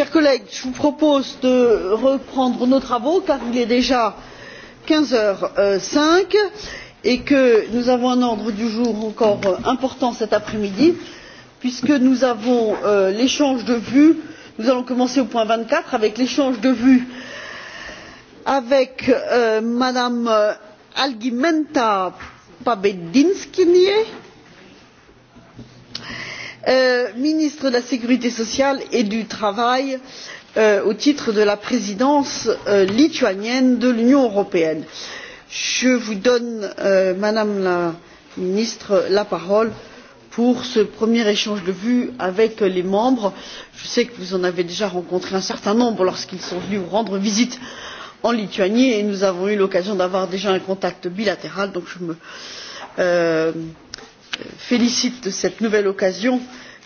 chers collègues je vous propose de reprendre nos travaux car il est déjà quinze heures cinq et que nous avons un ordre du jour encore important cet après midi puisque nous avons l'échange de vues nous allons commencer au point vingt quatre avec l'échange de vues avec mme algimenta pabedinskine ministre de la sécurité sociale et du travail au titre de la présidence lituanienne de l'union européenne. je vous donne madame la ministre la parole pour ce premier échange de vues avec les membres. je sais que vous en avez déjà rencontré un certain nombre lorsqu'ils sont venus vous rendre visite en lituanie et nous avons eu l'occasion d'avoir déjà un contact bilatéral donc je me félicite de cette nouvelle occasion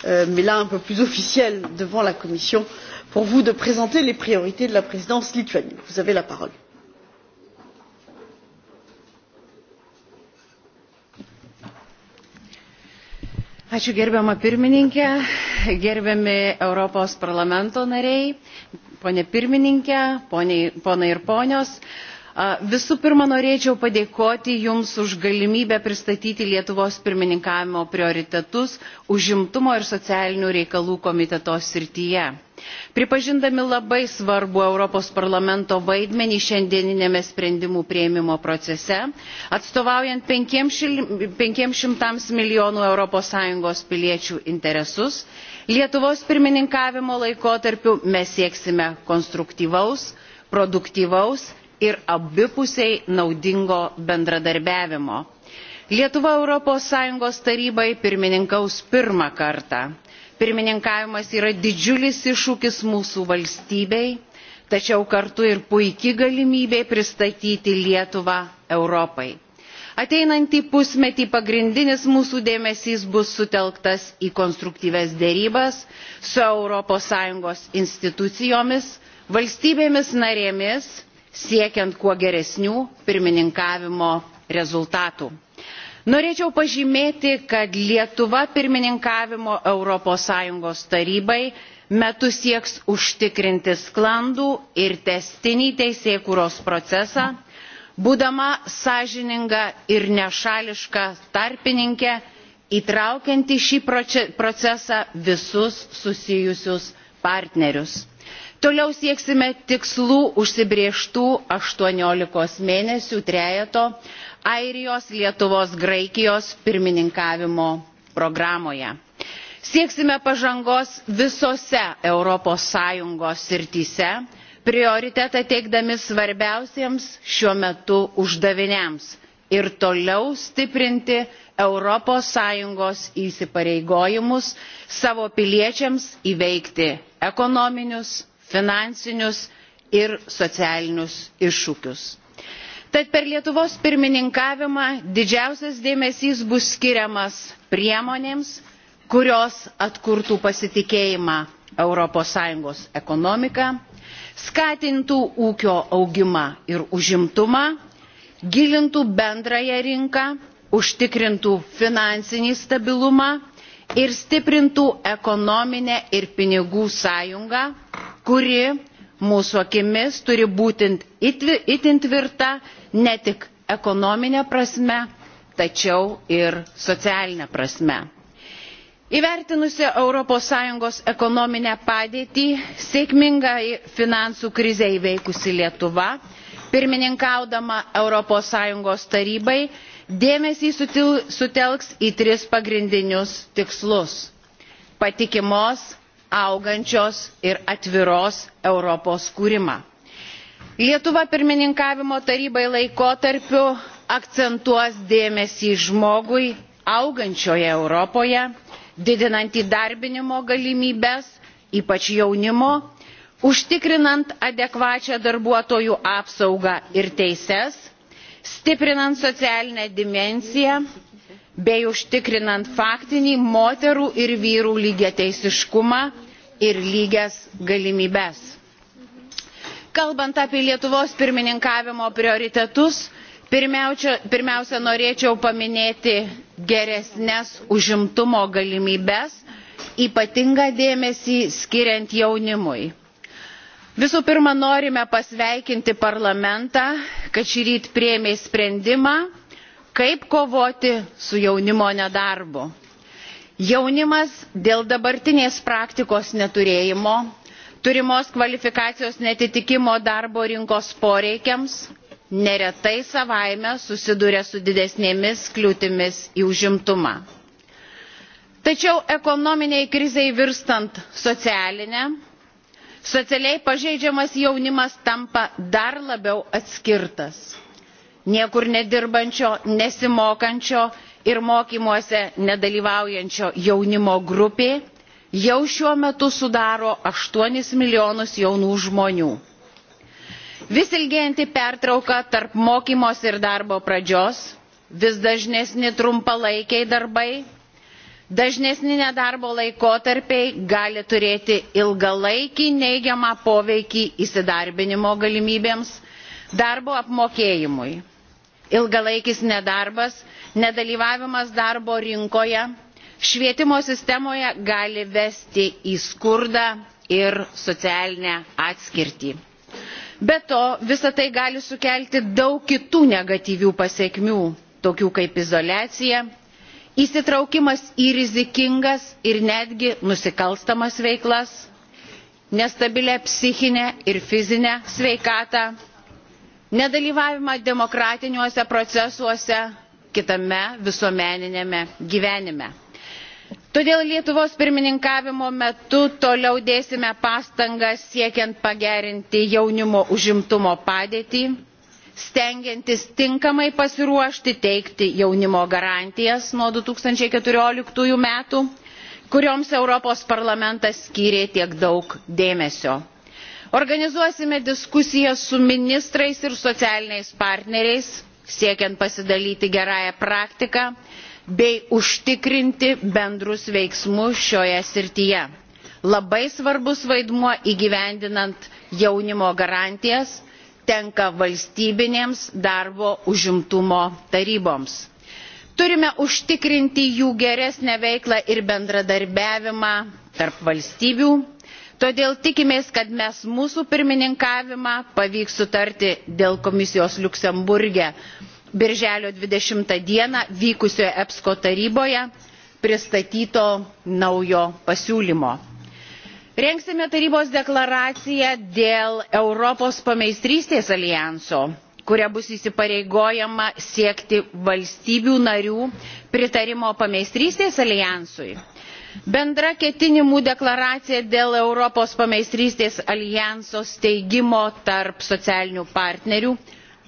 mais là un peu plus officielle devant la commission pour vous de présenter les priorités de la présidence lituanienne. vous avez la parole. gerbiama pirmininke gerbiami europos parlamento nariai pone pirmininke ponai ir ponios Visų pirma, norėčiau padėkoti Jums už galimybę pristatyti Lietuvos pirmininkavimo prioritetus užimtumo ir socialinių reikalų komiteto srityje. Pripažindami labai svarbų Europos parlamento vaidmenį šiandieniniame sprendimų priėmimo procese, atstovaujant šimtams milijonų Europos Sąjungos piliečių interesus, Lietuvos pirmininkavimo laikotarpiu mes sieksime konstruktyvaus, produktyvaus ir abipusiai naudingo bendradarbiavimo. Lietuva Europos Sąjungos tarybai pirmininkaus pirmą kartą. Pirmininkavimas yra didžiulis iššūkis mūsų valstybei, tačiau kartu ir puikiai galimybė pristatyti Lietuvą Europai. Ateinantį pusmetį pagrindinis mūsų dėmesys bus sutelktas į konstruktyves dėrybas su ES institucijomis, valstybėmis narėmis siekiant kuo geresnių pirmininkavimo rezultatų. Norėčiau pažymėti, kad Lietuva pirmininkavimo Europos Sąjungos tarybai metu sieks užtikrinti sklandų ir testinį teisėkūros procesą, būdama sąžininga ir nešališka tarpininkė, įtraukianti šį procesą visus susijusius partnerius. Toliau sieksime tikslų užsibrėžtų 18 mėnesių trejeto Airijos, Lietuvos, Graikijos pirmininkavimo programoje. Sieksime pažangos visose Europos Sąjungos srityse, prioritetą teikdami svarbiausiems šiuo metu uždaviniams ir toliau stiprinti europos sąjungos įsipareigojimus savo piliečiams įveikti ekonominius finansinius ir socialinius iššūkius. Tad per Lietuvos pirmininkavimą didžiausias dėmesys bus skiriamas priemonėms, kurios atkurtų pasitikėjimą ES ekonomiką, skatintų ūkio augimą ir užimtumą, gilintų bendrąją rinką, užtikrintų finansinį stabilumą ir stiprintų ekonominę ir pinigų sąjungą kuri mūsų akimis turi būti itin tvirta ne tik ekonominė prasme, tačiau ir socialinė prasme. Įvertinusi ES ekonominę padėtį, sėkmingai finansų krizę įveikusi Lietuva, pirmininkaudama ES tarybai, dėmesį sutelks į tris pagrindinius tikslus – patikimos augančios ir atviros Europos kūrimą. Lietuva pirmininkavimo tarybai laikotarpiu akcentuos dėmesį žmogui augančioje Europoje, didinant įdarbinimo galimybės, ypač jaunimo, užtikrinant adekvačią darbuotojų apsaugą ir teises, stiprinant socialinę dimensiją bei užtikrinant faktinį moterų ir vyrų lygiateisiškumą ir lygias galimybes. Kalbant apie Lietuvos pirmininkavimo prioritetus, pirmiausia, pirmiausia norėčiau paminėti geresnes užimtumo galimybes, ypatingą dėmesį skiriant jaunimui. Visų pirma, norime pasveikinti parlamentą, kad šį rytą priėmė sprendimą, kaip kovoti su jaunimo nedarbu jaunimas dėl dabartinės praktikos neturėjimo turimos kvalifikacijos netitikimo darbo rinkos poreikiams neretai savaime susiduria su didesnėmis kliūtimis į užimtumą. Tačiau ekonominiai krizai virstant socialinę, socialiai pažeidžiamas jaunimas tampa dar labiau atskirtas. Niekur nedirbančio, nesimokančio ir mokymuose nedalyvaujančio jaunimo grupė jau šiuo metu sudaro 8 milijonus jaunų žmonių. vis ilgėjanti pertrauka tarp mokymosi ir darbo pradžios vis dažnesni trumpalaikiai darbai dažnesni nedarbo laikotarpiai gali turėti ilgalaikį neigiamą poveikį įsidarbinimo galimybėms darbo apmokėjimui. ilgalaikis nedarbas nedalyvavimas darbo rinkoje švietimo sistemoje gali vesti į skurdą ir socialinę atskirtį. be to visa tai gali sukelti daug kitų negatyvių pasekmių tokių kaip izoliacija įsitraukimas į rizikingas ir netgi nusikalstamas veiklas nestabilią psichinę ir fizinę sveikatą nedalyvavimą demokratiniuose procesuose kitame visuomeniniame gyvenime. Todėl Lietuvos pirmininkavimo metu toliau dėsime pastangas siekiant pagerinti jaunimo užimtumo padėtį, stengiantis tinkamai pasiruošti teikti jaunimo garantijas nuo 2014 metų, kurioms Europos parlamentas skyrė tiek daug dėmesio. Organizuosime diskusiją su ministrais ir socialiniais partneriais siekiant pasidalyti gerąją praktiką bei užtikrinti bendrus veiksmus šioje srityje. Labai svarbus vaidmuo įgyvendinant jaunimo garantijas tenka valstybinėms darbo užimtumo taryboms. Turime užtikrinti jų geresnę veiklą ir bendradarbiavimą tarp valstybių todėl tikimės kad mes mūsų pirmininkavimą pavyks sutarti dėl komisijos liuksemburge birželio dvidešimt dieną vykusioje epsco taryboje pristatyto naujo pasiūlymo. rengsime tarybos deklaraciją dėl europos pameistrystės alijanso kuria bus įsipareigojama siekti valstybių narių pritarimo pameistrystės alijansui bendra ketinimų deklaracija dėl europos pameistrystės aljanso steigimo tarp socialinių partnerių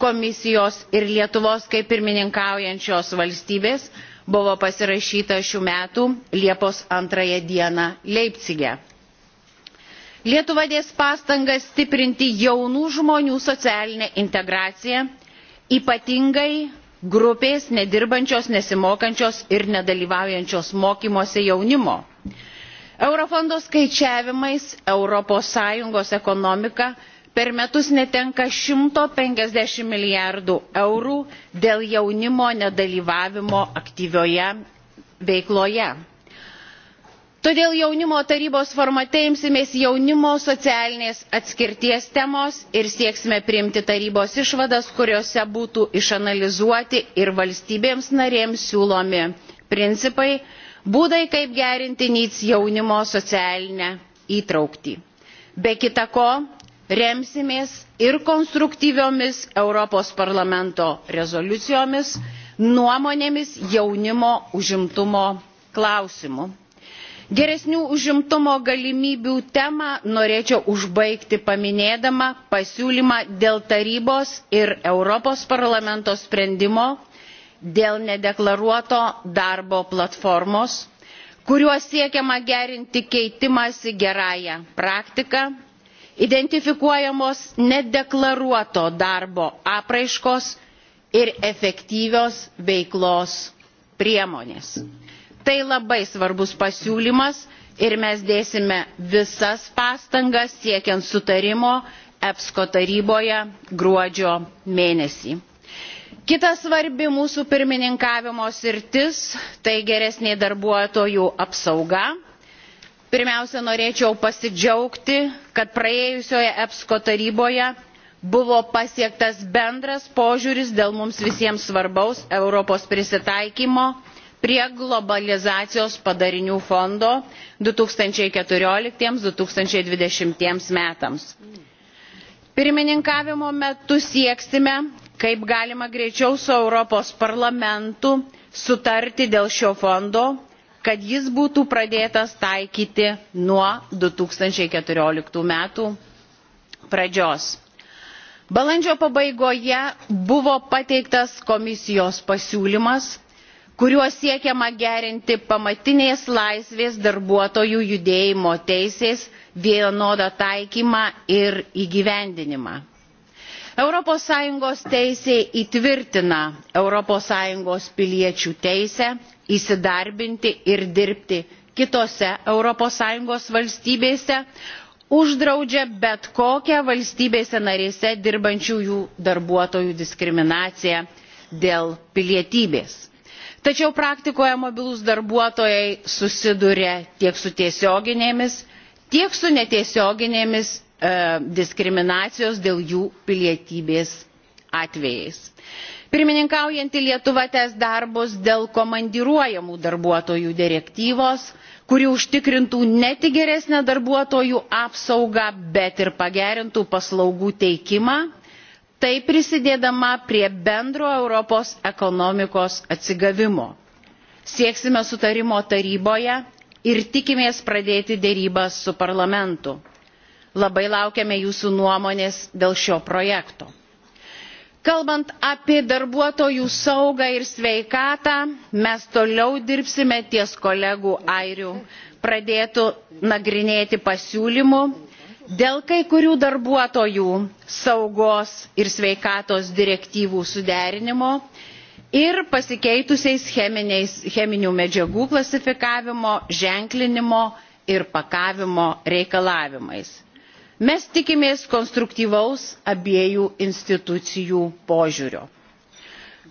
komisijos ir lietuvos kaip pirmininkaujančios valstybės buvo pasirašyta šių metų liepos antrąją dieną leipcige lietuva dės pastangas stiprinti jaunų žmonių socialinę integraciją ypatingai grupės nedirbančios, nesimokančios ir nedalyvaujančios mokymuose jaunimo. Eurofondo skaičiavimais ES ekonomika per metus netenka 150 milijardų eurų dėl jaunimo nedalyvavimo aktyvioje veikloje todėl jaunimo tarybos formate imsimės jaunimo socialinės atskirties temos ir sieksime priimti tarybos išvadas kuriose būtų išanalizuoti ir valstybėms narėms siūlomi principai būdai kaip gerinti neets jaunimo socialinę įtrauktį. be kita ko remsimės ir konstruktyviomis europos parlamento rezoliucijomis nuomonėmis jaunimo užimtumo klausimu geresnių užimtumo galimybių temą norėčiau užbaigti paminėdama pasiūlymą dėl tarybos ir europos parlamento sprendimo dėl nedeklaruoto darbo platformos kuriuo siekiama gerinti keitimąsi gerąją praktiką identifikuojamos nedeklaruoto darbo apraiškos ir efektyvios veiklos priemonės. Tai labai svarbus pasiūlymas ir mes dėsime visas pastangas siekiant sutarimo EPSCO taryboje gruodžio mėnesį. Kita svarbi mūsų pirmininkavimo sritis – tai geresnė darbuotojų apsauga. Pirmiausia, norėčiau pasidžiaugti, kad praėjusioje EPSCO taryboje buvo pasiektas bendras požiūris dėl mums visiems svarbaus Europos prisitaikymo prie globalizacijos padarinių fondo 2014-2020 metams. Pirmininkavimo metu sieksime, kaip galima greičiau su Europos parlamentu sutarti dėl šio fondo, kad jis būtų pradėtas taikyti nuo 2014 metų pradžios. Balandžio pabaigoje buvo pateiktas komisijos pasiūlymas kuriuo siekiama gerinti pamatinės laisvės darbuotojų judėjimo teisės vienodą taikymą ir įgyvendinimą. Europos Sąjungos teisė įtvirtina Europos Sąjungos piliečių teisę įsidarbinti ir dirbti kitose Europos Sąjungos valstybėse, uždraudžia bet kokią valstybėse narėse dirbančiųjų darbuotojų diskriminaciją dėl pilietybės tačiau praktikoje mobilūs darbuotojai susiduria tiek su tiesioginėmis tiek su netiesioginėmis diskriminacijos dėl jų pilietybės atvejais. pirmininkaujanti lietuva tęs darbus dėl komandiruojamų darbuotojų direktyvos kuri užtikrintų ne tik geresnę darbuotojų apsaugą bet ir pagerintų paslaugų teikimą tai prisidėdama prie bendro Europos ekonomikos atsigavimo. Sieksime sutarimo taryboje ir tikimės pradėti dėrybas su parlamentu. Labai laukiame jūsų nuomonės dėl šio projekto. Kalbant apie darbuotojų saugą ir sveikatą, mes toliau dirbsime ties kolegų airių pradėtų nagrinėti pasiūlymų dėl kai kurių darbuotojų saugos ir sveikatos direktyvų suderinimo ir pasikeitusiais cheminių medžiagų klasifikavimo ženklinimo ir pakavimo reikalavimais. mes tikimės konstruktyvaus abiejų institucijų požiūrio.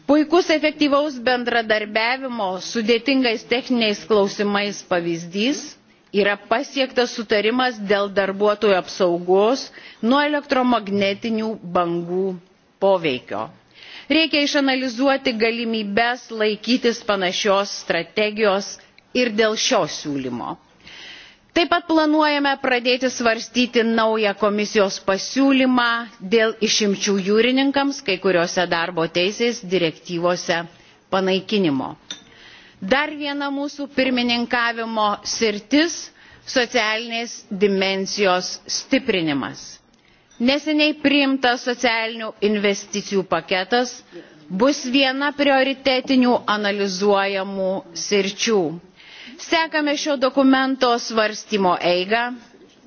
puikus efektyvaus bendradarbiavimo sudėtingais techniniais klausimais pavyzdys yra pasiektas sutarimas dėl darbuotojų apsaugos nuo elektromagnetinių bangų poveikio. reikia išanalizuoti galimybes laikytis panašios strategijos ir dėl šio siūlymo. taip pat planuojame pradėti svarstyti naują komisijos pasiūlymą dėl išimčių jūrininkams kai kuriose darbo teisės direktyvose panaikinimo dar viena mūsų pirmininkavimo sritis socialinės dimensijos stiprinimas. Neseniai priimtas socialinių investicijų paketas bus viena prioritetinių analizuojamų sričių. Sekame šio dokumento svarstymo eigą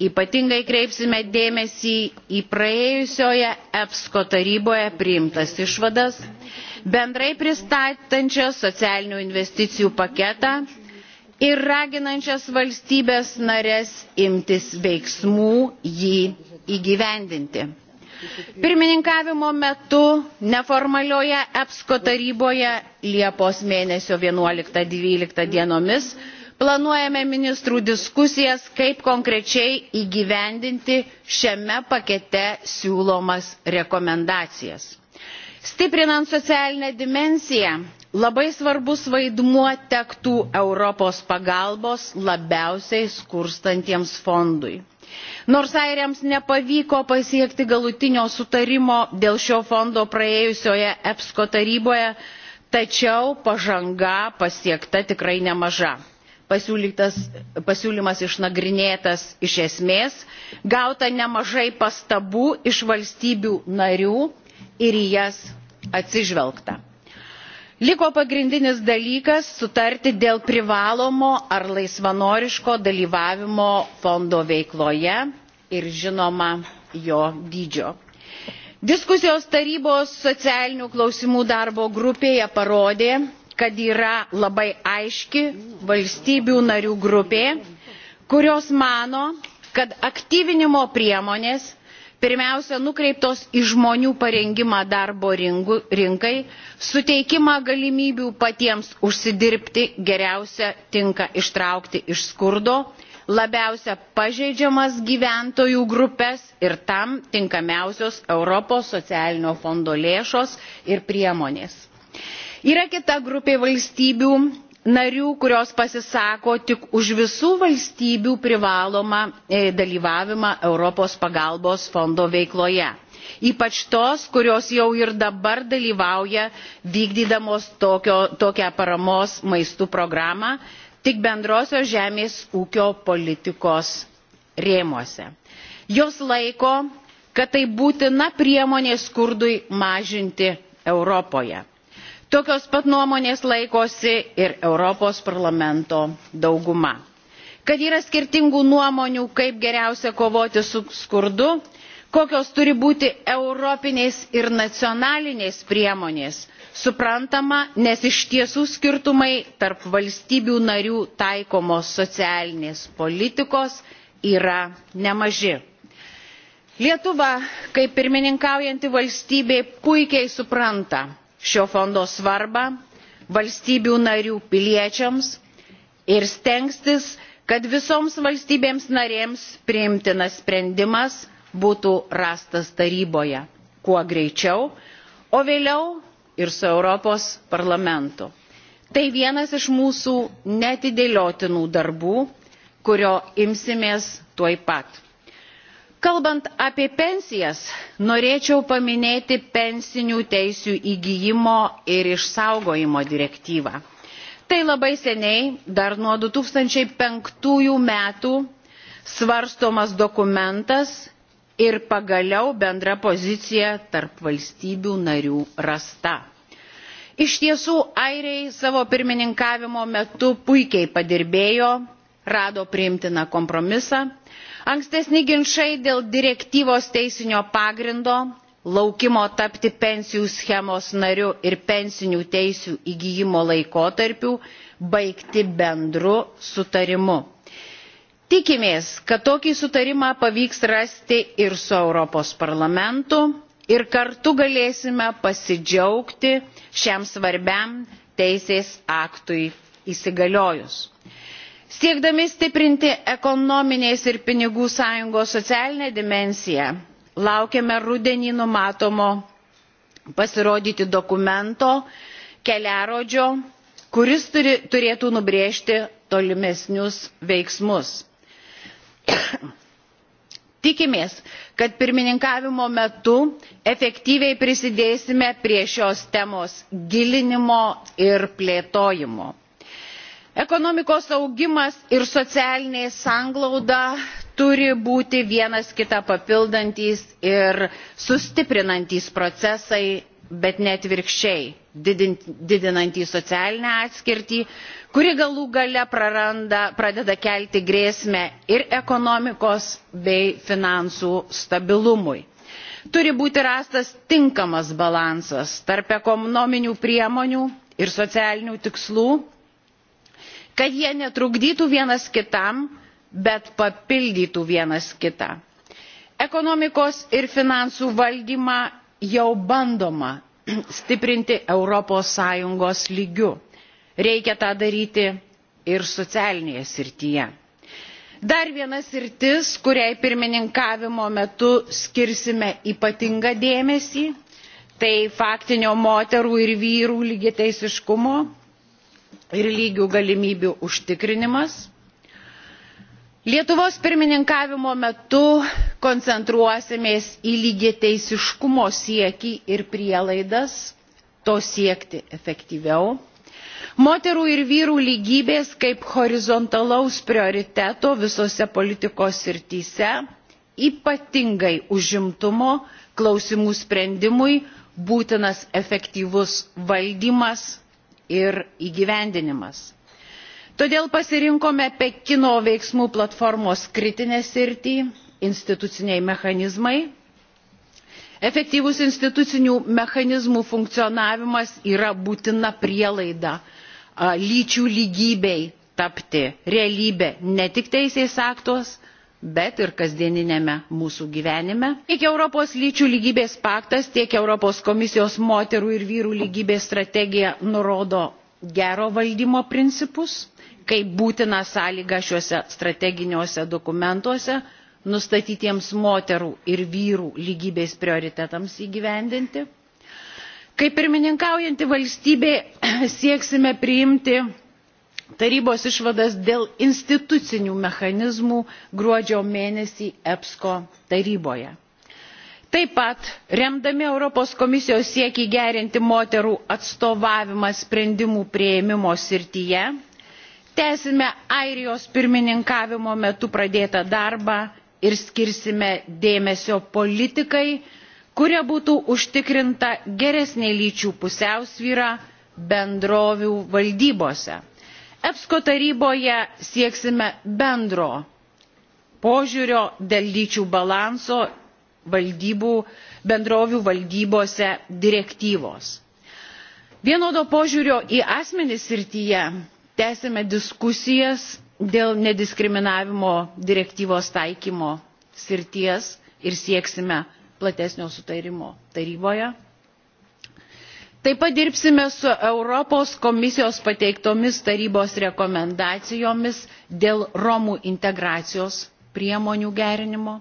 ypatingai kreipsime dėmesį į praėjusioje EPSCO taryboje priimtas išvadas, bendrai pristatančias socialinių investicijų paketą ir raginančias valstybės narės imtis veiksmų jį įgyvendinti. Pirmininkavimo metu neformalioje EPSCO taryboje Liepos mėnesio 11-12 dienomis planuojame ministrų diskusijas kaip konkrečiai įgyvendinti šiame pakete siūlomas rekomendacijas. stiprinant socialinę dimensiją labai svarbus vaidmuo tektų europos pagalbos labiausiai skurstantiems fondui. Nors airiams nepavyko pasiekti galutinio sutarimo dėl šio fondo praėjusioje EPSCO taryboje, tačiau pažanga pasiekta tikrai nemaža pasiūlymas išnagrinėtas iš esmės, gauta nemažai pastabų iš valstybių narių ir į jas atsižvelgta. Liko pagrindinis dalykas sutarti dėl privalomo ar laisvanoriško dalyvavimo fondo veikloje ir žinoma jo dydžio. Diskusijos tarybos socialinių klausimų darbo grupėje parodė, kad yra labai aiški valstybių narių grupė, kurios mano, kad aktyvinimo priemonės pirmiausia nukreiptos į žmonių parengimą darbo rinkai, suteikimą galimybių patiems užsidirbti geriausia tinka ištraukti iš skurdo, labiausia pažeidžiamas gyventojų grupės ir tam tinkamiausios Europos socialinio fondo lėšos ir priemonės yra kita grupė valstybių narių kurios pasisako tik už visų valstybių privalomą dalyvavimą europos pagalbos fondo veikloje ypač tos kurios jau ir dabar dalyvauja vykdydamos tokią paramos maistu programą tik bendrosios žemės ūkio politikos rėmuose. jos laiko kad tai būtina priemonė skurdui mažinti europoje tokios pat nuomonės laikosi ir europos parlamento dauguma. kad yra skirtingų nuomonių kaip geriausia kovoti su skurdu kokios turi būti europinės ir nacionalinės priemonės suprantama nes iš tiesų skirtumai tarp valstybių narių taikomos socialinės politikos yra nemaži lietuva kaip pirmininkaujanti valstybė puikiai supranta šio fondo svarbą valstybių narių piliečiams ir stengsis kad visoms valstybėms narėms priimtinas sprendimas būtų rastas taryboje kuo greičiau o vėliau ir su europos parlamentu. tai vienas iš mūsų neatidėliotinų darbų kurio imsimės tuoj pat kalbant apie pensijas norėčiau paminėti pensinių teisių įgyjimo ir išsaugojimo direktyvą. tai labai seniai dar nuo du tūkstančiai metų svarstomas dokumentas ir pagaliau bendra pozicija tarp valstybių narių rasta. iš tiesų airiai savo pirmininkavimo metu puikiai padirbėjo rado priimtiną kompromisą ankstesni ginčai dėl direktyvos teisinio pagrindo laukimo tapti pensijų schemos nariu ir pensinių teisių įgijimo laikotarpių baigti bendru sutarimu. Tikimės, kad tokį sutarimą pavyks rasti ir su Europos parlamentu ir kartu galėsime pasidžiaugti šiam svarbiam teisės aktui įsigaliojus siekdami stiprinti ekonominės ir pinigų sąjungos socialinę dimensiją laukiame rudenį numatomo pasirodyti dokumento keliarodžio kuris turi, turėtų nubrėžti tolimesnius veiksmus. tikimės kad pirmininkavimo metu efektyviai prisidėsime prie šios temos gilinimo ir plėtojimo ekonomikos augimas ir socialinė sanglauda turi būti vienas kitą papildantys ir sustiprinantys procesai bet ne atvirkščiai didinantys socialinę atskirtį kuri galų gale pradeda kelti grėsmę ir ekonomikos bei finansų stabilumui. turi būti rastas tinkamas balansas tarp ekonominių priemonių ir socialinių tikslų kad jie netrukdytų vienas kitam, bet papildytų vienas kitą. Ekonomikos ir finansų valdymą jau bandoma stiprinti Europos Sąjungos lygiu. Reikia tą daryti ir socialinėje srityje. Dar viena sritis, kuriai pirmininkavimo metu skirsime ypatingą dėmesį, tai faktinio moterų ir vyrų lygiteisiškumo ir lygių galimybių užtikrinimas. Lietuvos pirmininkavimo metu koncentruosimės į lygiateisiškumo siekį ir prielaidas to siekti efektyviau. Moterų ir vyrų lygybės kaip horizontalaus prioriteto visose politikos srityse, ypatingai užimtumo klausimų sprendimui būtinas efektyvus valdymas ir įgyvendinimas. Todėl pasirinkome Pekino veiksmų platformos kritinę sirtį – instituciniai mechanizmai. Efektyvus institucinių mechanizmų funkcionavimas yra būtina prielaida lyčių lygybei tapti realybę ne tik teisės aktos, bet ir kasdieninėme mūsų gyvenime. Tiek Europos lyčių lygybės paktas, tiek Europos komisijos moterų ir vyrų lygybės strategija nurodo gero valdymo principus, kaip būtina sąlyga šiuose strateginiuose dokumentuose nustatytiems moterų ir vyrų lygybės prioritetams įgyvendinti. Kaip pirmininkaujanti valstybė sieksime priimti tarybos išvadas dėl institucinių mechanizmų gruodžio mėnesį epsco taryboje. taip pat remdami europos komisijos siekį gerinti moterų atstovavimą sprendimų priėmimo srityje tęsime airijos pirmininkavimo metu pradėtą darbą ir skirsime dėmesio politikai kuria būtų užtikrinta geresnė lyčių pusiausvyra bendrovių valdybose epsco taryboje sieksime bendro požiūrio dėl lyčių balanso bendrovių valdybose direktyvos. Vienodo požiūrio į asmenį srityje tęsime diskusijas dėl nediskriminavimo direktyvos taikymo srities ir sieksime platesnio sutarimo taryboje taip pat dirbsime su europos komisijos pateiktomis tarybos rekomendacijomis dėl romų integracijos priemonių gerinimo.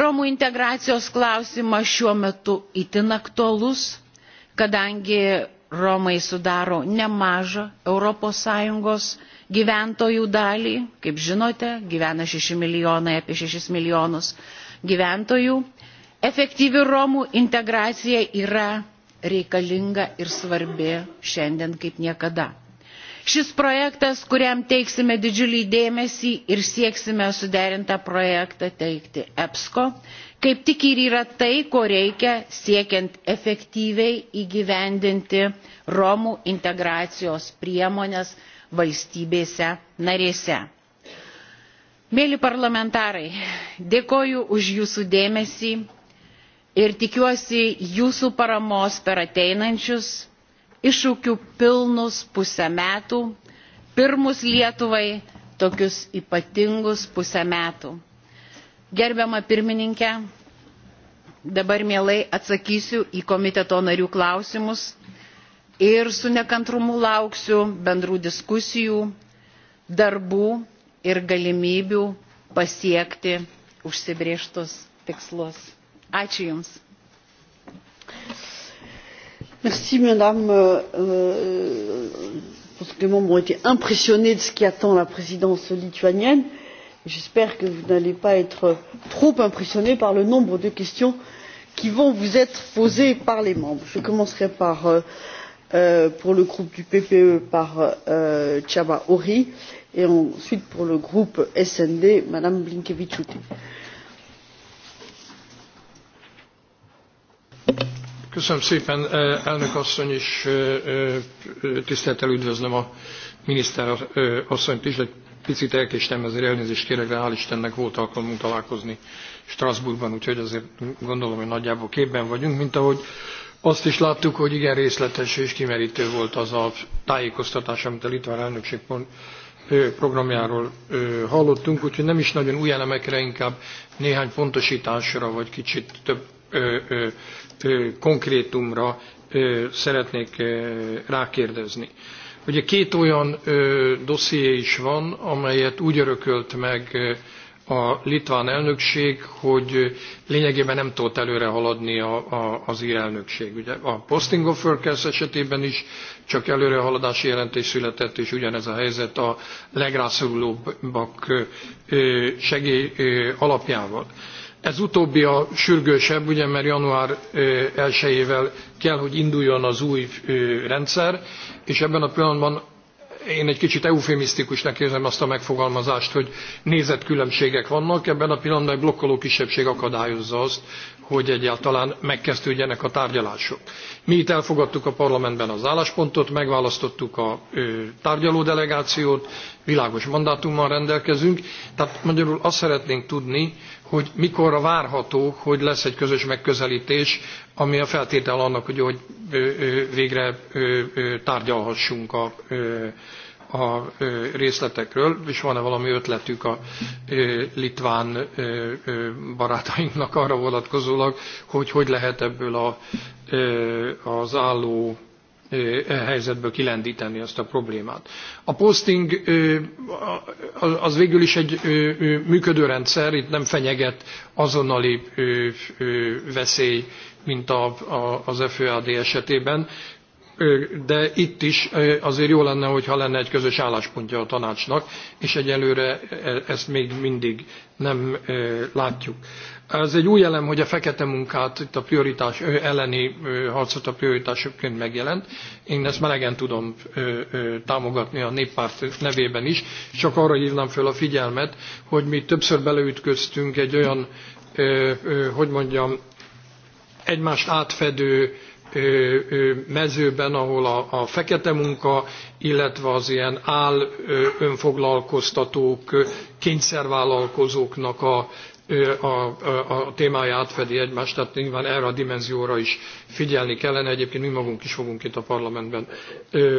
romų integracijos klausimas šiuo metu itin aktualus kadangi romai sudaro nemažą europos sąjungos gyventojų dalį kaip žinote gyvena šeši milijonai apie šešis milijonus gyventojų efektyvi romų integracija yra reikalinga ir svarbi šiandien kaip niekada. Šis projektas, kuriam teiksime didžiulį dėmesį ir sieksime suderintą projektą teikti EPSCO, kaip tik ir yra tai, ko reikia siekiant efektyviai įgyvendinti Romų integracijos priemonės valstybėse narėse. Mėly parlamentarai, dėkoju už jūsų dėmesį ir tikiuosi jūsų paramos per ateinančius iššūkių pilnus pusę metų, pirmus Lietuvai tokius ypatingus pusę metų. Gerbiama pirmininkė, dabar mielai atsakysiu į komiteto narių klausimus ir su nekantrumu lauksiu bendrų diskusijų, darbų ir galimybių pasiekti užsibrieštus tikslus. Merci Madame, parce que les membres ont été impressionnés de ce qui attend la présidence lituanienne. J'espère que vous n'allez pas être trop impressionnés par le nombre de questions qui vont vous être posées par les membres. Je commencerai par, pour le groupe du PPE par Chaba Ori et ensuite pour le groupe SND, Madame Blinkevichouté. Euh, Köszönöm szépen, elnök asszony, és tisztelettel üdvözlöm a miniszter asszonyt is, de picit elkéstem, ezért elnézést kérek, de hál' Istennek volt alkalmunk találkozni Strasbourgban, úgyhogy azért gondolom, hogy nagyjából képben vagyunk, mint ahogy azt is láttuk, hogy igen részletes és kimerítő volt az a tájékoztatás, amit a litván elnökség programjáról hallottunk, úgyhogy nem is nagyon új elemekre, inkább néhány pontosításra, vagy kicsit több konkrétumra szeretnék rákérdezni. Ugye két olyan dosszié is van, amelyet úgy örökölt meg a litván elnökség, hogy lényegében nem tudott előre haladni a, a, az ír elnökség. Ugye a Posting of Workers esetében is csak előrehaladási jelentés született, és ugyanez a helyzet a legrászorulóbbak segély alapjával. Ez utóbbi a sürgősebb, ugye, mert január 1-ével kell, hogy induljon az új rendszer, és ebben a pillanatban én egy kicsit eufemisztikusnak érzem azt a megfogalmazást, hogy nézetkülönbségek vannak, ebben a pillanatban egy blokkoló kisebbség akadályozza azt, hogy egyáltalán megkezdődjenek a tárgyalások. Mi itt elfogadtuk a parlamentben az álláspontot, megválasztottuk a tárgyaló delegációt, világos mandátummal rendelkezünk, tehát magyarul azt szeretnénk tudni, hogy mikorra várható, hogy lesz egy közös megközelítés, ami a feltétel annak, hogy, végre tárgyalhassunk a, a részletekről, és van-e valami ötletük a litván barátainknak arra vonatkozólag, hogy hogy lehet ebből a, az álló helyzetből kilendíteni azt a problémát. A posting az végül is egy működő rendszer, itt nem fenyeget azonnali veszély, mint az FÖAD esetében de itt is azért jó lenne, hogyha lenne egy közös álláspontja a tanácsnak, és egyelőre ezt még mindig nem látjuk. Ez egy új elem, hogy a fekete munkát itt a prioritás elleni harcot a prioritásokként megjelent. Én ezt melegen tudom támogatni a néppárt nevében is. Csak arra hívnám föl a figyelmet, hogy mi többször beleütköztünk egy olyan, hogy mondjam, egymást átfedő mezőben, ahol a, a fekete munka, illetve az ilyen áll önfoglalkoztatók, kényszervállalkozóknak a, a, a, a témája átfedi egymást, tehát nyilván erre a dimenzióra is figyelni kellene. Egyébként mi magunk is fogunk itt a parlamentben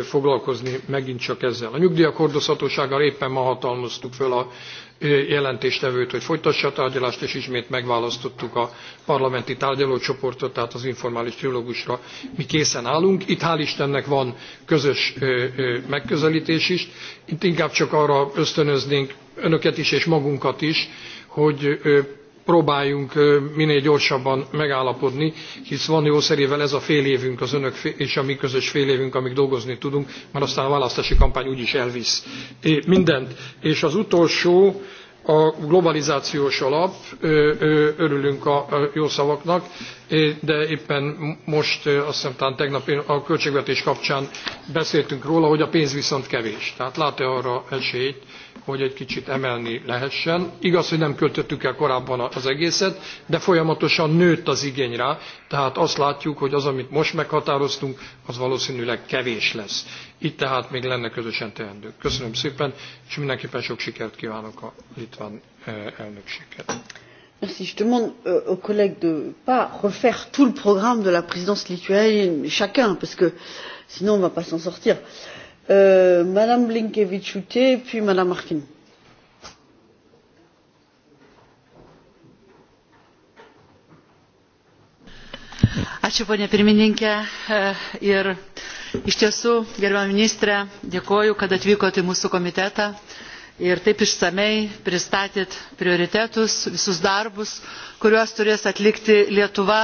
foglalkozni megint csak ezzel. A nyugdíjak hordozhatósággal éppen ma hatalmaztuk föl a jelentéstevőt, hogy folytassa a tárgyalást, és ismét megválasztottuk a parlamenti tárgyalócsoportot, tehát az informális trilógusra mi készen állunk. Itt hál' Istennek van közös megközelítés is. Itt inkább csak arra ösztönöznénk önöket is és magunkat is, hogy próbáljunk minél gyorsabban megállapodni, hisz van szerével ez a fél évünk, az önök és a mi közös fél évünk, amíg dolgozni tudunk, mert aztán a választási kampány úgyis elvisz mindent. És az utolsó, a globalizációs alap, örülünk a jó szavaknak, de éppen most, azt hiszem talán tegnap a költségvetés kapcsán beszéltünk róla, hogy a pénz viszont kevés. Tehát lát-e arra esélyt, hogy egy kicsit emelni lehessen. Igaz, hogy nem költöttük el korábban az egészet, de folyamatosan nőtt az igény rá, tehát azt látjuk, hogy az, amit most meghatároztunk, az valószínűleg kevés lesz. Itt tehát még lenne közösen teendő. Köszönöm szépen, és mindenképpen sok sikert kívánok a litván elnökséget. Merci. Je demande euh, aux collègues de ne pas refaire tout le programme de la présidence lituanienne, chacun, parce que sinon on ne va pas s'en sortir. Euh, euh, Madame Blinkevichouté, puis Madame Harkin. Ačiū, ponė pirmininkė. Ir iš tiesų, gerbiamą ministrę, dėkoju, kad atvykote į mūsų komitetą ir taip išsamei pristatėt prioritetus, visus darbus, kuriuos turės atlikti Lietuva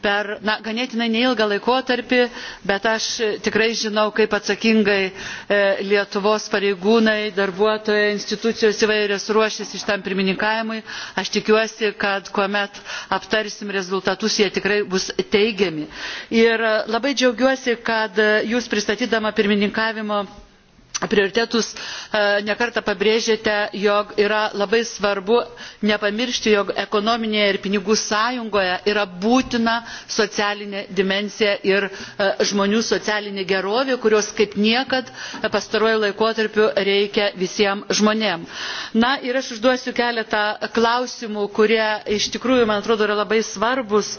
per na, ganėtinai neilgą laikotarpį, bet aš tikrai žinau, kaip atsakingai Lietuvos pareigūnai, darbuotojai, institucijos įvairios ruošiasi šitam pirmininkavimui. Aš tikiuosi, kad kuomet aptarsim rezultatus, jie tikrai bus teigiami. Ir labai džiaugiuosi, kad jūs pristatydama pirmininkavimo prioritetus ne kartą pabrėžėte jog yra labai svarbu nepamiršti jog ekonominėje ir pinigų sąjungoje yra būtina socialinė dimensija ir žmonių socialinė gerovė kurios kaip niekad pastaruoju laikotarpiu reikia visiems žmonėms. na ir aš užduosiu keletą klausimų kurie iš tikrųjų man atrodo yra labai svarbūs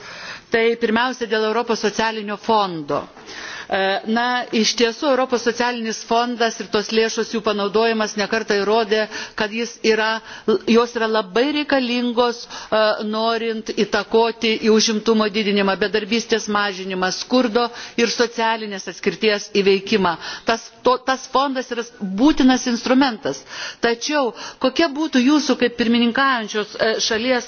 tai pirmiausia dėl europos socialinio fondo na iš tiesų europos socialinis fondas ir tos lėšos jų panaudojimas ne kartą įrodė kad jos yra labai reikalingos norint įtakoti užimtumo didinimą bedarbystės mažinimą skurdo ir socialinės atskirties įveikimą. tas fondas yra būtinas instrumentas tačiau kokia būtų jūsų kaip pirmininkaujančios šalies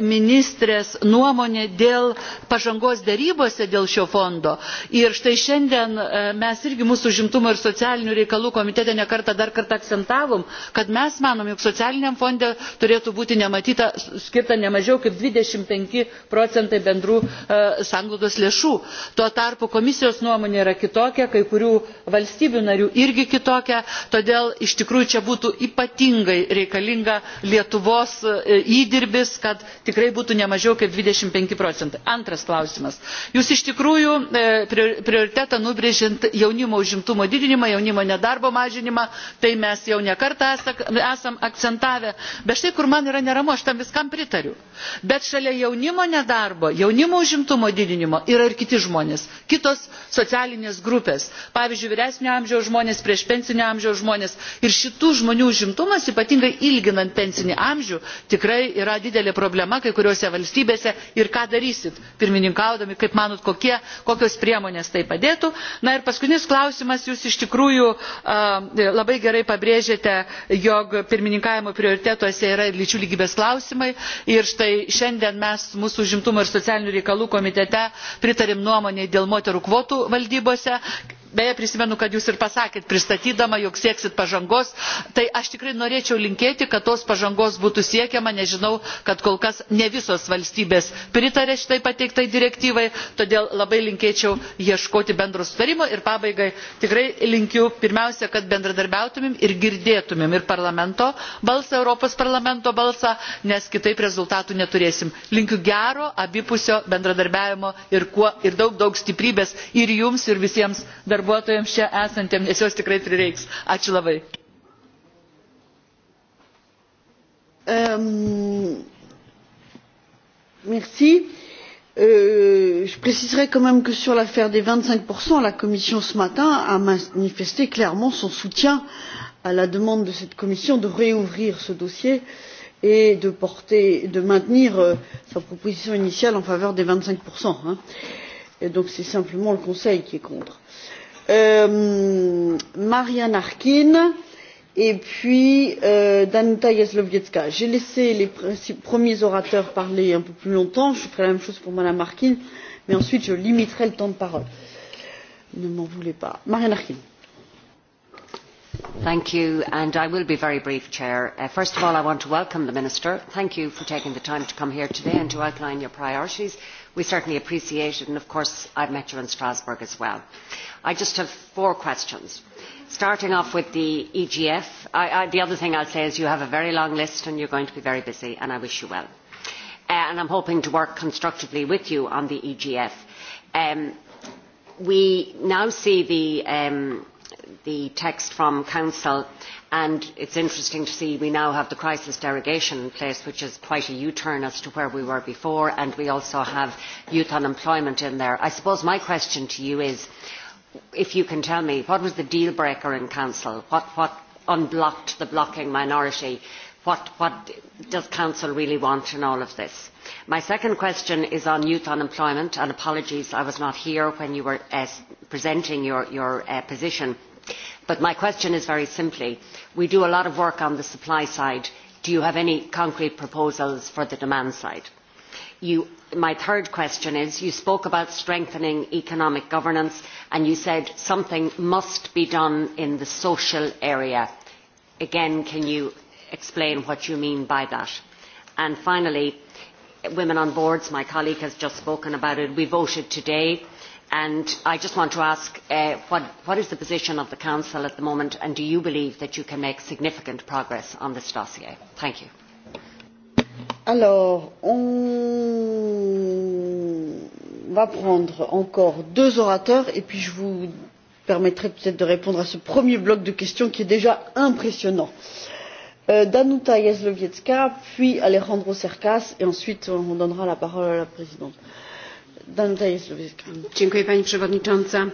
ministrės nuomonė dėl pažangos derybose dėl šio fondo ir štai šiandien mes irgi mūsų užimtumo ir socialinių reikalų komitete ne kartą dar kartą akcentavom kad mes manom jog socialiniam fonde turėtų būti numatyta skirta ne mažiau kaip dvidešimt penki procentai bendrų sanglaudos lėšų tuo tarpu komisijos nuomonė yra kitokia kai kurių valstybių narių irgi kitokia todėl iš tikrųjų čia būtų ypatingai reikalinga lietuvos įdirbis kad tikrai būtų ne mažiau kaip dvidešimt penki procentai. antras klausimas jūs iš tikrųjų prioritetą nubrėžiant jaunimo užimtumo didinimą jaunimo nedarbo mažinimą tai mes jau ne kartą esam akcentavę bet štai kur man yra neramu aš tam viskam pritariu bet šalia jaunimo nedarbo jaunimo užimtumo didinimo yra ir kiti žmonės kitos socialinės grupės pavyzdžiui vyresnio amžiaus žmonės priešpensinio amžiaus žmonės ir šitų žmonių užimtumas ypatingai ilginant pensinį amžių tikrai yra didelė problema kai kuriose valstybėse ir ką darysit, pirmininkaudami kaip kokie, kokios priemonės tai tai padėtų. Na ir paskutinis klausimas, jūs iš tikrųjų labai gerai pabrėžėte, jog pirmininkavimo prioritetuose yra ir lyčių lygybės klausimai. Ir štai šiandien mes mūsų užimtumo ir socialinių reikalų komitete pritarėm nuomonėje dėl moterų kvotų valdybose beje prisimenu kad jūs ir pasakėt pristatydama jog sieksit pažangos tai aš tikrai norėčiau linkėti kad tos pažangos būtų siekiama nes žinau kad kol kas ne visos valstybės pritaria šitai pateiktai direktyvai todėl labai linkėčiau ieškoti bendro sutarimo ir pabaigai tikrai linkiu pirmiausia kad bendradarbiautumėm ir girdėtumėm ir parlamento balsą europos parlamento balsą nes kitaip rezultatų neturėsim. linkiu gero abipusio bendradarbiavimo ir daug daug stiprybės ir jums ir visiems darbuotojams darbuotojams čia esantiems nes jos tikrai prireiks. ačiū labai. je préciserai quand même que sur l'affaire des vingt cinq la commission ce matin a manifesté clairement son soutien à la demande de cette commission de réouvrir ce dossier et de maintenir sa proposition initiale en faveur des vingt cinq donc c'est simplement le conseil qui est contre Marian harkin et puis danuta jazlowiecka. j'ai laissé les premiers orateurs parler un peu plus longtemps je ferai la même chose pour mme harkin mais ensuite je limiterai le temps de parole. ne m'en voulez pas. Marian harkin. Thank you, and I will be very brief, Chair. Uh, first of all, I want to welcome the Minister. Thank you for taking the time to come here today and to outline your priorities we certainly appreciate it and of course I met you in Strasbourg as well. I just have four questions. Starting off with the EGF, I, I, the other thing I'll say is you have a very long list and you're going to be very busy and I wish you well. and I'm hoping to work constructively with you on the EGF. we now see the the text from Council and it is interesting to see we now have the crisis derogation in place which is quite a U-turn as to where we were before and we also have youth unemployment in there. I suppose my question to you is if you can tell me what was the deal breaker in Council? What, what unblocked the blocking minority? What, what does Council really want in all of this? My second question is on youth unemployment and apologies I was not here when you were presenting your, your position but my question is very simply we do a lot of work on the supply side do you have any concrete proposals for the demand side? my third question is you spoke about strengthening economic governance and you said something must be done in the social area. again can you explain what you mean by that? and finally women on boards my colleague has just spoken about it we voted today and I just want to ask what, is the position of the Council at the moment and do you believe that you can make significant progress on this dossier? Thank you. Alors, on va prendre encore deux orateurs et puis je vous permettrai peut-être de répondre à ce premier bloc de questions qui est déjà impressionnant. Danuta Jazlowiecka, puis Alejandro Cercas, et ensuite on donnera la parole à la présidente. Euh, pani przewodnicząca!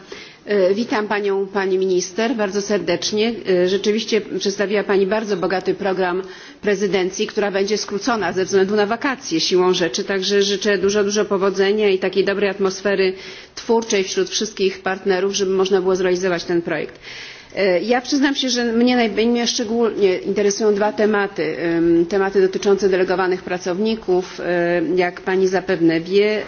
witam panią pani minister bardzo serdecznie. rzeczywiście przedstawiła pani bardzo bogaty program prezydencji która będzie skrócona ze względu na wakacje siłą rzeczy także życzę dużo dużo powodzenia i takiej dobrej atmosfery twórczej wśród wszystkich partnerów żeby można było zrealizować ten projekt Ja przyznam się, że mnie szczególnie interesują dwa tematy. Tematy dotyczące delegowanych pracowników. Jak pani zapewne wie,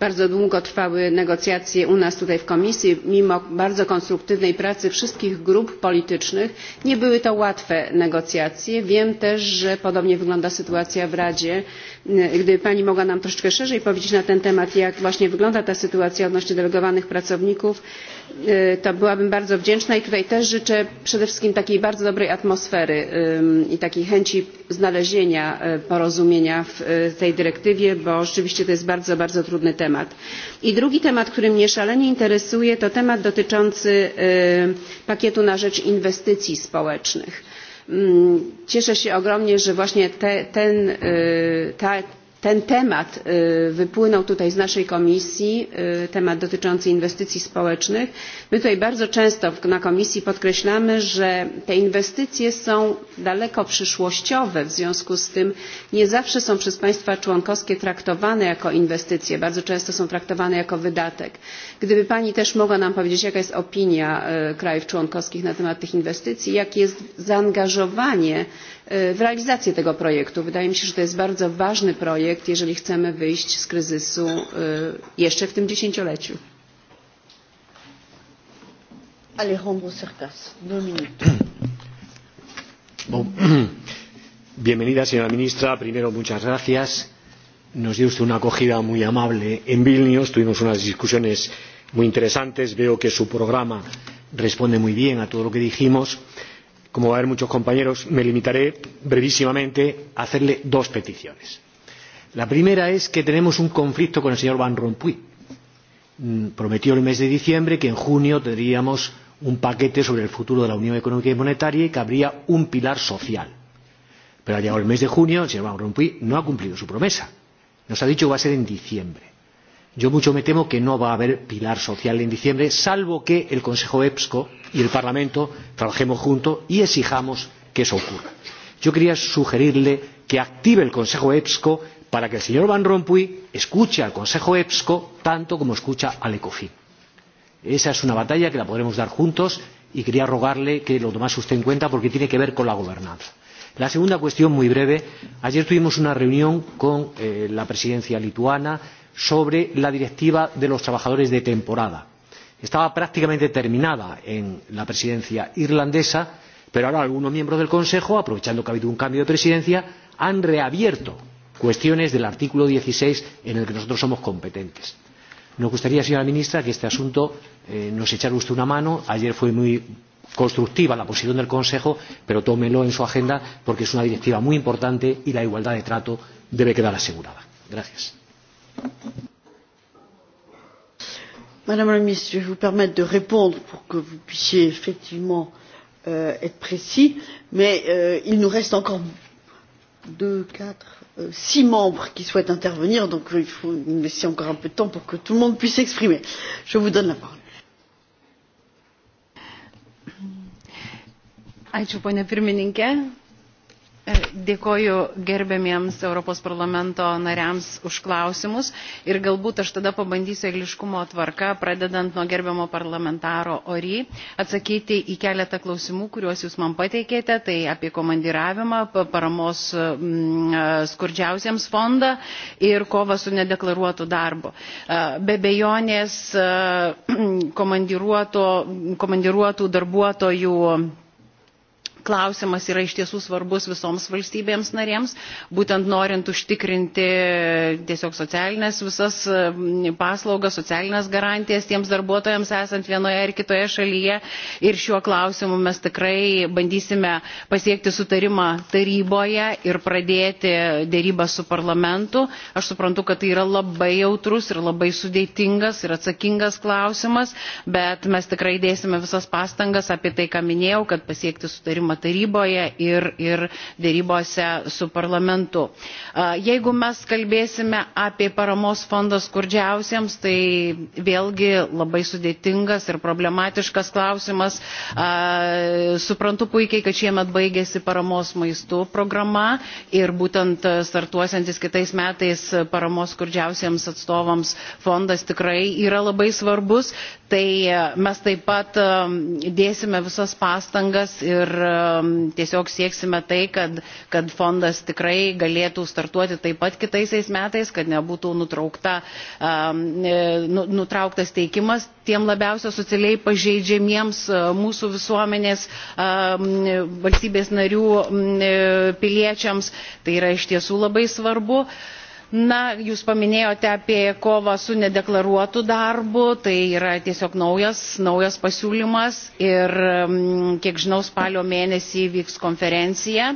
bardzo długo trwały negocjacje u nas tutaj w Komisji. Mimo bardzo konstruktywnej pracy wszystkich grup politycznych nie były to łatwe negocjacje. Wiem też, że podobnie wygląda sytuacja w Radzie. Gdyby pani mogła nam troszeczkę szerzej powiedzieć na ten temat, jak właśnie wygląda ta sytuacja odnośnie delegowanych pracowników, to byłabym bardzo wdzięczna i tutaj też życzę przede wszystkim takiej bardzo dobrej atmosfery i takiej chęci znalezienia porozumienia w tej dyrektywie bo rzeczywiście to jest bardzo bardzo trudny temat. i drugi temat który mnie szalenie interesuje to temat dotyczący pakietu na rzecz inwestycji społecznych. cieszę się ogromnie że właśnie ten temat wypłynął tutaj z naszej komisji temat dotyczący inwestycji społecznych. my tutaj bardzo często na komisji podkreślamy że te inwestycje są daleko przyszłościowe w związku z tym nie zawsze są przez państwa członkowskie traktowane jako inwestycje bardzo często są traktowane jako wydatek. gdyby pani też mogła nam powiedzieć jaka jest opinia krajów członkowskich na temat tych inwestycji jakie jest zaangażowanie w realizację tego projektu. Wydaje mi się, że to jest bardzo ważny projekt, jeżeli chcemy wyjść z kryzysu jeszcze w tym dziesięcioleciu. Bienvenida, señora ministra. Primero, muchas gracias. Nos dio usted una acogida muy amable en Vilnius. Tuvimos unas discusiones muy interesantes. Veo que su programa responde muy bien a todo lo que dijimos como va a haber muchos compañeros me limitaré brevísimamente a hacerle dos peticiones. la primera es que tenemos un conflicto con el señor van rompuy. prometió en el mes de diciembre que en junio tendríamos un paquete sobre el futuro de la unión económica y monetaria y que habría un pilar social. pero ha llegado el mes de junio el señor van rompuy no ha cumplido su promesa. nos ha dicho que va a ser en diciembre. yo mucho me temo que no va a haber pilar social en diciembre salvo que el consejo epsco y el Parlamento trabajemos juntos y exijamos que eso ocurra. Yo quería sugerirle que active el Consejo EPSCO para que el señor Van Rompuy escuche al Consejo EPSCO tanto como escucha al ECOFIN. Esa es una batalla que la podremos dar juntos y quería rogarle que lo tomase usted en cuenta porque tiene que ver con la gobernanza. La segunda cuestión, muy breve. Ayer tuvimos una reunión con la presidencia lituana sobre la directiva de los trabajadores de temporada estaba prácticamente terminada en la presidencia irlandesa, pero ahora algunos miembros del Consejo, aprovechando que ha habido un cambio de presidencia, han reabierto cuestiones del artículo dieciseis en el que nosotros somos competentes. Nos gustaría, señora ministra, que este asunto nos echara usted una mano. Ayer fue muy constructiva la posición del Consejo, pero tómelo en su agenda porque es una directiva muy importante y la igualdad de trato debe quedar asegurada. Gracias madame la ministre je vais vous permettre de répondre pour que vous puissiez effectivement être précis mais il nous reste encore deux quatre six membres qui souhaitent intervenir donc il faut nous laisser encore un peu de temps pour que tout le monde puisse s'exprimer. je vous donne la parole. Dėkoju gerbėmiems Europos parlamento nariams už klausimus ir galbūt aš tada pabandysiu egliškumo tvarka, pradedant nuo gerbiamo parlamentaro Ory, atsakyti į keletą klausimų, kuriuos jūs man pateikėte, tai apie komandiravimą, paramos skurdžiausiems fondą ir kovą su nedeklaruotu darbu. Be bejonės komandiruotų darbuotojų klausimas yra iš tiesų svarbus visoms valstybėms narėms, būtent norint užtikrinti tiesiog socialinės visas paslaugas, socialinės garantijas tiems darbuotojams esant vienoje ar kitoje šalyje. Ir šiuo klausimu mes tikrai bandysime pasiekti sutarimą taryboje ir pradėti dėrybą su parlamentu. Aš suprantu, kad tai yra labai jautrus ir labai sudėtingas ir atsakingas klausimas, bet mes tikrai dėsime visas pastangas apie tai, ką minėjau, kad pasiekti sutarimą taryboje ir, ir dėrybose su parlamentu. Jeigu mes kalbėsime apie paramos fondą skurdžiausiems, tai vėlgi labai sudėtingas ir problematiškas klausimas. Suprantu puikiai, kad šiemet baigėsi paramos maistų programa ir būtent startuosiantis kitais metais paramos skurdžiausiems atstovams fondas tikrai yra labai svarbus. Tai mes taip pat dėsime visas pastangas ir tiesiog sieksime tai, kad, kad fondas tikrai galėtų startuoti taip pat kitaisiais metais, kad nebūtų nutraukta, nutrauktas teikimas tiem labiausia socialiai pažeidžiamiems mūsų visuomenės valstybės narių piliečiams. Tai yra iš tiesų labai svarbu. Na, jūs paminėjote apie kovą su nedeklaruotu darbu, tai yra tiesiog naujas, naujas pasiūlymas ir, kiek žinau, spalio mėnesį vyks konferencija.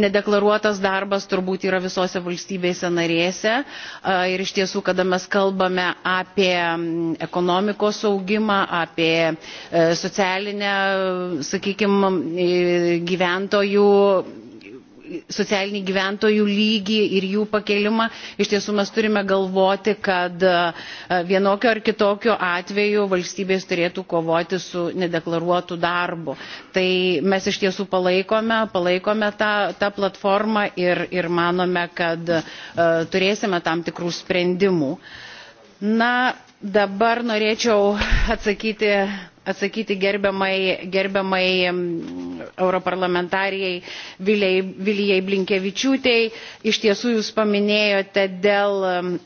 Nedeklaruotas darbas turbūt yra visose valstybėse narėse ir iš tiesų, kada mes kalbame apie ekonomikos augimą, apie socialinę, sakykime, gyventojų socialinį gyventojų lygį ir jų pakelimą, iš tiesų mes turime galvoti, kad vienokio ar kitokio atveju valstybės turėtų kovoti su nedeklaruotu darbu. Tai mes iš tiesų palaikome, palaikome tą, tą platformą ir, ir manome, kad uh, turėsime tam tikrų sprendimų. Na, dabar norėčiau atsakyti atsakyti gerbiamai, europarlamentarijai Vilijai Blinkevičiūtei. Iš tiesų jūs paminėjote dėl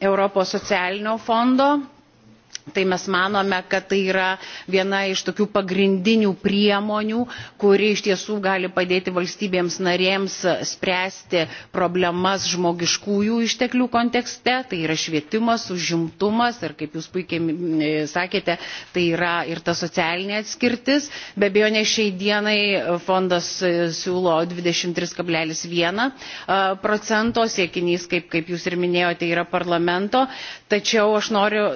Europos socialinio fondo tai mes manome kad tai yra viena iš tokių pagrindinių priemonių kuri iš tiesų gali padėti valstybėms narėms spręsti problemas žmogiškųjų išteklių kontekste tai yra švietimas užimtumas ir kaip jūs puikiai sakėte tai yra ir ta socialinė atskirtis be abejonės šiai dienai fondas siūlo dvidešimt tris procento siekinys kaip kaip jūs ir minėjote yra parlamento tačiau aš noriu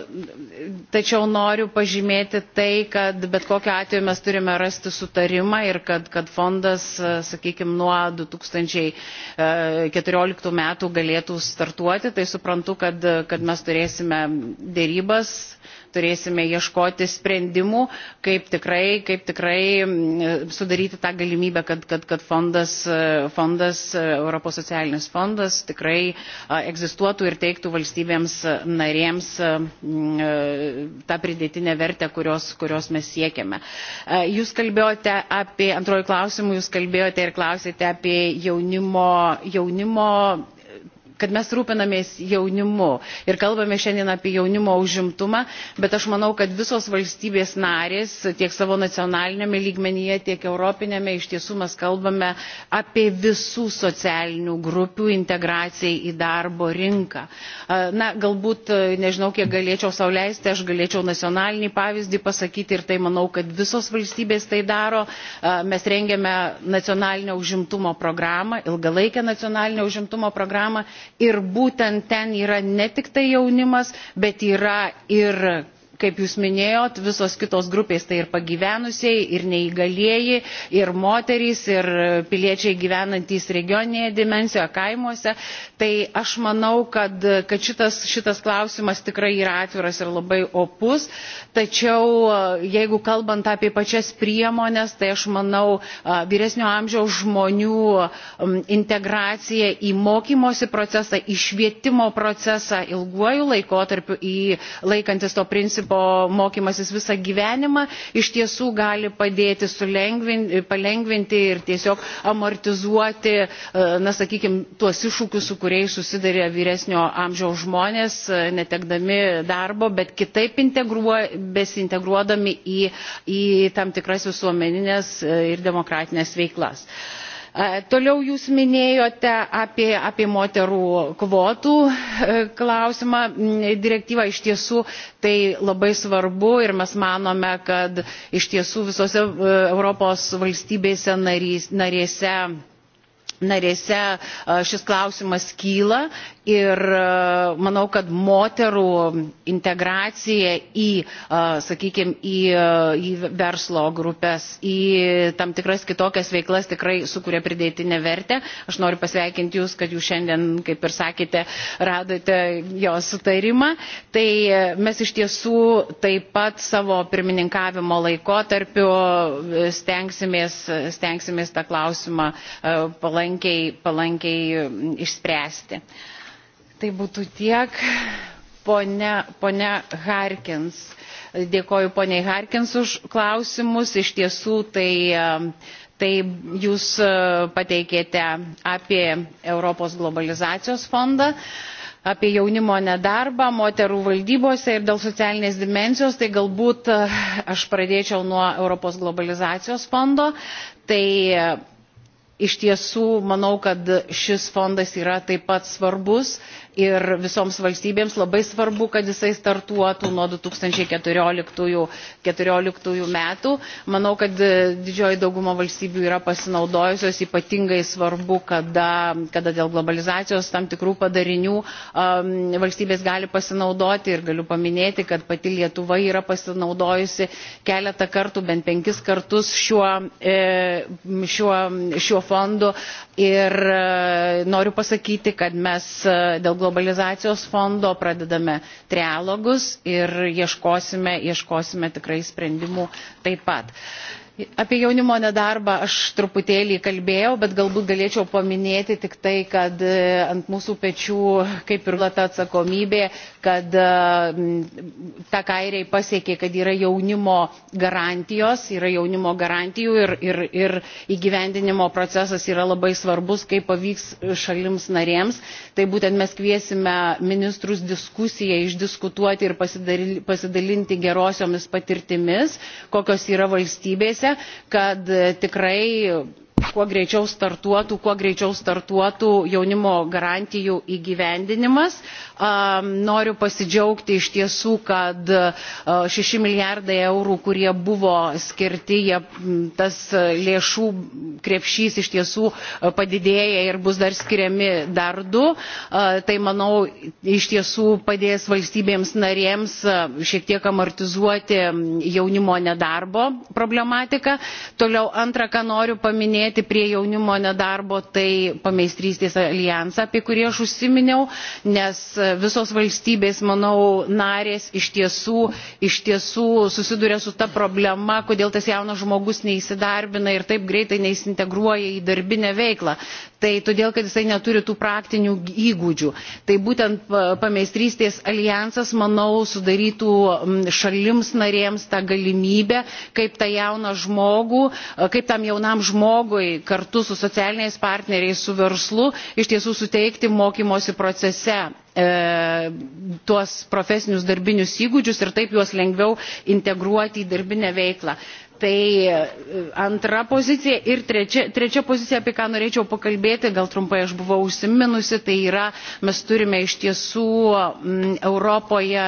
tačiau noriu pažymėti tai, kad bet kokiu atveju mes turime rasti sutarimą ir kad, kad fondas, sakykime, nuo 2014 metų galėtų startuoti. Tai suprantu, kad, kad mes turėsime dėrybas turėsime ieškoti sprendimų, kaip tikrai, kaip tikrai sudaryti tą galimybę, kad, kad, kad fondas, fondas, Europos socialinis fondas tikrai egzistuotų ir teiktų valstybėms narėms tą pridėtinę vertę, kurios, kurios mes siekiame. Jūs kalbėjote apie, antrojų klausimų, jūs kalbėjote ir klausėte apie jaunimo, jaunimo kad mes rūpinamės jaunimu ir kalbame šiandien apie jaunimo užimtumą, bet aš manau, kad visos valstybės narės tiek savo nacionalinėme lygmenyje, tiek europinėme iš tiesų mes kalbame apie visų socialinių grupių integraciją į darbo rinką. Na, galbūt, nežinau, kiek galėčiau sauliaisti, aš galėčiau nacionalinį pavyzdį pasakyti ir tai manau, kad visos valstybės tai daro. Mes rengiame nacionalinio užimtumo programą, ilgalaikę nacionalinio užimtumo programą ir būtent ten yra ne tik jaunimas bet yra ir kaip jūs minėjot visos kitos grupės tai ir pagyvenusiai, ir neįgalieji ir moterys ir piliečiai gyvenantys regioninėje dimensijoje kaimuose tai aš manau kad, kad šitas, šitas klausimas tikrai yra atviras ir labai opus tačiau jeigu kalbant apie pačias priemonės tai aš manau vyresnio amžiaus žmonių integracija į mokymosi procesą į švietimo procesą ilguoju laikotarpiu į laikantis to principo principo mokymasis visą gyvenimą iš tiesų gali padėti palengvinti ir tiesiog amortizuoti, na, sakykime, tuos iššūkius, su kuriais susidarė vyresnio amžiaus žmonės, netekdami darbo, bet kitaip besintegruodami į, į tam tikras visuomeninės ir demokratinės veiklas. Toliau jūs minėjote apie, moterų kvotų klausimą. Direktyva iš tiesų tai labai svarbu ir mes manome, kad iš tiesų visose Europos valstybėse narėse narėse šis klausimas kyla ir manau, kad moterų integracija į, sakykime, į, į verslo grupės, į tam tikras kitokias veiklas tikrai sukuria pridėtinę vertę. Aš noriu pasveikinti Jūs, kad Jūs šiandien, kaip ir sakėte, radote jo sutarimą. Tai mes iš tiesų taip pat savo pirmininkavimo laikotarpiu stengsimės, stengsimės tą klausimą palaikyti palankiai, palankiai išspręsti. Tai būtų tiek. Pone, pone Harkins, dėkoju poniai Harkins už klausimus. Iš tiesų, tai Tai jūs pateikėte apie Europos globalizacijos fondą, apie jaunimo nedarbą, moterų valdybose ir dėl socialinės dimensijos, tai galbūt aš pradėčiau nuo Europos globalizacijos fondo. Tai iš tiesų manau kad šis fondas yra taip pat svarbus ir visoms valstybėms labai svarbu, kad jisai startuotų nuo 2014 metų. Manau, kad didžioji dauguma valstybių yra pasinaudojusios, ypatingai svarbu, kada, kada dėl globalizacijos tam tikrų padarinių um, valstybės gali pasinaudoti ir galiu paminėti, kad pati Lietuva yra pasinaudojusi keletą kartų, bent penkis kartus šiuo, šiuo, šiuo fondu ir noriu pasakyti, kad mes dėl globalizacijos globalizacijos fondo, pradedame trialogus ir ieškosime, tikrai sprendimų taip pat. Apie jaunimo nedarbą aš truputėlį kalbėjau, bet galbūt galėčiau paminėti tik tai, kad ant mūsų pečių kaip ir lata atsakomybė, kad ta kairiai pasiekė, kad yra jaunimo garantijos, yra jaunimo garantijų ir, ir, ir įgyvendinimo procesas yra labai svarbus, kaip pavyks šalims narėms. Tai būtent mes kviesime ministrus diskusiją išdiskutuoti ir pasidalinti gerosiomis patirtimis, kokios yra valstybėse kad tikrai kuo greičiau startuotų, kuo greičiau startuotų jaunimo garantijų įgyvendinimas. Noriu pasidžiaugti iš tiesų, kad 6 milijardai eurų, kurie buvo skirti, jie, tas lėšų krepšys iš tiesų padidėja ir bus dar skiriami dar du. Tai manau, iš tiesų padės valstybėms narėms šiek tiek amortizuoti jaunimo nedarbo problematiką. Toliau antrą, ką noriu paminėti, prisidėti prie jaunimo nedarbo, tai pameistrystės alijansą, apie kurį aš užsiminiau, nes visos valstybės, manau, narės iš tiesų, iš tiesų susiduria su ta problema, kodėl tas jaunas žmogus neįsidarbina ir taip greitai neįsintegruoja į darbinę veiklą tai todėl kad jisai neturi tų praktinių įgūdžių. tai būtent pameistrystės aljansas manau sudarytų šalims narėms tą galimybę kaip tą jauną žmogų kaip tam jaunam žmogui kartu su socialiniais partneriais su verslu iš tiesų suteikti mokymosi procese tuos profesinius darbinius įgūdžius ir taip juos lengviau integruoti į darbinę veiklą tai antra pozicija ir trečia, trečia pozicija, apie ką norėčiau pakalbėti, gal trumpai aš buvau užsiminusi, tai yra mes turime iš tiesų Europoje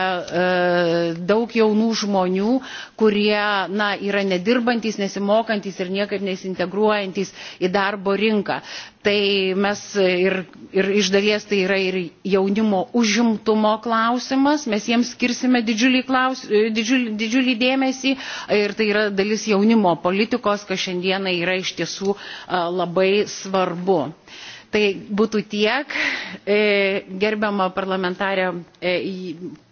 daug jaunų žmonių, kurie na, yra nedirbantis, nesimokantis ir niekaip nesintegruojantis į darbo rinką tai mes ir, ir iš dalies tai yra ir jaunimo užimtumo klausimas, mes jiems skirsime didžiulį, klaus, didžiulį, didžiulį dėmesį ir tai yra dalis jaunimo politikos, kas šiandieną yra iš tiesų labai svarbu. Tai būtų tiek, gerbiama parlamentarė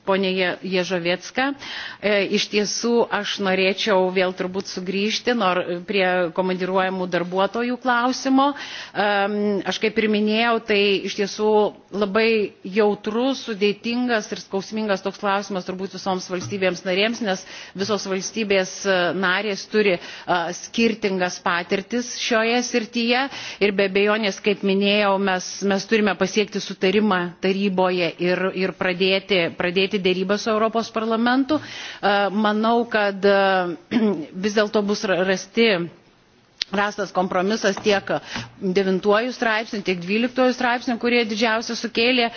ponė Ježovietska. Iš tiesų, aš norėčiau vėl turbūt sugrįžti nor, prie komandiruojamų darbuotojų klausimo. Aš kaip ir minėjau, tai iš tiesų labai jautrus, sudėtingas ir skausmingas toks klausimas turbūt visoms valstybėms narėms, nes visos valstybės narės turi skirtingas patirtis šioje srityje ir be abejonės, kaip minėjau, mes, mes turime pasiekti sutarimą taryboje ir, ir pradėti, pradėti pradėti dėrybą su Europos parlamentu. Manau, kad vis dėlto bus rasti rastas kompromisas tiek devintuoju straipsniu, tiek dvyliktuoju straipsniu, kurie didžiausia sukėlė,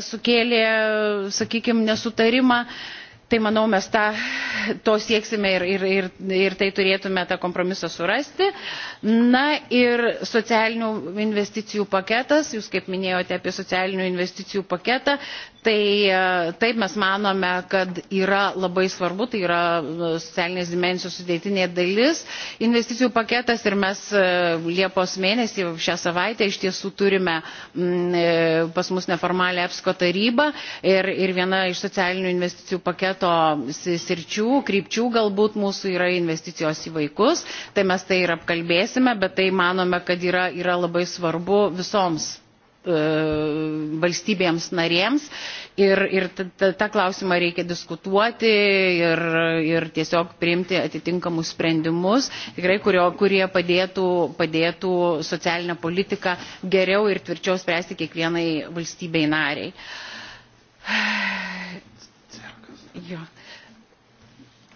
sukėlė sakykime, nesutarimą. Tai manau, mes tą, to sieksime ir, ir, ir, ir tai turėtume tą kompromisą surasti. Na ir socialinių investicijų paketas, jūs kaip minėjote apie socialinių investicijų paketą, Tai taip mes manome, kad yra labai svarbu, tai yra socialinės dimensijos sudėtinė dalis investicijų paketas ir mes Liepos mėnesį šią savaitę iš tiesų turime pas mus neformalę EPSCO tarybą ir, ir viena iš socialinių investicijų paketo sirčių, krypčių galbūt mūsų yra investicijos į vaikus, tai mes tai ir apkalbėsime, bet tai manome, kad yra, yra labai svarbu visoms valstybėms narėms ir, ir tą klausimą reikia diskutuoti ir, ir tiesiog priimti atitinkamus sprendimus, tikrai, kurio, kurie padėtų, padėtų socialinę politiką geriau ir tvirčiau spręsti kiekvienai valstybei nariai. Jo.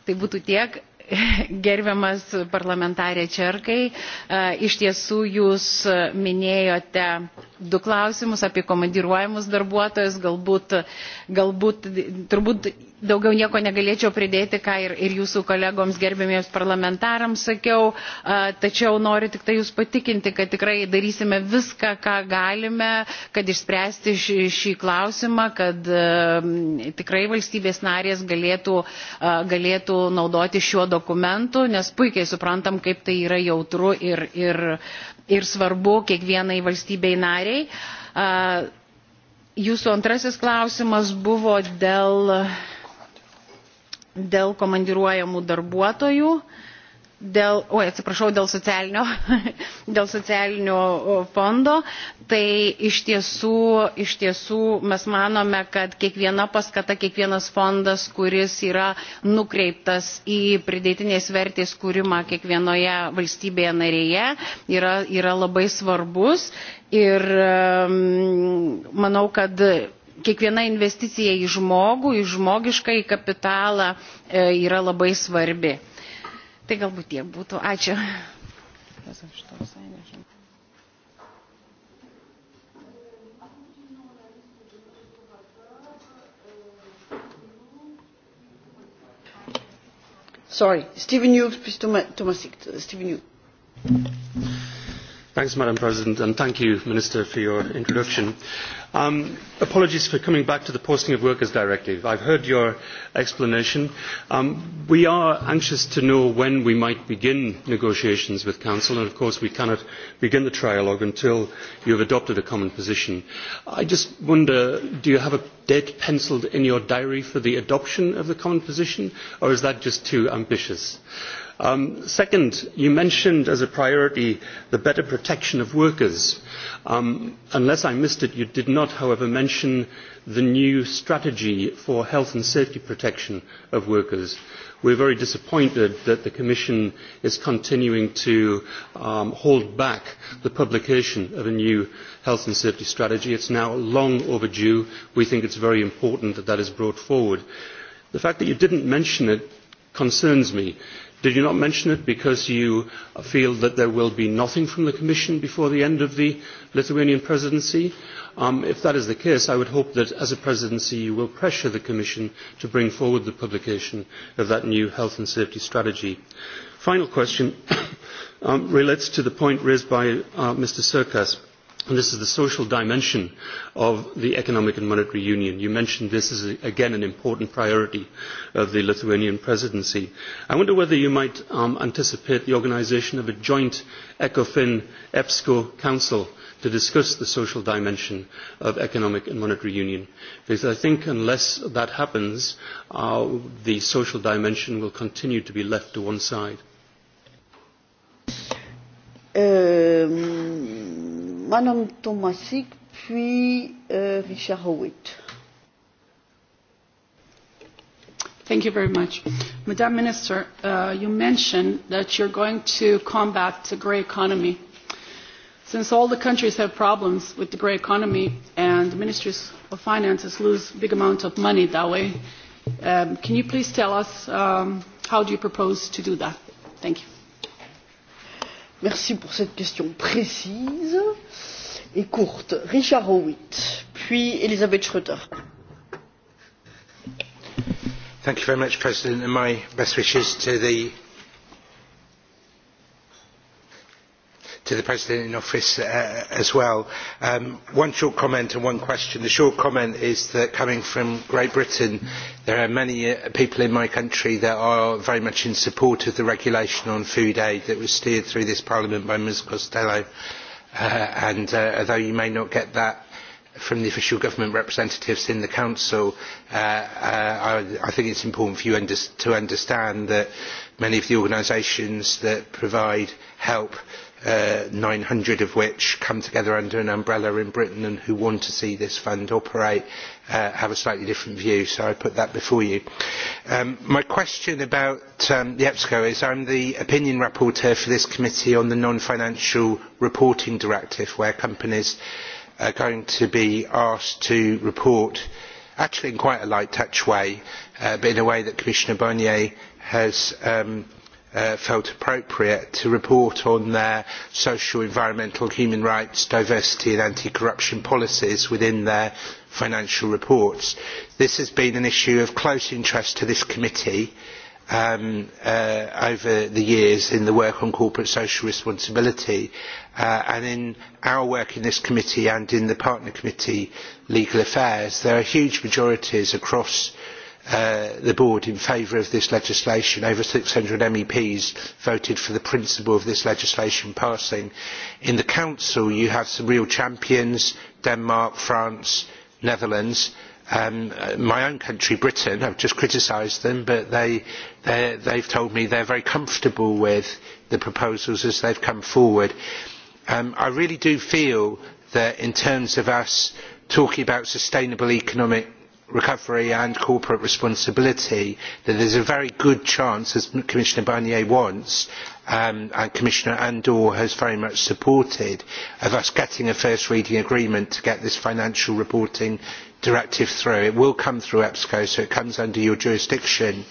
Tai būtų tiek gerbiamas parlamentarė Čerkai, iš tiesų jūs minėjote du klausimus apie komandiruojamus darbuotojus, galbūt, galbūt turbūt Daugiau nieko negalėčiau pridėti, ką ir, ir jūsų kolegoms gerbiamiems parlamentarams sakiau, tačiau noriu tik tai jūs patikinti, kad tikrai darysime viską, ką galime, kad išspręsti šį, šį klausimą, kad tikrai valstybės narės galėtų, galėtų naudoti šiuo dokumentu, nes puikiai suprantam, kaip tai yra jautru ir, ir, ir svarbu kiekvienai valstybei nariai. Jūsų antrasis klausimas buvo dėl dėl komandiruojamų darbuotojų, dėl, o atsiprašau, dėl socialinio, dėl socialinio fondo, tai iš tiesų, iš tiesų mes manome, kad kiekviena paskata, kiekvienas fondas, kuris yra nukreiptas į pridėtinės vertės kūrimą kiekvienoje valstybėje narėje, yra, yra labai svarbus ir manau, kad kiekviena investicija į žmogų, į žmogišką, į kapitalą yra labai svarbi. Tai galbūt tiek būtų. Ačiū. Sorry, madam president and thank you minister for your introduction. apologies for coming back to the posting of workers directive. i have heard your explanation. we are anxious to know when we might begin negotiations with the council and of course we cannot begin the trialogue until you have adopted a common position. i just wonder do you have a date pencilled in your diary for the adoption of the common position or is that just too ambitious? second, you mentioned as a priority the better protection of workers. unless I missed it, you did not, however, mention the new strategy for health and safety protection of workers. We are very disappointed that the Commission is continuing to hold back the publication of a new health and safety strategy. It is now long overdue. We think it is very important that that is brought forward. The fact that you did not mention it concerns me Did you not mention it because you feel that there will be nothing from the Commission before the end of the Lithuanian presidency? if that is the case, I would hope that as a presidency you will pressure the Commission to bring forward the publication of that new health and safety strategy. Final question relates to the point raised by Mr. Cercas And this is the social dimension of the economic and monetary union. You mentioned this is, again, an important priority of the Lithuanian presidency. I wonder whether you might anticipate the organisation of a joint ECOFIN-EPSCO council to discuss the social dimension of economic and monetary union because I think unless that happens the social dimension will continue to be left to one side. Madame Tomasic, puis euh, Richard Howitt. Thank you very much. Madam Minister, uh, you mentioned that you're going to combat the grey economy. Since all the countries have problems with the grey economy and the ministries of finances lose big amounts of money that way, um, can you please tell us um, how do you propose to do that? Thank you. Merci pour cette question précise et courte. Richard Howitt, puis Elisabeth Schroeter. Thank you very much, President, and my best wishes to the to the President in office uh, as well. Um, one short comment and one question. The short comment is that coming from Great Britain, there are many uh, people in my country that are very much in support of the regulation on food aid that was steered through this Parliament by Ms Costello. Uh, and uh, although you may not get that from the official government representatives in the council, uh, uh, I, I think it's important for you under, to understand that many of the organisations that provide help nine hundred of which come together under an umbrella in Britain and who want to see this fund operate have a slightly different view, so I put that before you. my question about the EPSCO is I am the opinion rapporteur for this committee on the non-financial reporting directive where companies are going to be asked to report actually in quite a light touch way, but in a way that Commissioner Barnier has um, felt appropriate to report on their social, environmental, human rights, diversity and anti-corruption policies within their financial reports. This has been an issue of close interest to this committee over the years in the work on corporate social responsibility and in our work in this committee and in the partner committee legal affairs there are huge majorities across uh, the board in favour of this legislation. Over six hundred MEPs voted for the principle of this legislation passing. In the Council, you have some real champions, Denmark, France, the Netherlands. my own country, Britain, I have just criticised them, but they, have told me they are very comfortable with the proposals as they have come forward. I really do feel that in terms of us talking about sustainable economic recovery and corporate responsibility, that there is a very good chance, as Commissioner Barnier wants, um, and Commissioner Andor has very much supported, of us getting a first reading agreement to get this financial reporting directive through. It will come through EPSCO, so it comes under your jurisdiction.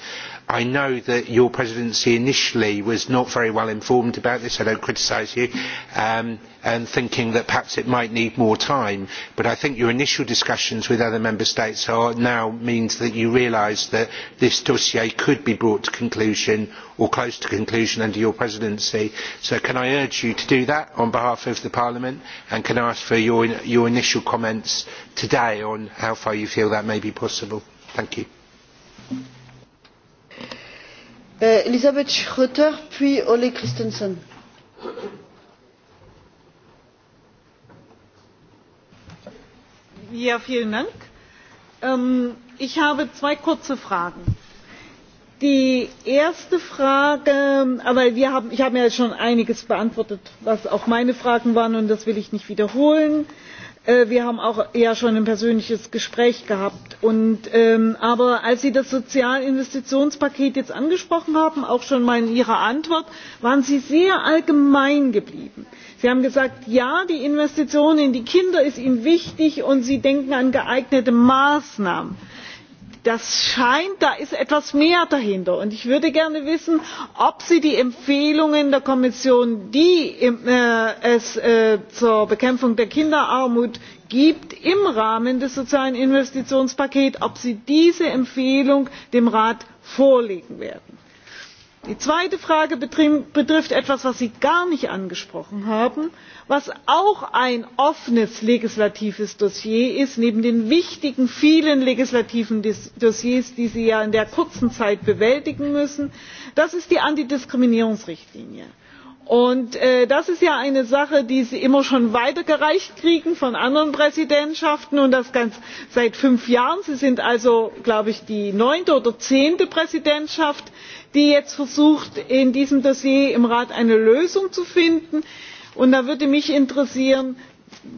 I know that your presidency initially was not very well informed about this. I don't criticise you. Um, and thinking that perhaps it might need more time but i think your initial discussions with other member states now means that you realise that this dossier could be brought to conclusion or close to conclusion under your presidency so can i urge you to do that on behalf of parliament and can i ask for your initial comments today on how far you feel that may be possible? thank you. Elisabeth Schroeter, puis Ole Christensen. Herr Präsident. ich habe zwei kurze Fragen. Die erste Frage, aber ich habe ja schon einiges beantwortet, was auch meine Fragen waren und das will ich nicht wiederholen. Wir haben auch ja schon ein persönliches Gespräch gehabt. aber als Sie das Sozialinvestitionspaket jetzt angesprochen haben, auch schon mal in Ihrer Antwort, waren Sie sehr allgemein geblieben sie haben gesagt ja die investition in die kinder ist ihnen wichtig und sie denken an geeignete maßnahmen. das scheint da ist etwas mehr dahinter und ich würde gerne wissen ob sie die empfehlungen der kommission die es zur bekämpfung der kinderarmut gibt im rahmen des sozialen investitionspakets ob sie diese empfehlung dem rat vorlegen werden die zweite frage betrifft etwas was sie gar nicht angesprochen haben was auch ein offenes legislatives dossier ist neben den wichtigen vielen legislativen dossiers die sie ja in der kurzen zeit bewältigen müssen das ist die antidiskriminierungsrichtlinie und das ist ja eine sache die sie immer schon weitergereicht kriegen von anderen präsidentschaften und das seit fünf jahren. sie sind also glaube ich die neunte oder zehnte präsidentschaft die jetzt versucht in diesem dossier im rat eine lösung zu finden. und da würde mich interessieren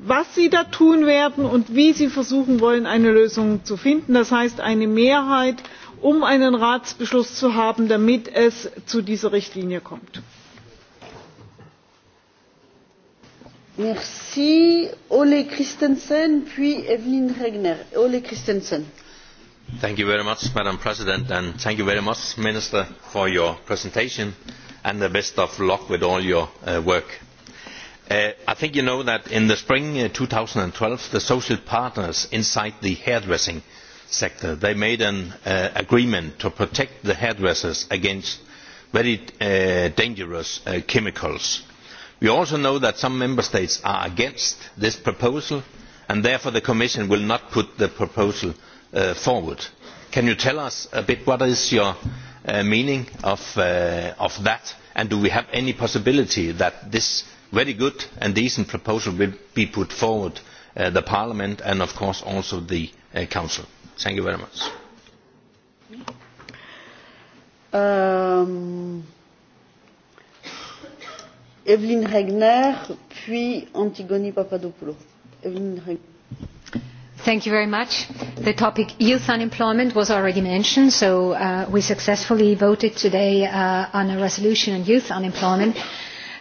was sie da tun werden und wie sie versuchen wollen eine lösung zu finden das heißt eine mehrheit um einen ratsbeschluss zu haben damit es zu dieser richtlinie kommt. Merci. Ole Christensen, puis Evelyn Regner. Ole Christensen. Thank you very much, Madam President, and thank you very much, Minister, for your presentation and the best of luck with all your work. I think you know that in the spring twelve the social partners inside the hairdressing sector made an agreement to protect the hairdressers against very dangerous chemicals we also know that some member states are against this proposal and therefore the commission will not put the proposal forward. can you tell us a bit what is your meaning of that and do we have any possibility that this very good and decent proposal will be put forward to parliament and of course also the council? thank you very much Evelyne Regner, puis antigone Papadopoulou. Evelyne Regner. Thank you very much. The topic youth unemployment was already mentioned, so uh, we successfully voted today uh, on a resolution on youth unemployment.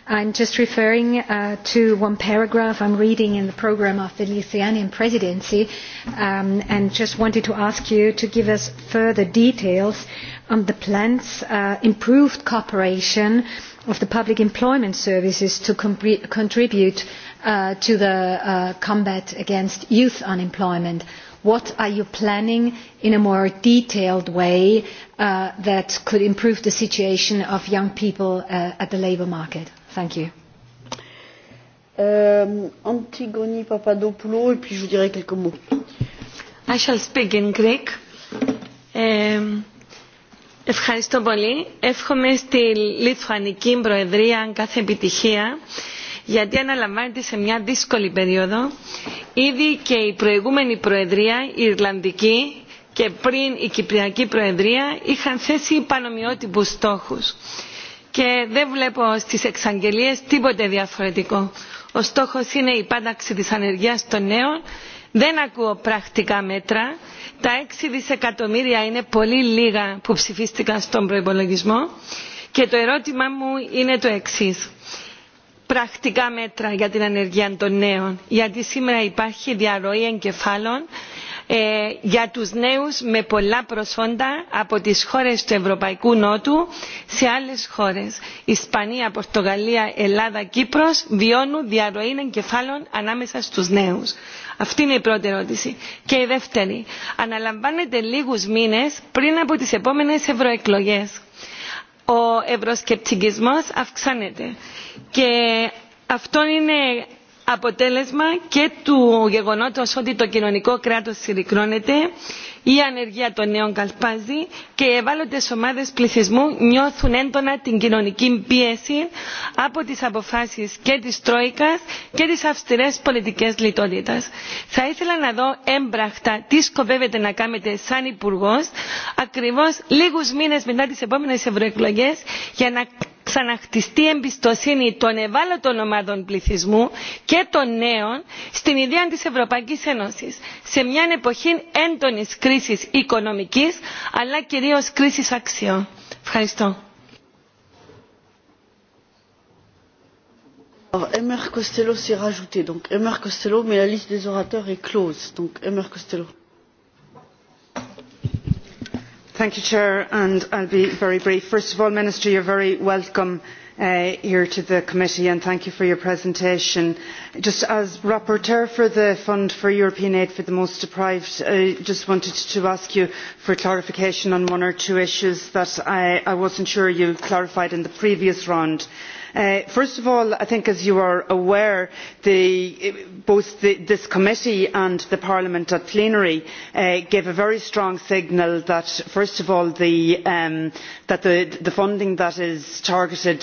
I'm just referring uh, to one paragraph I'm reading in the program of the Lithuanian presidency um, and just wanted to ask you to give us further details on the plans, uh, improved cooperation uh, of the public employment services to contribute to the combat against youth unemployment. What are you planning in a more detailed way that could improve the situation of young people at the labour market? Thank you. Antigoni Papadopoulou, et puis je dirai quelques mots. I shall speak in Greek. Um, Ευχαριστώ πολύ. Εύχομαι στη Λιθουανική Προεδρία κάθε επιτυχία γιατί αναλαμβάνεται σε μια δύσκολη περίοδο. Ήδη και η προηγούμενη Προεδρία, η Ιρλανδική και πριν η Κυπριακή Προεδρία είχαν θέσει πανομοιότυπους στόχους και δεν βλέπω στις εξαγγελίες τίποτε διαφορετικό. Ο στόχος είναι η πάταξη της ανεργίας των νέων, δεν ακούω πρακτικά μέτρα τα έξι δισεκατομμύρια είναι πολύ λίγα που ψηφίστηκαν στον προϋπολογισμό και το ερώτημά μου είναι το εξής πρακτικά μέτρα για την ανεργία των νέων γιατί σήμερα υπάρχει διαρροή εγκεφάλων για τους νέους με πολλά προσόντα από τις χώρες του Ευρωπαϊκού Νότου σε άλλες χώρες. Ισπανία, Πορτογαλία, Ελλάδα, Κύπρος βιώνουν διαρροή εγκεφάλων ανάμεσα στους νέους. Αυτή είναι η πρώτη ερώτηση. Και η δεύτερη. Αναλαμβάνεται λίγους μήνες πριν από τις επόμενες ευρωεκλογές. Ο ευρωσκεπτικισμός αυξάνεται. Και αυτό είναι αποτέλεσμα και του γεγονότος ότι το κοινωνικό κράτος συρρυκνώνεται η ανεργία των νέων καλπάζει και οι ευάλωτες ομάδες πληθυσμού νιώθουν έντονα την κοινωνική πίεση από τις αποφάσεις και της τρόικας και τις αυστηρές πολιτικές λιτότητας. Θα ήθελα να δω έμπρακτα τι σκοπεύετε να κάνετε σαν υπουργό ακριβώς λίγους μήνες μετά τις επόμενες ευρωεκλογές για να ξαναχτιστεί η εμπιστοσύνη των ευάλωτων ομάδων πληθυσμού και των νέων στην ιδέα της Ευρωπαϊκής Ένωσης σε μια εποχή έντονης κρίσης οικονομικής αλλά κυρίως κρίσης αξιών. Ευχαριστώ. Alors, Emer Costello s'est rajouté, donc Emer Costello, mais la liste des orateurs est close, donc Emer Costello i will be very brief. first of all minister you are very welcome here to the committee and thank you for your presentation. just as rapporteur for the fund for european aid for the most deprived i just wanted to ask you for clarification on one or two issues that i was not sure you clarified in the previous round. firstly first of all i think as you are aware both this committee and parliament at plenary gave a very strong signal that first of all the funding that is targeted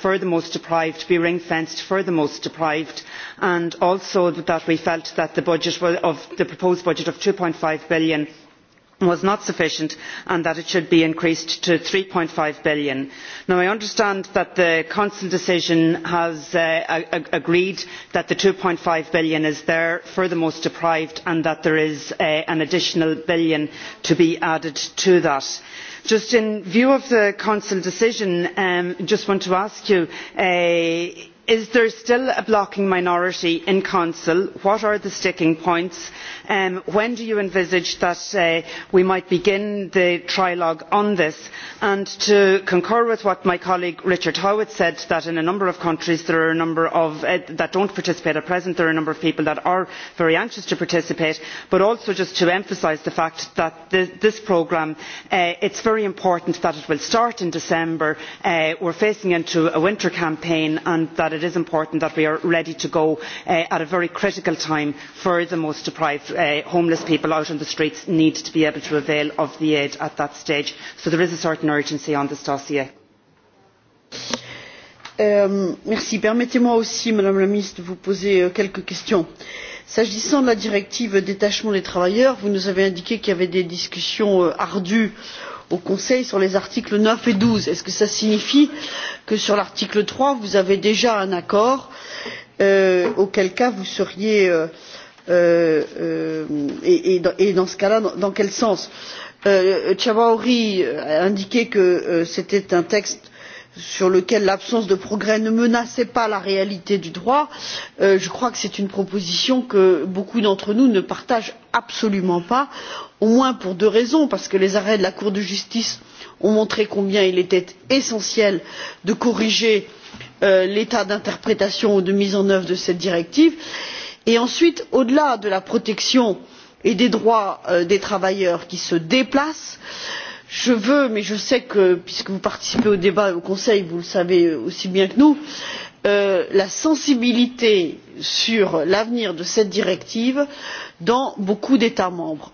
for the most deprived be ring fenced for the most deprived and also that we felt that the proposed budget of eur. two five billion was not sufficient and that it should be increased to eur. three five billion. i understand that the council decision has agreed that the eur. two five billion is there for the most deprived and that there is an additional billion to be added to that just in view of the council decision i just want to ask you is there still a blocking minority in council? what are the sticking points? when do you envisage that we might begin the trilogue on this? to concur with what my colleague richard howitt said that in a number of countries that do not participate at present there are a number of people that are very anxious to participate but also just to emphasise the fact that this programme it is very important that it will start in december we are facing into a winter campaign and that it is important that we are ready to go at a very critical time for the most deprived homeless people out on the streets need to be able to avail of the aid at that stage so there is a certain urgency on this dossier. permettez moi aussi madame la ministre de vous poser quelques questions. s'agissant de la directive sur le détachement des travailleurs vous nous avez indiqué qu'il y avait des discussions ardues au conseil sur les articles neuf et. douze signifie t signifie que sur l'article trois vous avez déjà un accord auquel cas vous seriez et dans ce cas là dans quel sens? chawaori a indiqué que c'était un texte sur lequel l'absence de progrès ne menaçait pas la réalité du droit je crois que c'est une proposition que beaucoup d'entre nous ne partagent absolument pas au moins pour deux raisons parce que les arrêts de la cour de justice ont montré combien il était essentiel de corriger l'état d'interprétation ou de mise en œuvre de cette directive et ensuite au delà de la protection et des droits des travailleurs qui se déplacent il je veux mais je sais que puisque vous participez au débat et au conseil vous le savez aussi bien que nous la sensibilité sur l'avenir de cette directive dans beaucoup d'états membres.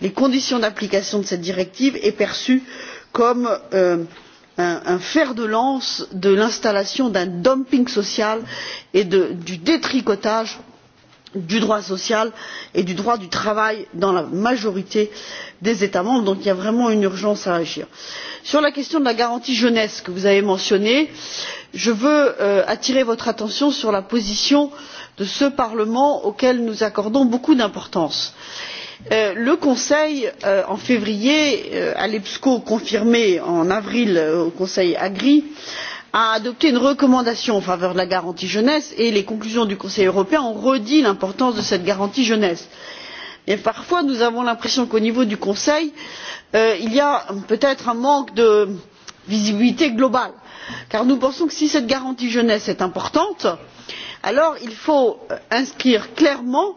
les conditions d'application de cette directive sont perçues comme un fer de lance de l'installation d'un dumping social et du détricotage du droit social et du droit du travail dans la majorité des états membres donc il y a vraiment une urgence à agir. sur la question de la garantie jeunesse que vous avez mentionnée je veux attirer votre attention sur la position de ce parlement auquel nous accordons beaucoup d'importance. le conseil en février à l'epsco confirmé en avril au conseil agri a a adopté une recommandation en faveur de la garantie jeunesse et les conclusions du conseil européen ont redit l'importance de cette garantie jeunesse. mais parfois nous avons l'impression qu'au niveau du conseil il y a peut être un manque de visibilité globale car nous pensons que si cette garantie jeunesse est importante alors il faut inscrire clairement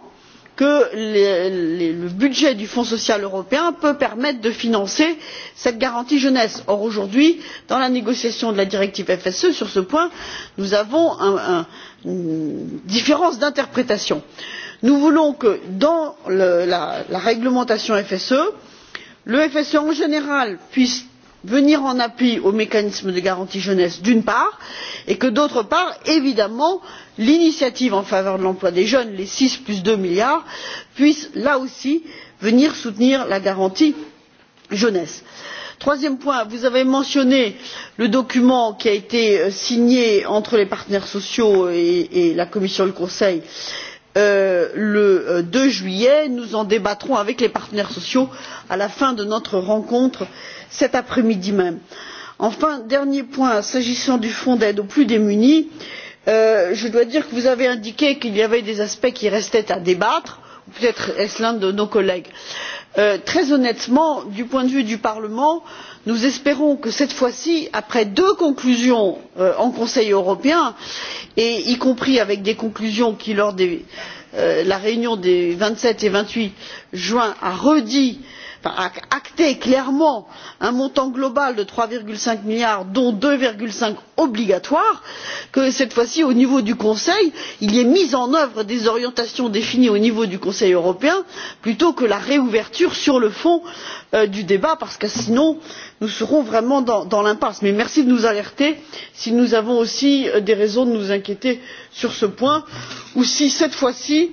que le budget du fonds social européen peut permettre de financer cette garantie jeunesse. or aujourd'hui dans la négociation de la directive fse sur ce point nous avons une différence d'interprétation. nous voulons que dans la réglementation fse le fse en général puisse venir en appui au mécanisme de garantie jeunesse d'une part et que d'autre part évidemment l'initiative en faveur de l'emploi des jeunes les six plus deux milliards puisse là aussi venir soutenir la garantie jeunesse. troisième point vous avez mentionné le document qui a été signé entre les partenaires sociaux et la commission et le conseil le deux juillet. nous en débattrons avec les partenaires sociaux à la fin de notre rencontre cet après midi même. enfin dernier point s'agissant du fonds d'aide aux plus démunis je dois dire que vous avez indiqué qu'il y avait des aspects qui restaient à débattre ou peut être est ce l'un de nos collègues. très honnêtement du point de vue du parlement nous espérons que cette fois ci après deux conclusions en conseil européen y compris avec des conclusions qui lors de la réunion des vingt sept et vingt huit juin a redites acté clairement un montant global de trois cinq milliards dont deux cinq obligatoires que cette fois ci au niveau du conseil il y ait mise en œuvre des orientations définies au niveau du conseil européen plutôt que la réouverture sur le fond du débat parce que sinon nous serons vraiment dans l'impasse. mais merci de nous alerter si nous avons aussi des raisons de nous inquiéter sur ce point ou si cette fois ci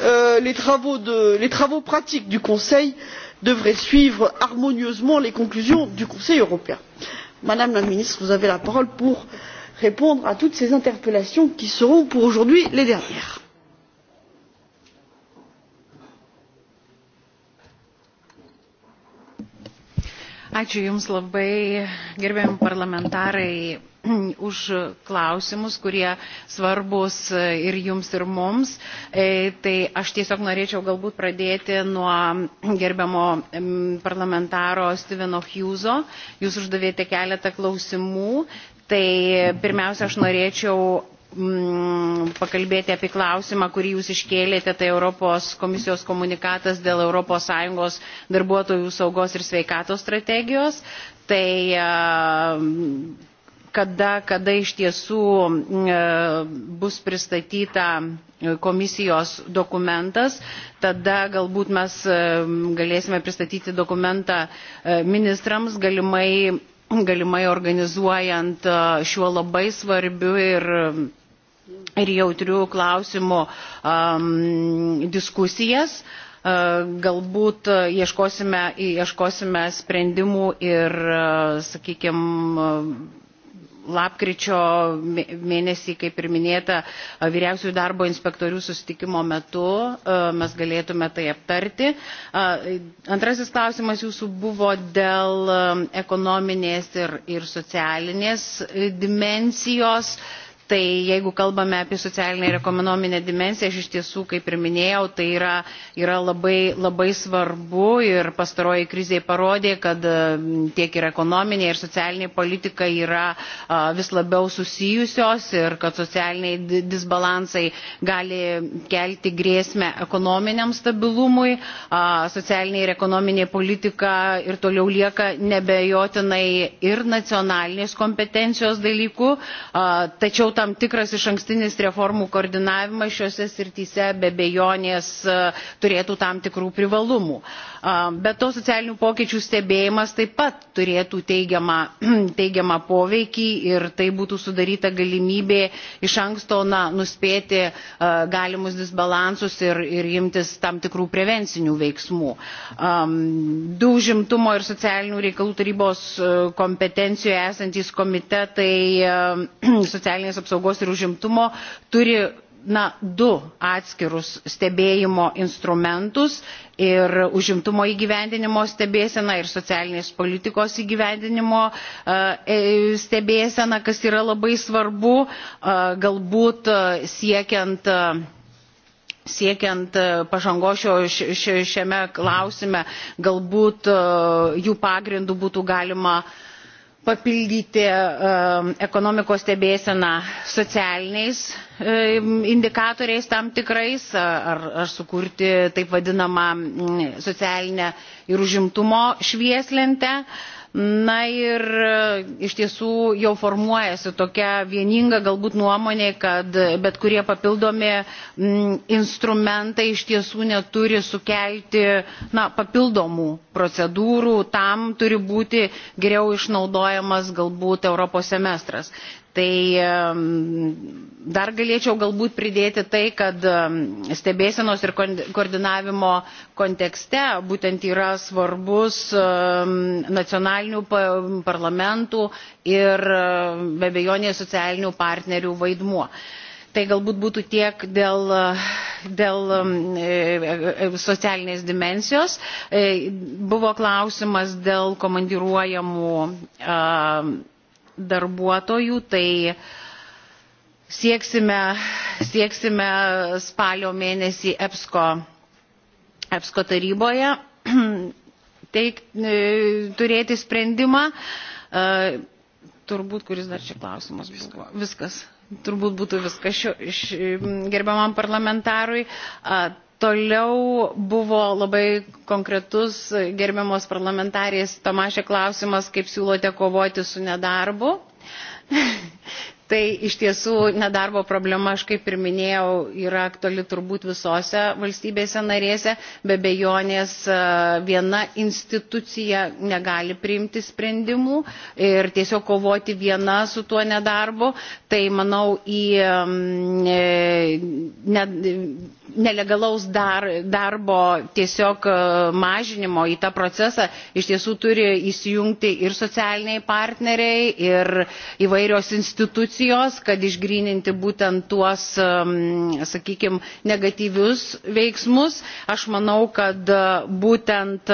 les travaux pratiques du conseil devrait suivre harmonieusement les conclusions du conseil européen. madame la ministre vous avez la parole pour répondre à toutes ces interpellations qui seront pour aujourd'hui les dernières. Ačiū Jums labai, gerbiami parlamentarai, už klausimus, kurie svarbus ir Jums, ir mums. Tai aš tiesiog norėčiau galbūt pradėti nuo gerbiamo parlamentaro Steveno Hugheso. Jūs uždavėte keletą klausimų. Tai pirmiausia, aš norėčiau pakalbėti apie klausimą, kurį jūs iškėlėte, tai Europos komisijos komunikatas dėl ES darbuotojų saugos ir sveikatos strategijos. Tai kada, kada iš tiesų bus pristatyta komisijos dokumentas, tada galbūt mes galėsime pristatyti dokumentą ministrams galimai galimai organizuojant šiuo labai svarbiu ir ir jautrių klausimų diskusijas. Galbūt ieškosime, ieškosime sprendimų ir, sakykime, lapkričio mėnesį, kaip ir minėta, vyriausiųjų darbo inspektorių susitikimo metu mes galėtume tai aptarti. Antrasis klausimas jūsų buvo dėl ekonominės ir, ir socialinės dimensijos. Tai jeigu kalbame apie socialinę ir ekonominę dimensiją, aš iš tiesų, kaip ir minėjau, tai yra, yra labai, labai svarbu ir pastaroji kriziai parodė, kad tiek ir ekonominė ir socialinė politika yra vis labiau susijusios ir kad socialiniai disbalansai gali kelti grėsmę ekonominiam stabilumui. Socialinė ir ekonominė politika ir toliau lieka nebejotinai ir nacionalinės kompetencijos dalykų, tačiau tam tikras išankstinis reformų koordinavimas šiose srityse be abejonės turėtų tam tikrų privalumų. Be to socialinių pokyčių stebėjimas taip pat turėtų teigiamą, teigiamą poveikį ir tai būtų sudaryta galimybė iš anksto na, nuspėti galimus disbalansus ir, ir imtis tam tikrų prevencinių veiksmų. Du žimtumo ir socialinių reikalų tarybos kompetencijoje esantys komitetai socialinės apsaugos ir užimtumo turi na, du atskirus stebėjimo instrumentus ir užimtumo įgyvendinimo stebėseną ir socialinės politikos įgyvendinimo stebėseną, kas yra labai svarbu, galbūt siekiant siekiant pažangos šiame klausime, galbūt jų pagrindų būtų galima uh, papildyti ekonomikos stebėseną socialiniais indikatoriais tam tikrais ar sukurti taip vadinamą socialinę ir užimtumo švieslentę Na ir iš tiesų jau formuojasi tokia vieninga galbūt nuomonė, kad bet kurie papildomi instrumentai iš tiesų neturi sukelti na, papildomų procedūrų, tam turi būti geriau išnaudojamas galbūt Europos semestras. Tai dar galėčiau galbūt pridėti tai, kad stebėsenos ir koordinavimo kontekste būtent yra svarbus nacionalinių parlamentų ir be bejonės socialinių partnerių vaidmuo. Tai galbūt būtų tiek dėl, dėl socialinės dimensijos. Buvo klausimas dėl komandiruojamų darbuotojų, tai sieksime, sieksime spalio mėnesį EPSCO, EPSCO taryboje teik, turėti sprendimą. Turbūt, kuris dar čia klausimas buvo. Viskas. Turbūt būtų viskas šio, gerbiamam parlamentarui. Toliau buvo labai konkretus gerbiamos parlamentarės Tomašė klausimas, kaip siūlote kovoti su nedarbu. Tai iš tiesų nedarbo problema, aš kaip ir minėjau, yra aktuali turbūt visose valstybėse narėse, be bejonės viena institucija negali priimti sprendimų ir tiesiog kovoti viena su tuo nedarbu. Tai manau į ne, nelegalaus dar, darbo tiesiog mažinimo į tą procesą iš tiesų turi įsijungti ir socialiniai partneriai, ir įvairios institucijos komisijos kad išgryninti būtent tuos, sakykime, negatyvius veiksmus. Aš manau, kad būtent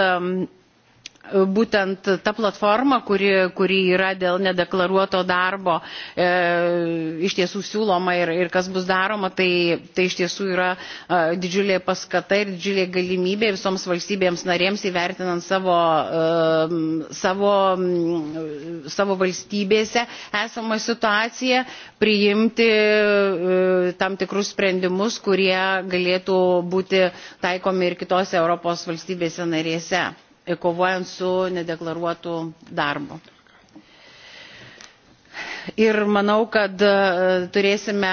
būtent ta platforma, kuri, kuri yra dėl nedeklaruoto darbo e, iš tiesų siūloma ir, ir kas bus daroma, tai, tai iš tiesų yra e, didžiulė paskata ir didžiulė galimybė visoms valstybėms narėms įvertinant savo, e, savo, e, savo valstybėse esamą situaciją, priimti e, tam tikrus sprendimus, kurie galėtų būti taikomi ir kitose Europos valstybėse narėse kovojant su nedeklaruotu darbu. Ir manau, kad turėsime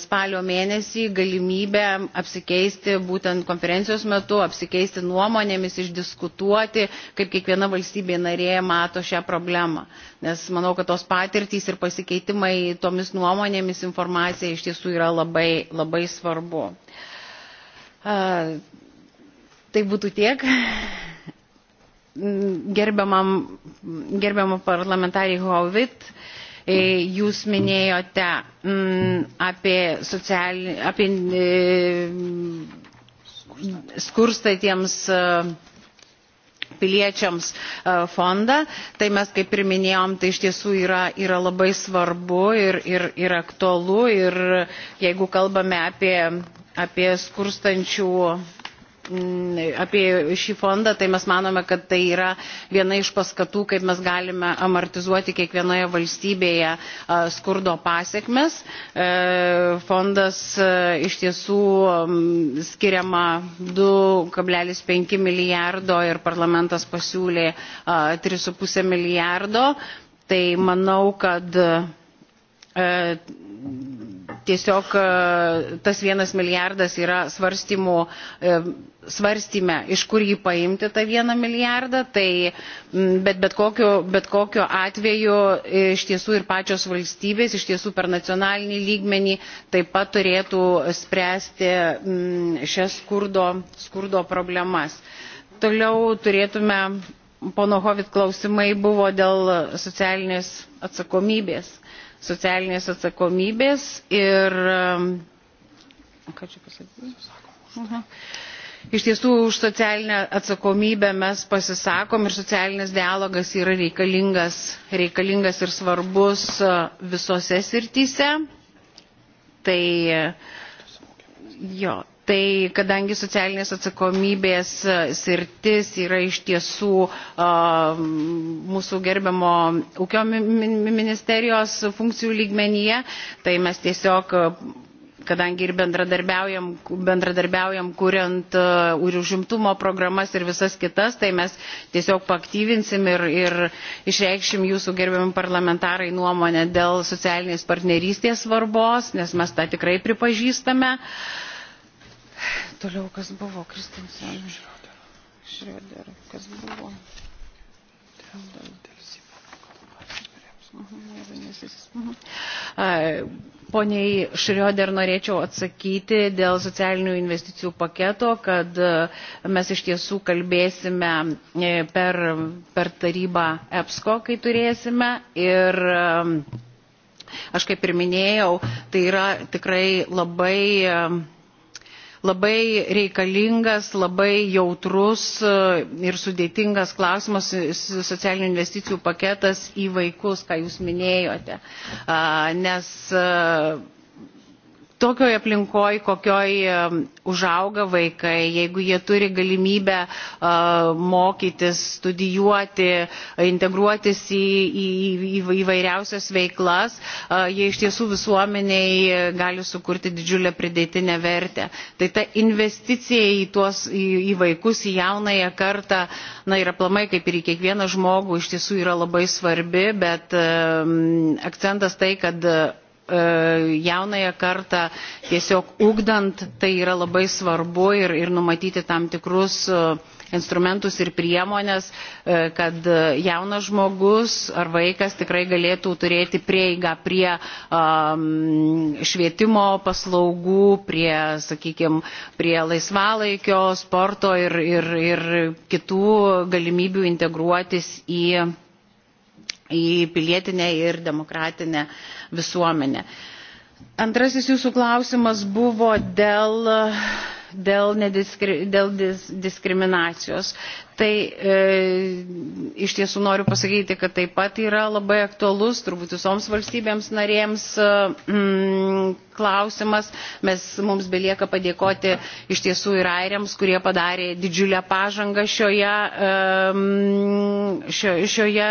spalio mėnesį galimybę apsikeisti būtent konferencijos metu, apsikeisti nuomonėmis, išdiskutuoti, kaip kiekviena valstybė narė mato šią problemą. Nes manau, kad tos patirtys ir pasikeitimai tomis nuomonėmis informacija iš tiesų yra labai, labai svarbu. Tai būtų tiek gerbiamą parlamentarį Hovit, jūs minėjote apie, sociali, apie skurstatiems piliečiams fondą. Tai mes, kaip ir minėjom, tai iš tiesų yra, yra labai svarbu ir, ir, ir aktualu. Ir jeigu kalbame apie, apie skurstančių apie šį fondą, tai mes manome, kad tai yra viena iš paskatų, kaip mes galime amortizuoti kiekvienoje valstybėje skurdo pasiekmes. Fondas iš tiesų skiriama 2,5 milijardo ir parlamentas pasiūlė 3,5 milijardo. Tai manau, kad tiesiog tas vienas milijardas yra svarstymų, svarstyme, iš kur jį paimti tą vieną milijardą, tai bet, bet, kokiu, bet kokiu atveju iš tiesų ir pačios valstybės, iš tiesų per nacionalinį lygmenį taip pat turėtų spręsti šias skurdo, skurdo problemas. Toliau turėtume, pono Hovit klausimai buvo dėl socialinės atsakomybės socialinės atsakomybės ir ką čia pasakysiu? Iš tiesų už socialinę atsakomybę mes pasisakom ir socialinis dialogas yra reikalingas, reikalingas ir svarbus visose srityse. Tai jo, Tai kadangi socialinės atsakomybės sirtis yra iš tiesų mūsų gerbiamo ūkio ministerijos funkcijų lygmenyje, tai mes tiesiog kadangi ir bendradarbiaujam, bendradarbiaujam kuriant uh, ir užimtumo programas ir visas kitas, tai mes tiesiog paktyvinsim ir, ir išreikšim jūsų gerbiami parlamentarai nuomonę dėl socialinės partnerystės svarbos, nes mes tą tikrai pripažįstame. Uh, Toliau kas buvo, Kristinsenė? Šrioderio. Kas buvo? Poniai Šrioder norėčiau atsakyti dėl socialinių investicijų paketo, kad mes iš tiesų kalbėsime per, per tarybą EPSCO, kai turėsime. Ir, aš kaip ir minėjau, tai yra tikrai labai labai reikalingas, labai jautrus ir sudėtingas klausimas socialinių investicijų paketas į vaikus, ką jūs minėjote. Nes tokioje aplinkoje, kokioje užauga vaikai, jeigu jie turi galimybę mokytis, studijuoti, integruotis į, į, į įvairiausias veiklas, jie iš tiesų visuomeniai gali sukurti didžiulę pridėtinę vertę. Tai ta investicija į, tuos, į, į vaikus, į jaunąją kartą, na ir aplamai kaip ir į kiekvieną žmogų, iš tiesų yra labai svarbi, bet akcentas tai, kad jaunąją kartą tiesiog ugdant tai yra labai svarbu ir, ir numatyti tam tikrus instrumentus ir priemonės, kad jaunas žmogus ar vaikas tikrai galėtų turėti prieigą prie švietimo paslaugų, prie, sakykime, prie laisvalaikio, sporto ir, ir, ir kitų galimybių integruotis į į pilietinę ir demokratinę visuomenę. Antrasis jūsų klausimas buvo dėl, dėl, nediskri, dėl dis, diskriminacijos. Tai e, iš tiesų noriu pasakyti, kad taip pat yra labai aktualus, turbūt visoms valstybėms narėms mm, klausimas. Mes mums belieka padėkoti iš tiesų ir airiams, kurie padarė didžiulę pažangą šioje, šio, šioje,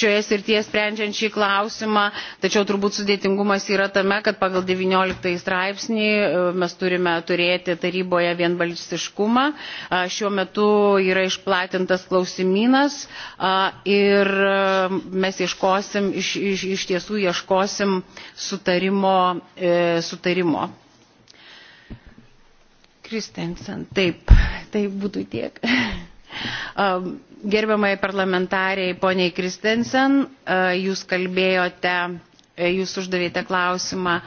šioje srityje sprendžiant šį klausimą. Tačiau turbūt sudėtingumas yra tame, kad pagal 19 straipsnį mes turime turėti taryboje vienbalsiškumą. Šiuo metu yra išplatinti išplatintas klausimynas ir mes ieškosim, iš, iš, iš tiesų ieškosim sutarimo. sutarimo. Kristensen, taip, tai būtų tiek. Gerbiamai parlamentariai, poniai Kristensen, jūs kalbėjote, jūs uždavėte klausimą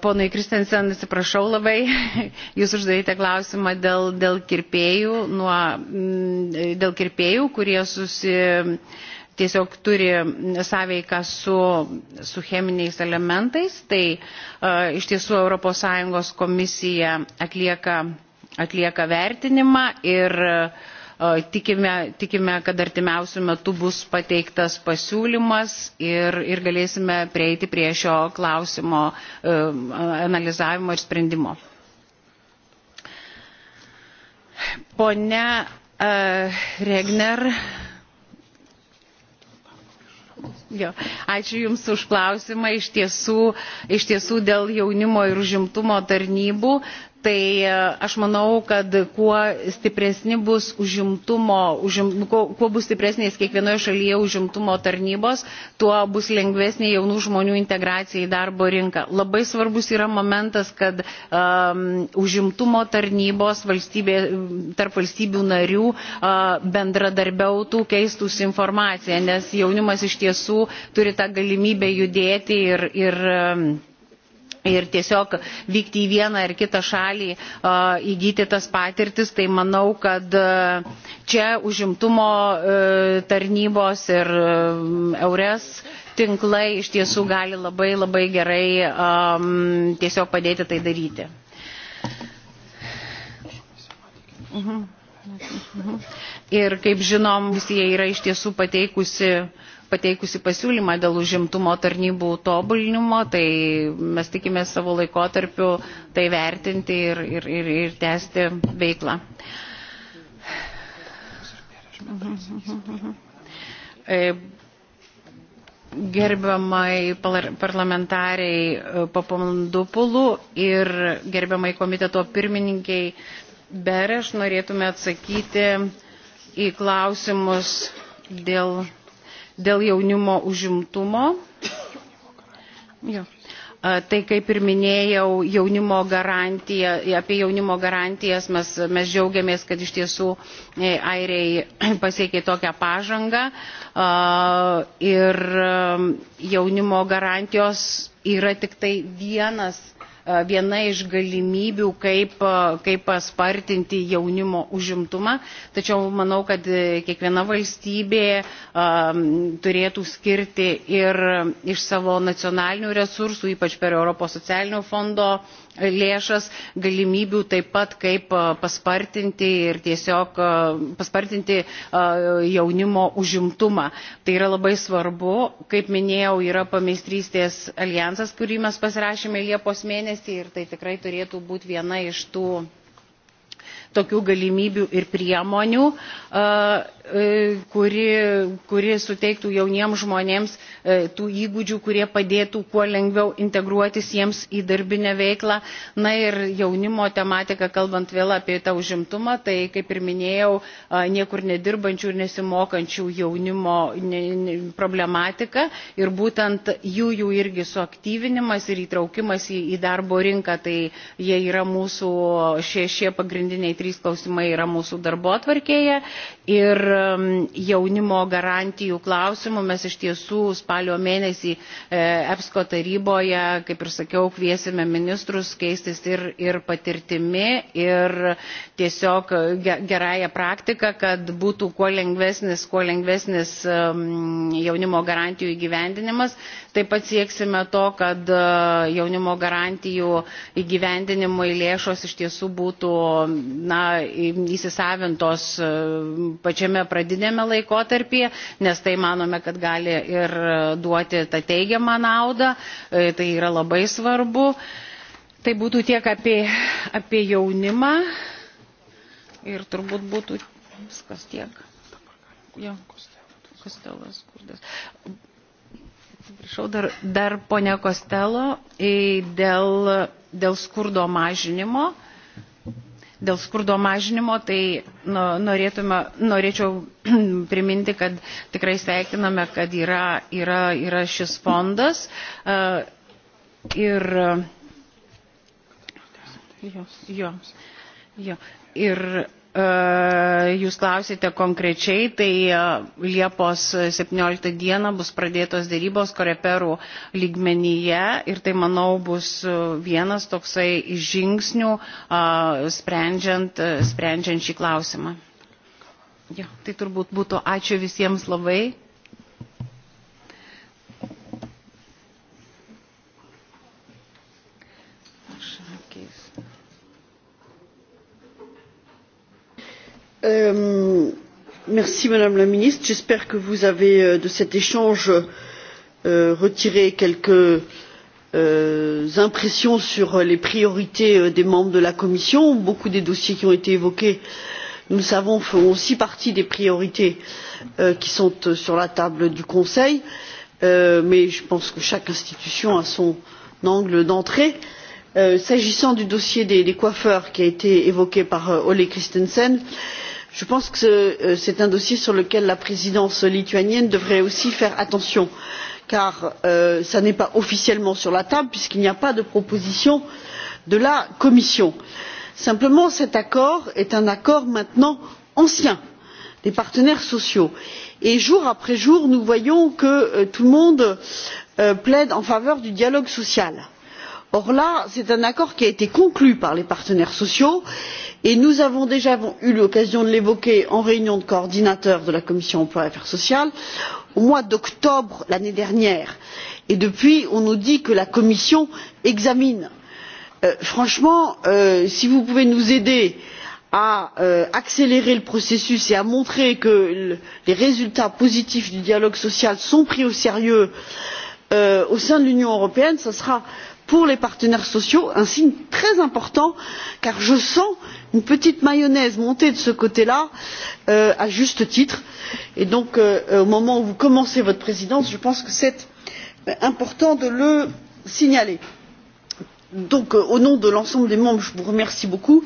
Ponai Kristensen, atsiprašau labai, jūs uždavėte klausimą dėl, dėl, kirpėjų, nuo, dėl kirpėjų, kurie susi, tiesiog turi sąveiką su, su cheminiais elementais. Tai iš tiesų ES komisija atlieka, atlieka vertinimą ir Tikime, tikime kad artimiausių metų bus pateiktas pasiūlymas ir, ir galėsime prieiti prie šio klausimo analizavimo ir sprendimo. Pone Regner. Jo. Ačiū Jums už klausimą. Iš tiesų, iš tiesų dėl jaunimo ir užimtumo tarnybų tai aš manau kad kuo stipresni bus užimtumo užim, kuo, kuo bus stipresnės kiekvienoje šalyje užimtumo tarnybos tuo bus lengvesnė jaunų žmonių integracija į darbo rinką. labai svarbus yra momentas kad um, užimtumo tarnybos valstybė, tarp valstybių narių uh, bendradarbiautų keistus informacija nes jaunimas iš tiesų turi tą galimybę judėti ir, ir um, ir tiesiog vykti į vieną ar kitą šalį, įgyti tas patirtis, tai manau, kad čia užimtumo tarnybos ir eures tinklai iš tiesų gali labai labai gerai tiesiog padėti tai daryti. Ir kaip žinom, jie yra iš tiesų pateikusi pateikusi pasiūlymą dėl užimtumo tarnybų tobulinimo, tai mes tikime savo laikotarpiu tai vertinti ir, ir, ir, ir tęsti veiklą. Gerbiamai parlamentariai pulu ir gerbiamai komiteto pirmininkiai Bereš norėtume atsakyti į klausimus dėl dėl jaunimo užimtumo. Jo. Tai kaip ir minėjau, jaunimo garantija, apie jaunimo garantijas mes, mes džiaugiamės, kad iš tiesų airiai pasiekė tokią pažangą ir jaunimo garantijos yra tik tai vienas viena iš galimybių, kaip, kaip paspartinti jaunimo užimtumą. Tačiau manau, kad kiekviena valstybė turėtų skirti ir iš savo nacionalinių resursų, ypač per Europos socialinio fondo lėšas galimybių taip pat kaip paspartinti ir tiesiog paspartinti jaunimo užimtumą. Tai yra labai svarbu. Kaip minėjau, yra pameistrystės alijansas, kurį mes pasirašėme Liepos mėnesį ir tai tikrai turėtų būti viena iš tų tokių galimybių ir priemonių kuri, kuri suteiktų jauniems žmonėms tų įgūdžių, kurie padėtų kuo lengviau integruotis jiems į darbinę veiklą. Na ir jaunimo tematika, kalbant vėl apie tą užimtumą, tai kaip ir minėjau, niekur nedirbančių ir nesimokančių jaunimo problematika ir būtent jų jų irgi suaktyvinimas ir įtraukimas į, darbo rinką, tai jie yra mūsų, šie, šie pagrindiniai trys klausimai yra mūsų darbo atvarkėje. Ir jaunimo garantijų klausimų. Mes iš tiesų spalio mėnesį EPSCO taryboje, kaip ir sakiau, kviesime ministrus keistis ir, ir patirtimi, ir tiesiog gerąją praktiką, kad būtų kuo lengvesnis, kuo lengvesnis jaunimo garantijų įgyvendinimas. Taip pat sieksime to, kad jaunimo garantijų įgyvendinimui lėšos iš tiesų būtų na, įsisavintos pačiame pradinėme laikotarpyje, nes tai manome, kad gali ir duoti tą teigiamą naudą, tai yra labai svarbu. Tai būtų tiek apie, apie jaunimą ir turbūt būtų viskas tiek. Ja. Kostelas, kurdas. Prašau, dar, dar ponia Kostelo, dėl, dėl skurdo mažinimo dėl skurdo mažinimo, tai norėtume, norėčiau priminti, kad tikrai sveikiname, kad yra, yra, yra šis fondas. Ir, jo, jo, jo, ir Jūs klausite konkrečiai, tai Liepos 17 dieną bus pradėtos dėrybos koreperų lygmenyje ir tai, manau, bus vienas toksai žingsnių sprendžiant, sprendžiant šį klausimą. Jo, tai turbūt būtų ačiū visiems labai. merci madame la ministre j'espère que vous avez de cet échange retiré quelques impressions sur les priorités des membres de la commission. beaucoup des dossiers qui ont été évoqués nous le savons font aussi partie des priorités qui sont sur la table du conseil mais je pense que chaque institution a son angle d'entrée. s'agissant du dossier des coiffeurs qui a été évoqué par ole christensen je je pense que c'est un dossier sur lequel la présidence lituanienne devrait aussi faire attention car cela n'est pas officiellement sur la table puisqu'il n'y a pas de proposition de la commission. simplement cet accord est un accord maintenant ancien des partenaires sociaux et jour après jour nous voyons que tout le monde plaide en faveur du dialogue social. or c'est un accord qui a été conclu par les partenaires sociaux et et nous avons déjà eu l'occasion de l'évoquer en réunion de coordinateurs de la commission de l'emploi et des affaires sociales au mois d'octobre l'année dernière et depuis on nous dit que la commission examine. franchement si vous pouvez nous aider à accélérer le processus et à montrer que les résultats positifs du dialogue social sont pris au sérieux au sein de l'union européenne ce sera pour les partenaires sociaux un signe très important car je sens une petite mayonnaise montée de ce côté là à juste titre et donc au moment où vous commencez votre présidence je pense que c'est important de le signaler. au nom de l'ensemble des membres je vous remercie beaucoup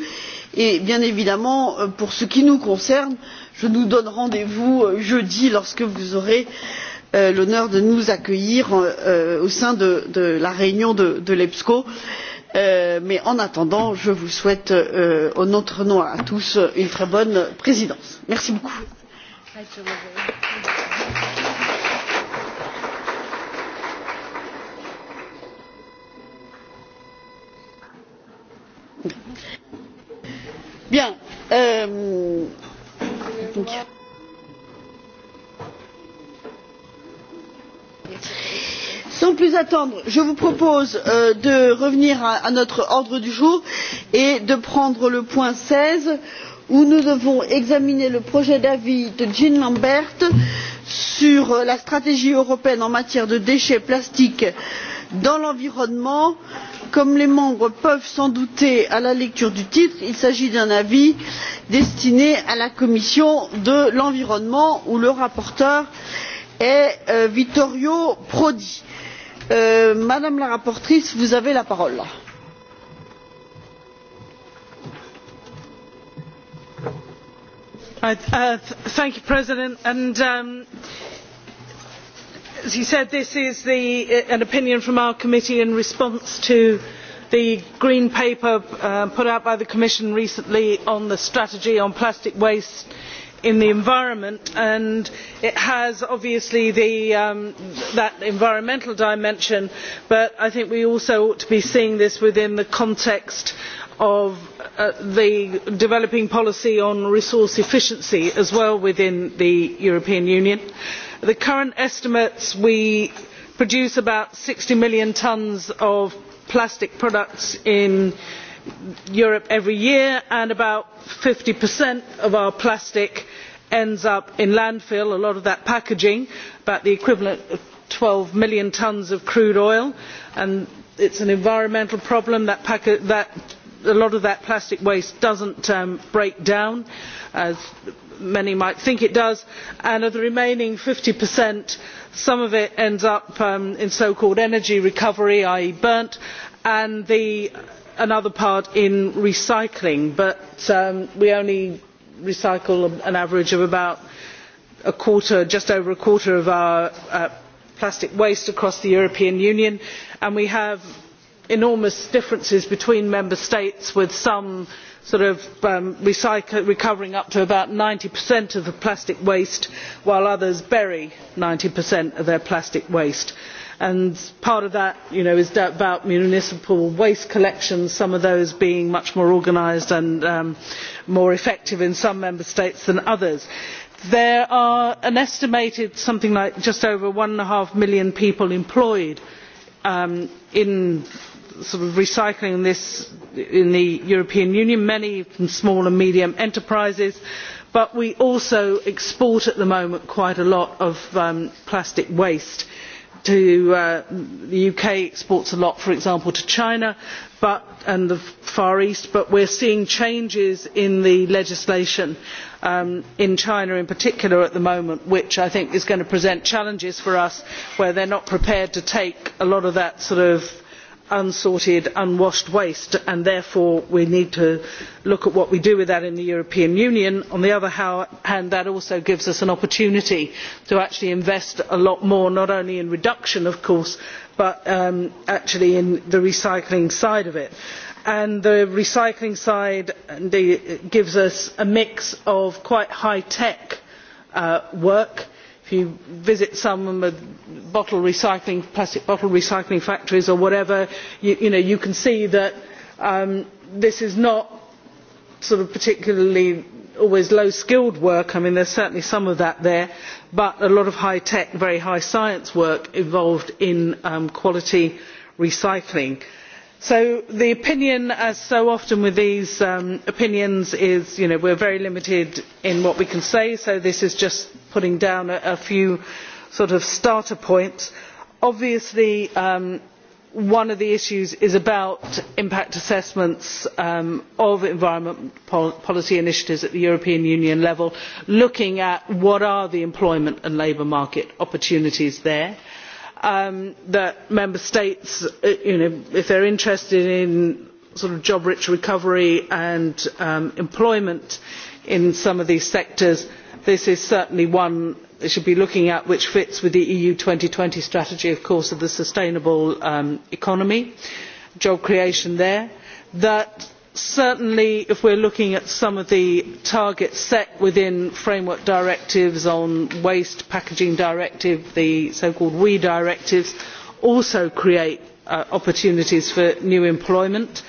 et bien évidemment pour ce qui nous concerne je nous donne rendez vous jeudi lorsque vous aurez l'honneur de nous accueillir au sein de la réunion de l'epsco mais en attendant je vous souhaite en notre nom à tous une très bonne présidence. merci beaucoup sans plus attendre je vous propose de revenir à notre ordre du jour et de prendre le point seize où nous devons examiner le projet d'avis de jean lambert sur la stratégie européenne en matière de déchets plastiques dans l'environnement. comme les membres peuvent s'en douter à la lecture du titre il s'agit d'un avis destiné à la commission de l'environnement où le rapporteur est vittorio prodi madame la rapporteure vous avez la parole. president as you said this is an opinion from our committee in response to the green paper put out by the commission recently on the strategy on plastic waste in the eu in the environment and it has obviously that environmental dimension but i think we also ought to be seeing this within the context of the developing policy on resource efficiency as well within the european union. the current estimates we produce about sixty million tonnes of plastic products in europe every year and about fifty of our plastic ends up in landfill a lot of that packaging about the equivalent of twelve million tonnes of crude oil and it is an environmental problem that a lot of that plastic waste does not break down as many might think it does and of the remaining fifty some of it ends up in so called energy recovery i. e. burnt and the another part in recycling but we only recycle an average of about a quarter just over a quarter of our plastic waste across the european union and we have enormous differences between member states with some recovering up to about ninety of the plastic waste while others bury ninety of their plastic waste and part of that is about municipal waste collection some of those being much more organised and more effective in some member states than others. there are an estimated something like just over one and a half million people employed in recycling this in the european union many from small and medium enterprises but we also export at the moment quite a lot of plastic waste the uk exports a lot for example to china and the far east but we are seeing changes in the legislation in china in particular at the moment which i think is going to present challenges for us where they are not prepared to take a lot of that sort of unsorted unwashed waste and therefore we need to look at what we do with that in the european union. on the other hand that also gives us an opportunity to actually invest a lot more not only in reduction of course but actually in the recycling side of it. the recycling side gives us a mix of quite high tech work if you visit some bottle recycling, plastic bottle recycling factories or whatever, you, you, know, you can see that this is not sort of particularly always low skilled work. I mean, there is certainly some of that there, but a lot of high tech, very high science work involved in quality recycling. So the opinion, as so often with these opinions, is that we are very limited in what we can say, so this is just putting down a few sort of starter points. obviously one of the issues is about impact assessments of environment policy initiatives at the european union level looking at what are the employment and labour market opportunities there that member states if they are interested in job rich recovery and employment in some of these sectors this is certainly one we should be looking at which fits with the eu two thousand and twenty strategy of course of the sustainable economy job creation there that certainly if we are looking at some of the targets set within framework directives on waste packaging directive the so called weee directives also create opportunities for new employment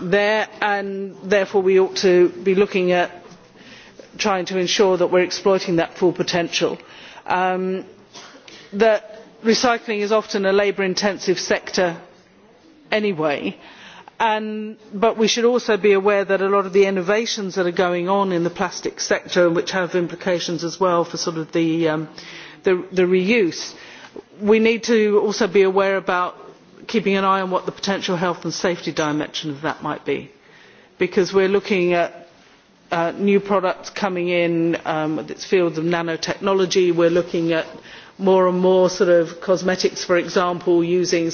there and therefore we ought to be looking at trying to ensure that we are exploiting that full potential. recycling is often a labour intensive sector anyway but we should also be aware that a lot of the innovations that are going on in the plastics sector which have implications as well for the reuse we need to also be aware about keeping an eye on what the potential health and safety dimension of that might be because we are looking at new products coming in with its fields of nanotechnology we are looking at more and more cosmetics for example using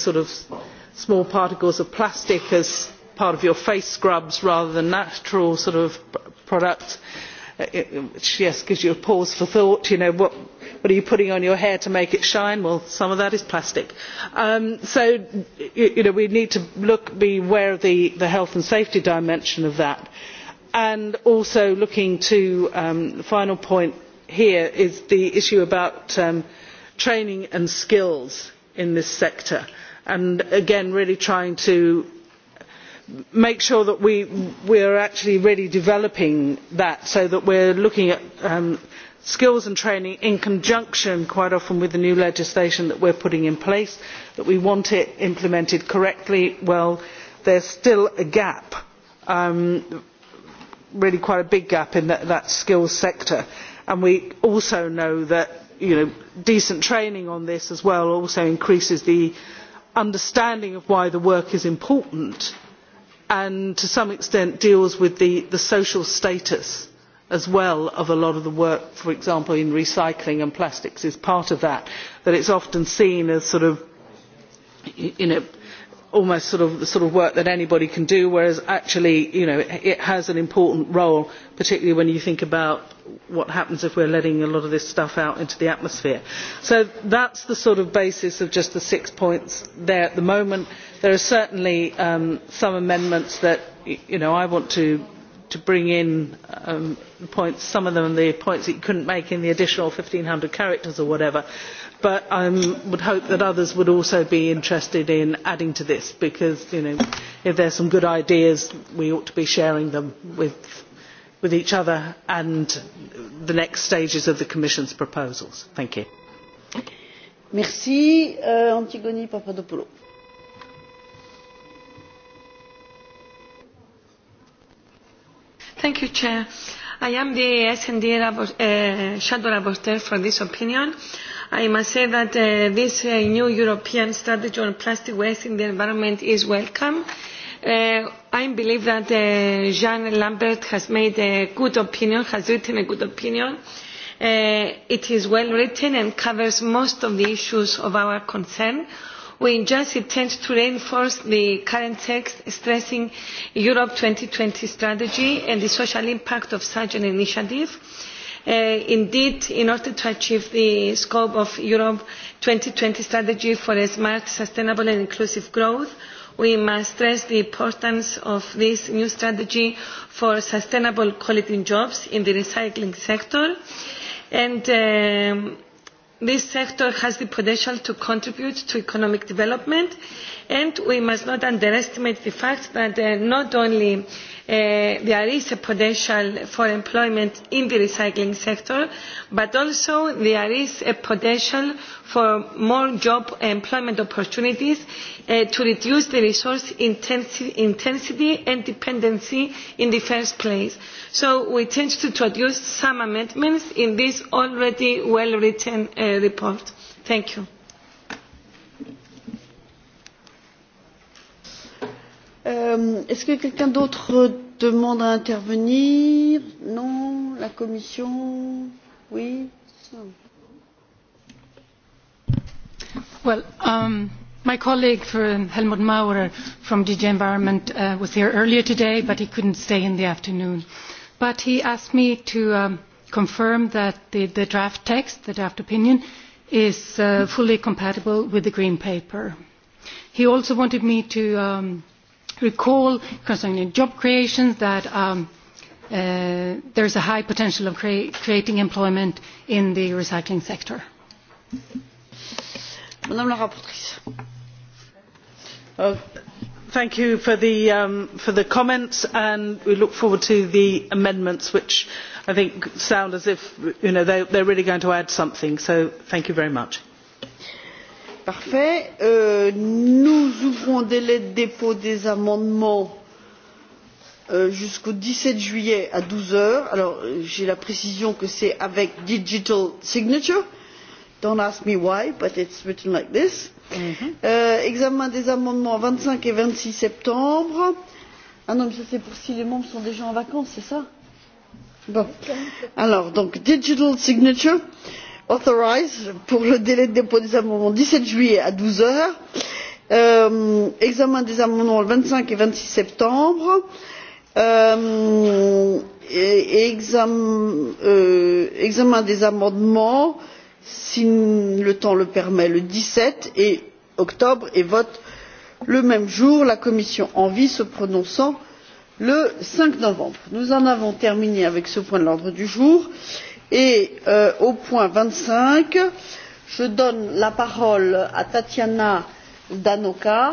small particles of plastic as part of your face scrubs rather than natural products which gives you a pause for thought what are you putting on your hair to make it shine? well some of that is plastic. so we need to be aware of the health and safety dimension of that and also looking to the final point here is the issue about training and skills in this sector and again really trying to make sure that we are actually really developing that so that we are looking at skills and training in conjunction quite often with the new legislation that we are putting in place that we want it implemented correctly well there is still a gap really quite a big gap in that skills sector and we also know that decent training on this as well also increases the understanding of why the work is important and to some extent deals with the social status as well of a lot of the work for example in recycling and plastics is part of that that it is often seen as sort of you know almost the sort of work that anybody can do whereas actually it has an important role particularly when you think about what happens if we are letting a lot of this stuff out into the atmosphere. so that is the sort of basis of just the six points there at the moment. there are certainly some amendments that i want to bring in points some of them the points that you could not make in the additional one five hundred characters or whatever but I would hope that others would also be interested in adding to this because you know, if there are some good ideas, we ought to be sharing them with, each other and the next stages of the Commission's proposals. Thank you. Merci, Papadopoulou. Thank you, Chair. I am the S&D uh, shadow rapporteur for this opinion I must say that uh, this uh, new European strategy on plastic waste in the environment is welcome. Uh, I believe that uh, Jean Lambert has made a good opinion, has written a good opinion. Uh, it is well written and covers most of the issues of our concern. We just intend to reinforce the current text stressing Europe 2020 strategy and the social impact of such an initiative indeed, in order to achieve the scope of Europe twenty strategy for smart, sustainable and inclusive growth, we must stress the importance of this new strategy for sustainable quality jobs in the recycling sector. And this sector has the potential to contribute to economic development and we must not underestimate the fact that not only there is a potential for employment in the recycling sector, but also there is a potential for more job employment opportunities to reduce the resource intensity and dependency in the first place. So we intend to introduce some amendments in this already well-written report. Thank you. est ce que quelqu'un d'autre demande à intervenir? non la commission? oui? well um, my colleague for helmut maurer from dg environment uh, was here earlier today but he couldn't stay in the afternoon but he asked me to um, confirm that the, the draft text the draft opinion is uh, fully compatible with the green paper he also wanted me to um, recall concerning job creation that um, uh, a high potential of crea creating employment in the recycling sector. Madame la rapporteure. thank you for the, um, for the comments and we look forward to the amendments which I think sound as if you know, they, they're really going to add something. So thank you very much. Parfait. nous ouvrons un délai de dépôt des amendements jusqu'au dix sept juillet à douze heures alors j'ai la précision que c'est avec digital signature don't ask me why but it's written like this examen des amendements vingt cinq et vingt six septembre ah non mais ça c'est pour si les membres sont déjà en vacances c'est ça bon alors donc digital signature euh, authorise pour le délai de dépôt des amendements dix sept juillet à douze heures examen des amendements le vingt cinq et vingt six septembre et examen des amendements si le temps le permet le dix sept octobre et vote le même jour la commission envi se prononçant le cinq novembre. nous en avons terminé avec ce point de l'ordre du jour et et au point vingt cinq je donne la parole à tatiana danoka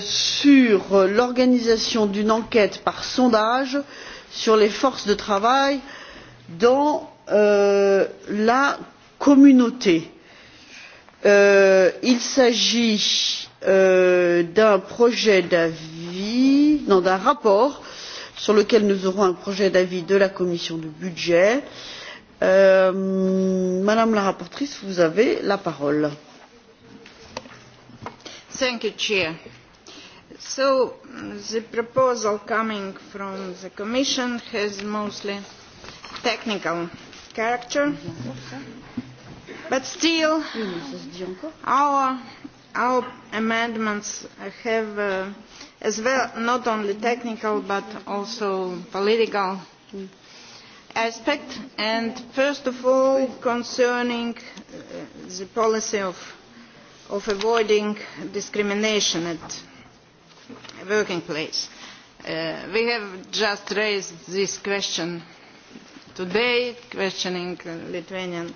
sur l'organisation d'une enquête par sondage sur les forces de travail dans la communauté. il s'agit d'un projet d'avis non d'un rapport sur lequel nous aurons un projet d'avis de la commission des budgets. madame la rapporteure vous avez la parole. the proposal coming from the Commission has mostly technical character, but still our, our amendments have uh, as well not only technical but also political aspect and first of all concerning the policy of, of avoiding discrimination at the working place. Uh, we have just raised this question today, questioning the Lithuanian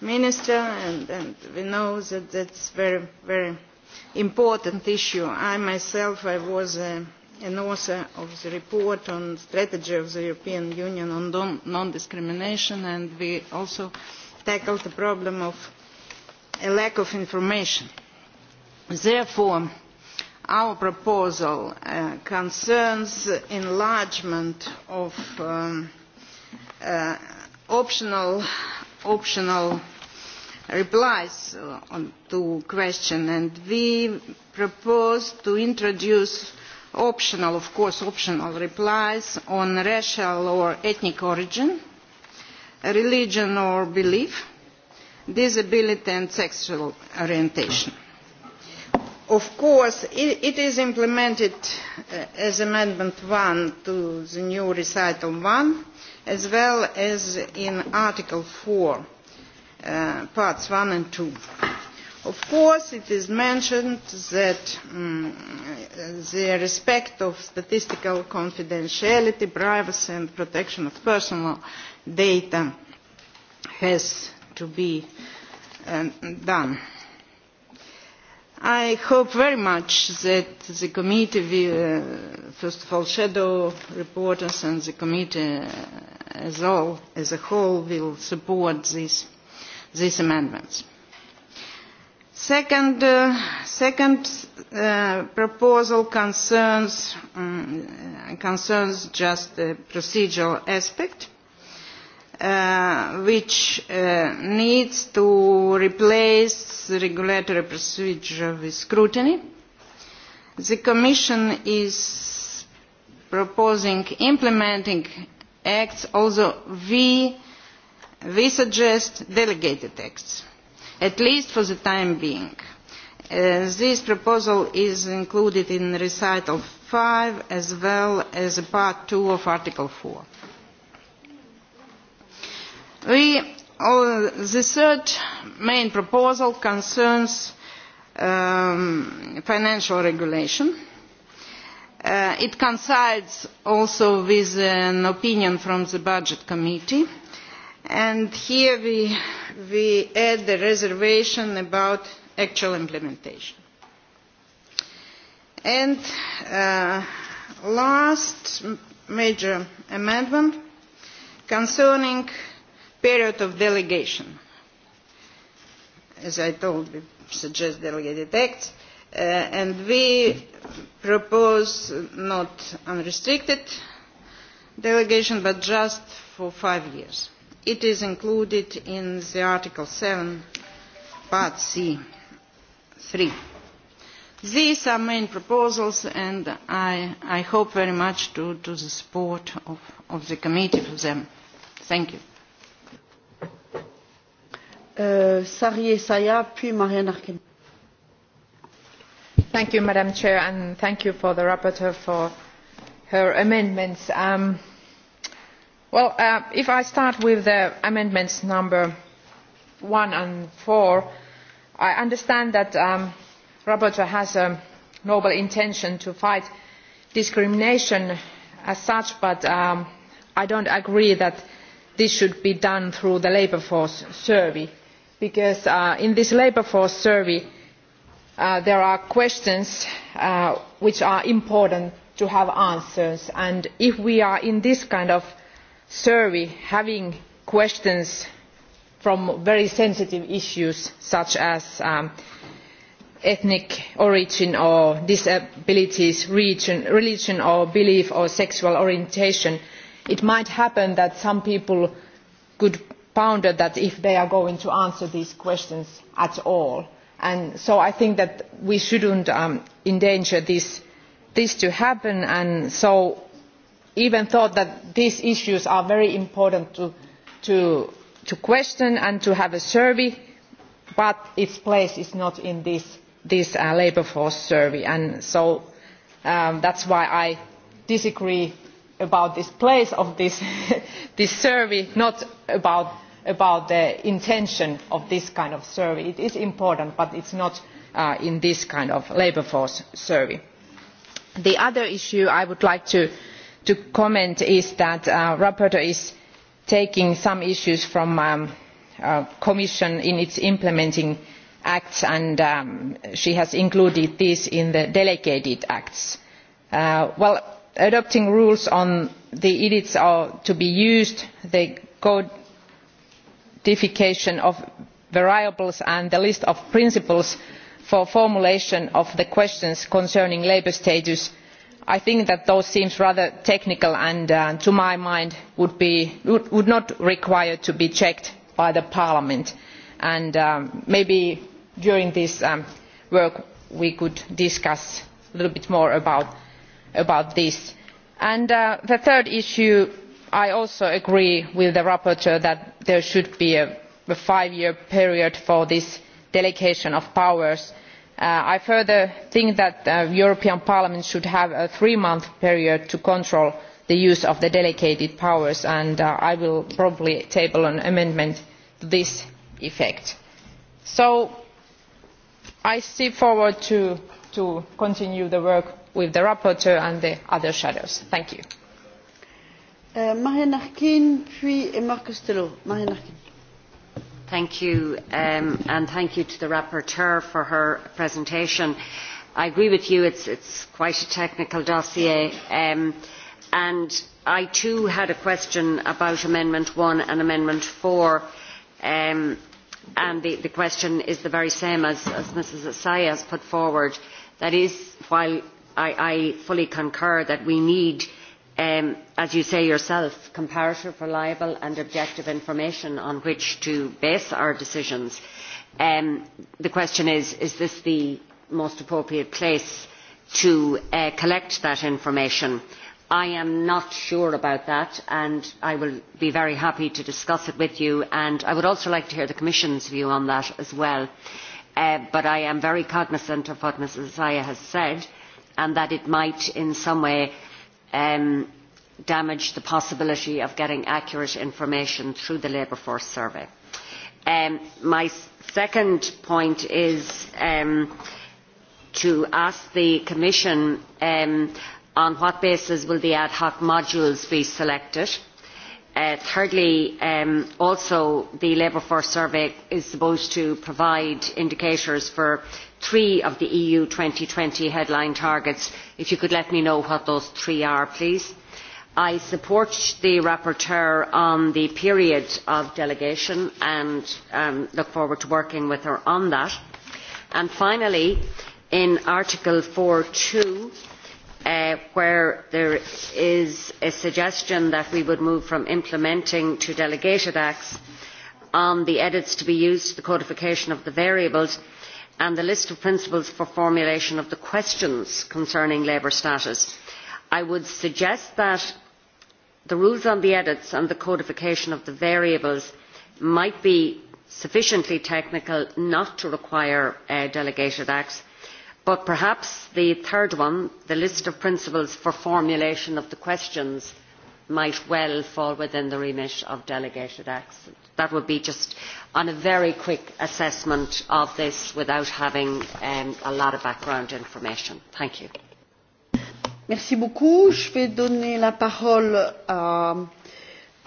minister, and, and we know that that's very, very important issue. I myself I was uh, an author of the report on strategy of the European Union on non-discrimination and we also tackled the problem of a lack of information. Therefore, our proposal uh, concerns enlargement of um, uh, optional, optional replies to question and we propose to introduce optional, of course, optional replies on racial or ethnic origin, religion or belief, disability and sexual orientation. Of course, it, it is implemented as Amendment 1 to the new Recital 1, as well as in Article 4 parts 1 and 2. Of course, it is mentioned that the respect of statistical confidentiality, privacy and protection of personal data has to be done. I hope very much that the committee, will, first of all, shadow reporters and the committee as, all, as a whole will support this these amendments. Second, uh, second uh, proposal concerns, um, concerns just the procedural aspect, uh, which uh, needs to replace the regulatory procedure with scrutiny. The Commission is proposing implementing acts, although we we suggest delegated acts at least for the time being. this proposal is included in recital five as well as part two of article four. the third main proposal concerns financial regulation. it coincides also with an opinion from the budget committee and here we, we add the reservation about actual implementation. And uh, last major amendment concerning period of delegation. As I told, we suggest delegated acts, uh, and we propose not unrestricted delegation, but just for five years It is included in the Article 7, Part C, 3. These are main proposals, and I, I hope very much to, to the support of, of the committee for them. Thank you. Thank you, Madam Chair, and thank you for the rapporteur for her amendments. Um, Well, if I start with the amendments number one and four, I understand that the rapporteur has a noble intention to fight discrimination as such, but I do not agree that this should be done through the labour force survey, because in this labour force survey, there are questions which are important to have answers and if we are in this kind of survey having questions from very sensitive issues such as ethnic origin or disabilities religion or belief or sexual orientation it might happen that some people could ponder that if they are going to answer these questions at all so i think that we should not endanger this happening and so even thought that these issues are very important to, question and to have a survey, but its place is not in this, labour force survey. And so that is why I disagree about this place of this, survey, not about, the intention of this kind of survey. It is important, but it is not in this kind of labour force survey. The other issue I would like to to comment is that the rapporteur is taking some issues from the commission in its implementing acts and she has included these in the delegated acts. adopting rules on the edits to be used the codification of variables and the list of principles for formulation of the questions concerning labour status i think that those seem rather technical and to my mind would not require to be checked by parliament and maybe during this work we could discuss a little bit more about this. the third issue i also agree with the rapporteur that there should be a five year period for this delegation of powers i further think that the european parliament should have a three month period to control the use of the delegated powers and i will probably table an amendment to this effect. so i look forward to continuing the work with the rapporteur and the other shadows. thank you. Thank you, um, and thank you to the rapporteur for her presentation. I agree with you, it's, it's quite a technical dossier, um, and I too had a question about Amendment 1 and Amendment 4, um, and the, the question is the very same as, as Mrs. Asaya has put forward. That is, while I, I fully concur that we need uh, as you say yourself, comparative, reliable and objective information on which to base our decisions. the question is, is this the most appropriate place to collect that information? I am not sure about that and I will be very happy to discuss it with you and I would also like to hear the Commission's view on that as well. but I am very cognisant of what Ms Isaiah has said and that it might in some way um, damage the possibility of getting accurate information through the labour force survey. my second point is to ask the Commission on what basis will the ad hoc modules be selected. thirdly, also the labour force survey is supposed to provide indicators for three of the EU twenty headline targets. If you could let me know what those three are, please. I support the rapporteur on the period of delegation and look forward to working with her on that. finally, in Article four two where there is a suggestion that we would move from implementing to delegated acts on the edits to be used to the codification of the variables and the list of principles for formulation of the questions concerning labour status. I would suggest that the rules on the edits and the codification of the variables might be sufficiently technical not to require delegated acts but perhaps the third one the list of principles for formulation of the questions might well fall within the remit of delegated acts that would be just on a very quick assessment of this without having a lot of background information. Thank you. Merci beaucoup. Je vais donner la parole à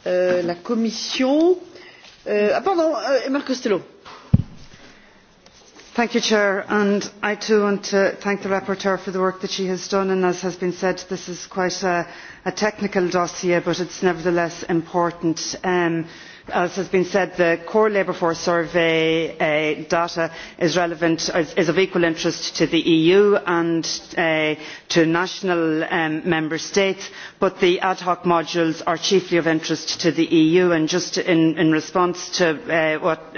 la Commission. ah pardon, Costello. Thank you, Chair, and I too want to thank the rapporteur for the work that she has done. And as has been said, this is quite a, technical dossier, but it is nevertheless important. Um, as has been said the core labour force survey data is of equal interest to the eu and to national member states but the ad hoc modules are chiefly of interest to the eu and just in response to what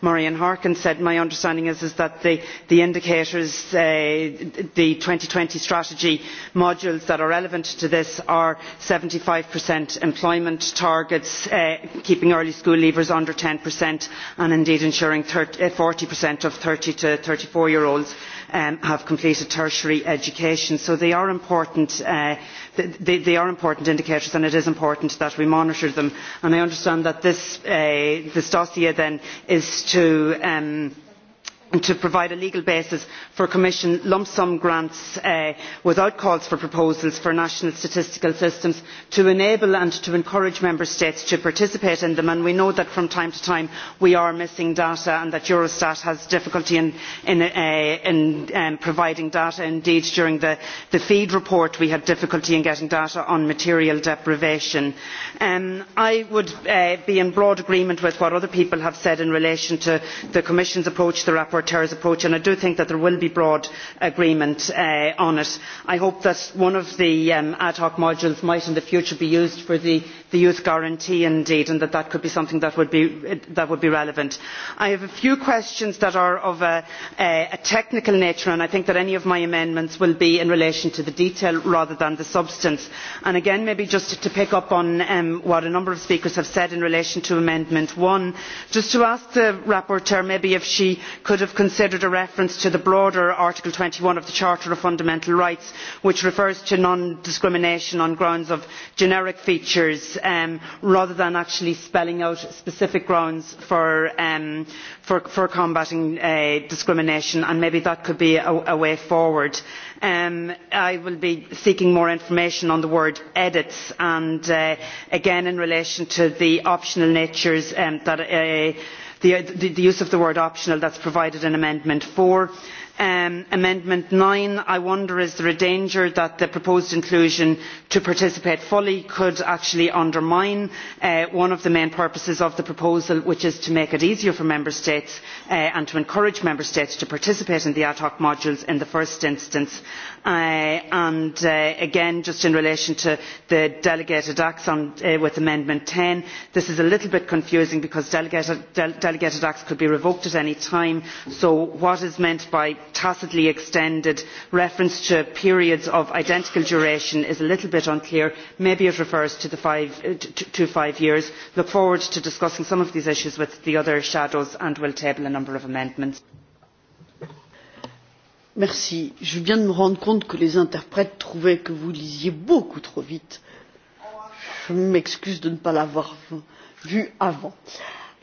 marian harkin said my understanding is that the indicators the two thousand and twenty strategy modules that are relevant to this are seventy five employment targets keeping early school leavers under ten and indeed ensuring forty of thirty to thirty four year olds have completed tertiary education. so they are important indicators and it is important that we monitor them. i understand that this dossier then is to to provide a legal basis for commission lump sum grants without calls for proposals for national statistical systems to enable and to encourage member states to participate in them we know that from time to time we are missing data and that eurostat has difficulty in providing data. indeed during the fead report we had difficulty in getting data on material deprivation. i would be in broad agreement with what other people have said in relation to the commission's approach the rapporteur's approach and i do think that there will be broad agreement on it. i hope that one of the ad hoc modules might in the future be used for the youth guarantee indeed and that that could be something that would be relevant. i have a few questions that are of a technical nature and i think that any of my amendments will be in relation to the detail rather than the substance. and again maybe just to pick up on what a number of speakers have said in relation to amendment one just to ask the rapporteur maybe if she could have considered a reference to the broader article twenty one of the charter of fundamental rights which refers to non discrimination on grounds of generic features rather than actually spelling out specific grounds for combating discrimination and maybe that could be a way forward. i will be seeking more information on the word edits' and again in relation to the optional natures that the use of the word optional that is provided in amendment four. amendment nine i wonder is there a danger that the proposed inclusion to participate fully' could actually undermine one of the main purposes of the proposal which is to make it easier for member states and to encourage member states to participate in the ad hoc modules in the first instance? and again just in relation to the delegated acts with amendment ten this is a little bit confusing because delegated acts could be revoked at any time so what is meant by tacitly extended' reference to periods of identical duration is a little bit unclear maybe it refers to five years. i look forward to discussing some of these issues with the other shadows and will table a number of amendments. Merci. Je viens de me rendre compte que les interprètes trouvaient que vous lisiez beaucoup trop vite. Je m'excuse de ne pas l'avoir vu avant.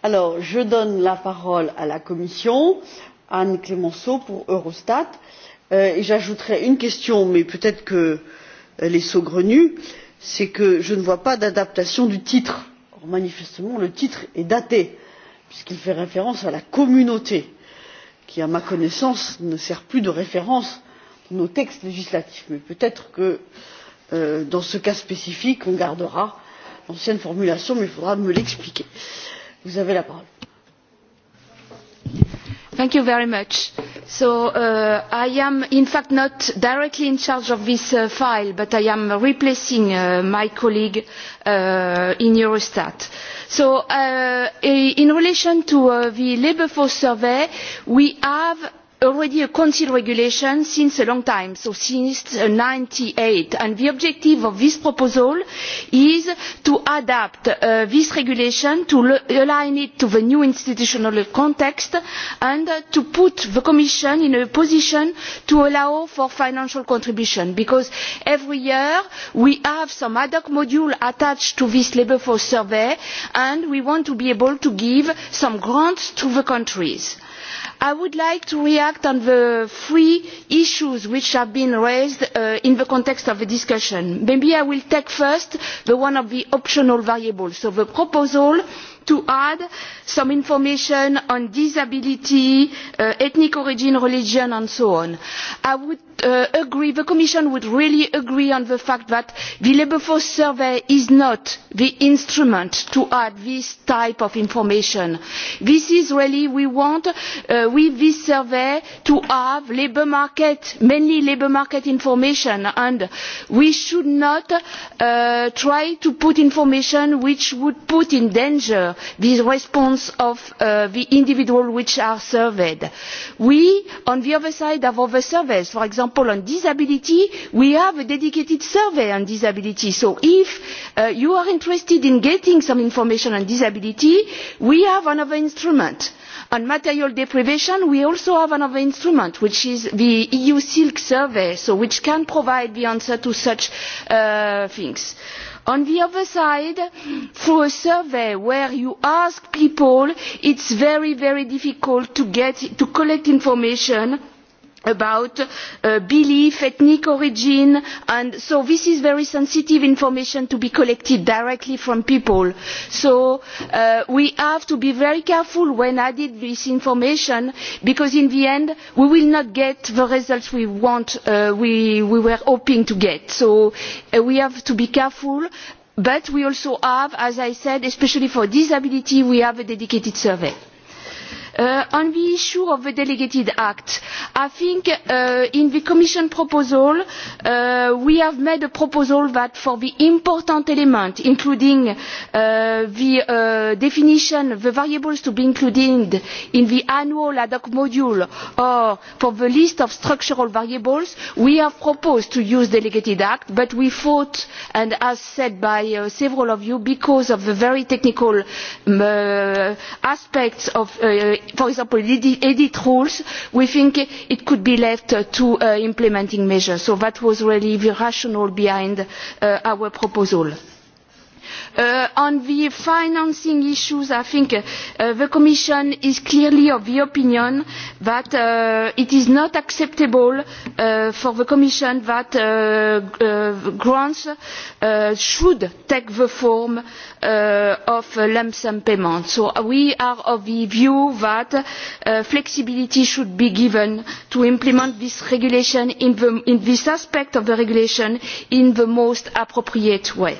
Alors, je donne la parole à la Commission, à Anne Clémenceau pour Eurostat. et j'ajouterai une question, mais peut-être qu'elle est saugrenue. C'est que je ne vois pas d'adaptation du titre. Or, manifestement, le titre est daté, puisqu'il fait référence à la communauté qui à ma connaissance ne sert plus de référence pour nos textes législatifs mais peut être que dans ce cas spécifique on gardera l'ancienne formulation mais il faudra me l'expliquer. vous avez la parole. Thank you very much. I am in fact not directly in charge of this file, but I am replacing my colleague in Eurostat. So in relation to the labour force survey, we have already a council regulation since a long time so since one thousand nine hundred and ninety eight and the objective of this proposal is to adapt this regulation to align it to the new institutional context and to put the commission in a position to allow for financial contribution because every year we have some ad hoc module attached to this labour force survey and we want to be able to give some grants to the countries i would like to react on the three issues which have been raised in the context of the discussion. maybe i will take first the one of the optional variables so the proposal to add some information on disability ethnic origin religion and so on. i would agree the commission would really agree on the fact that the labour force survey is not the instrument to add this type of information. this is really what we want with this survey to have labour market mainly labour market information and we should not try to put information which would put in danger the response of the individuals which are surveyed. we on the other side have other surveys for example on disability we have a dedicated survey on disability so if you are interested in getting some information on disability we have another instrument. on material deprivation we also have another instrument which is the eu silk survey which can provide the answer to such things on the other side through a survey where you ask people it is very difficult to collect information about belief ethnic origin and so this is very sensitive information to be collected directly from people so we have to be very careful when adding this information because in the end we will not get the results we want we were hoping to get so we have to be careful but we also have as i said especially for disability a dedicated survey on the issue of the delegated act i think in the commission proposal we have made a proposal that for the important element including the definition of the variables to be included in the annual ad hoc module or for the list of structural variables we have proposed to use delegated act but we fought and as said by several of you because of the very technical aspects of for example edit rules we think it could be left to implementing measures so that was really the rationale behind our proposal on the financing issues i think the commission is clearly of the opinion that it is not acceptable for the commission that grants should take the form of lump sum payments. so we are of the view that flexibility should be given to implement this regulation in this aspect of the regulation in the most appropriate way.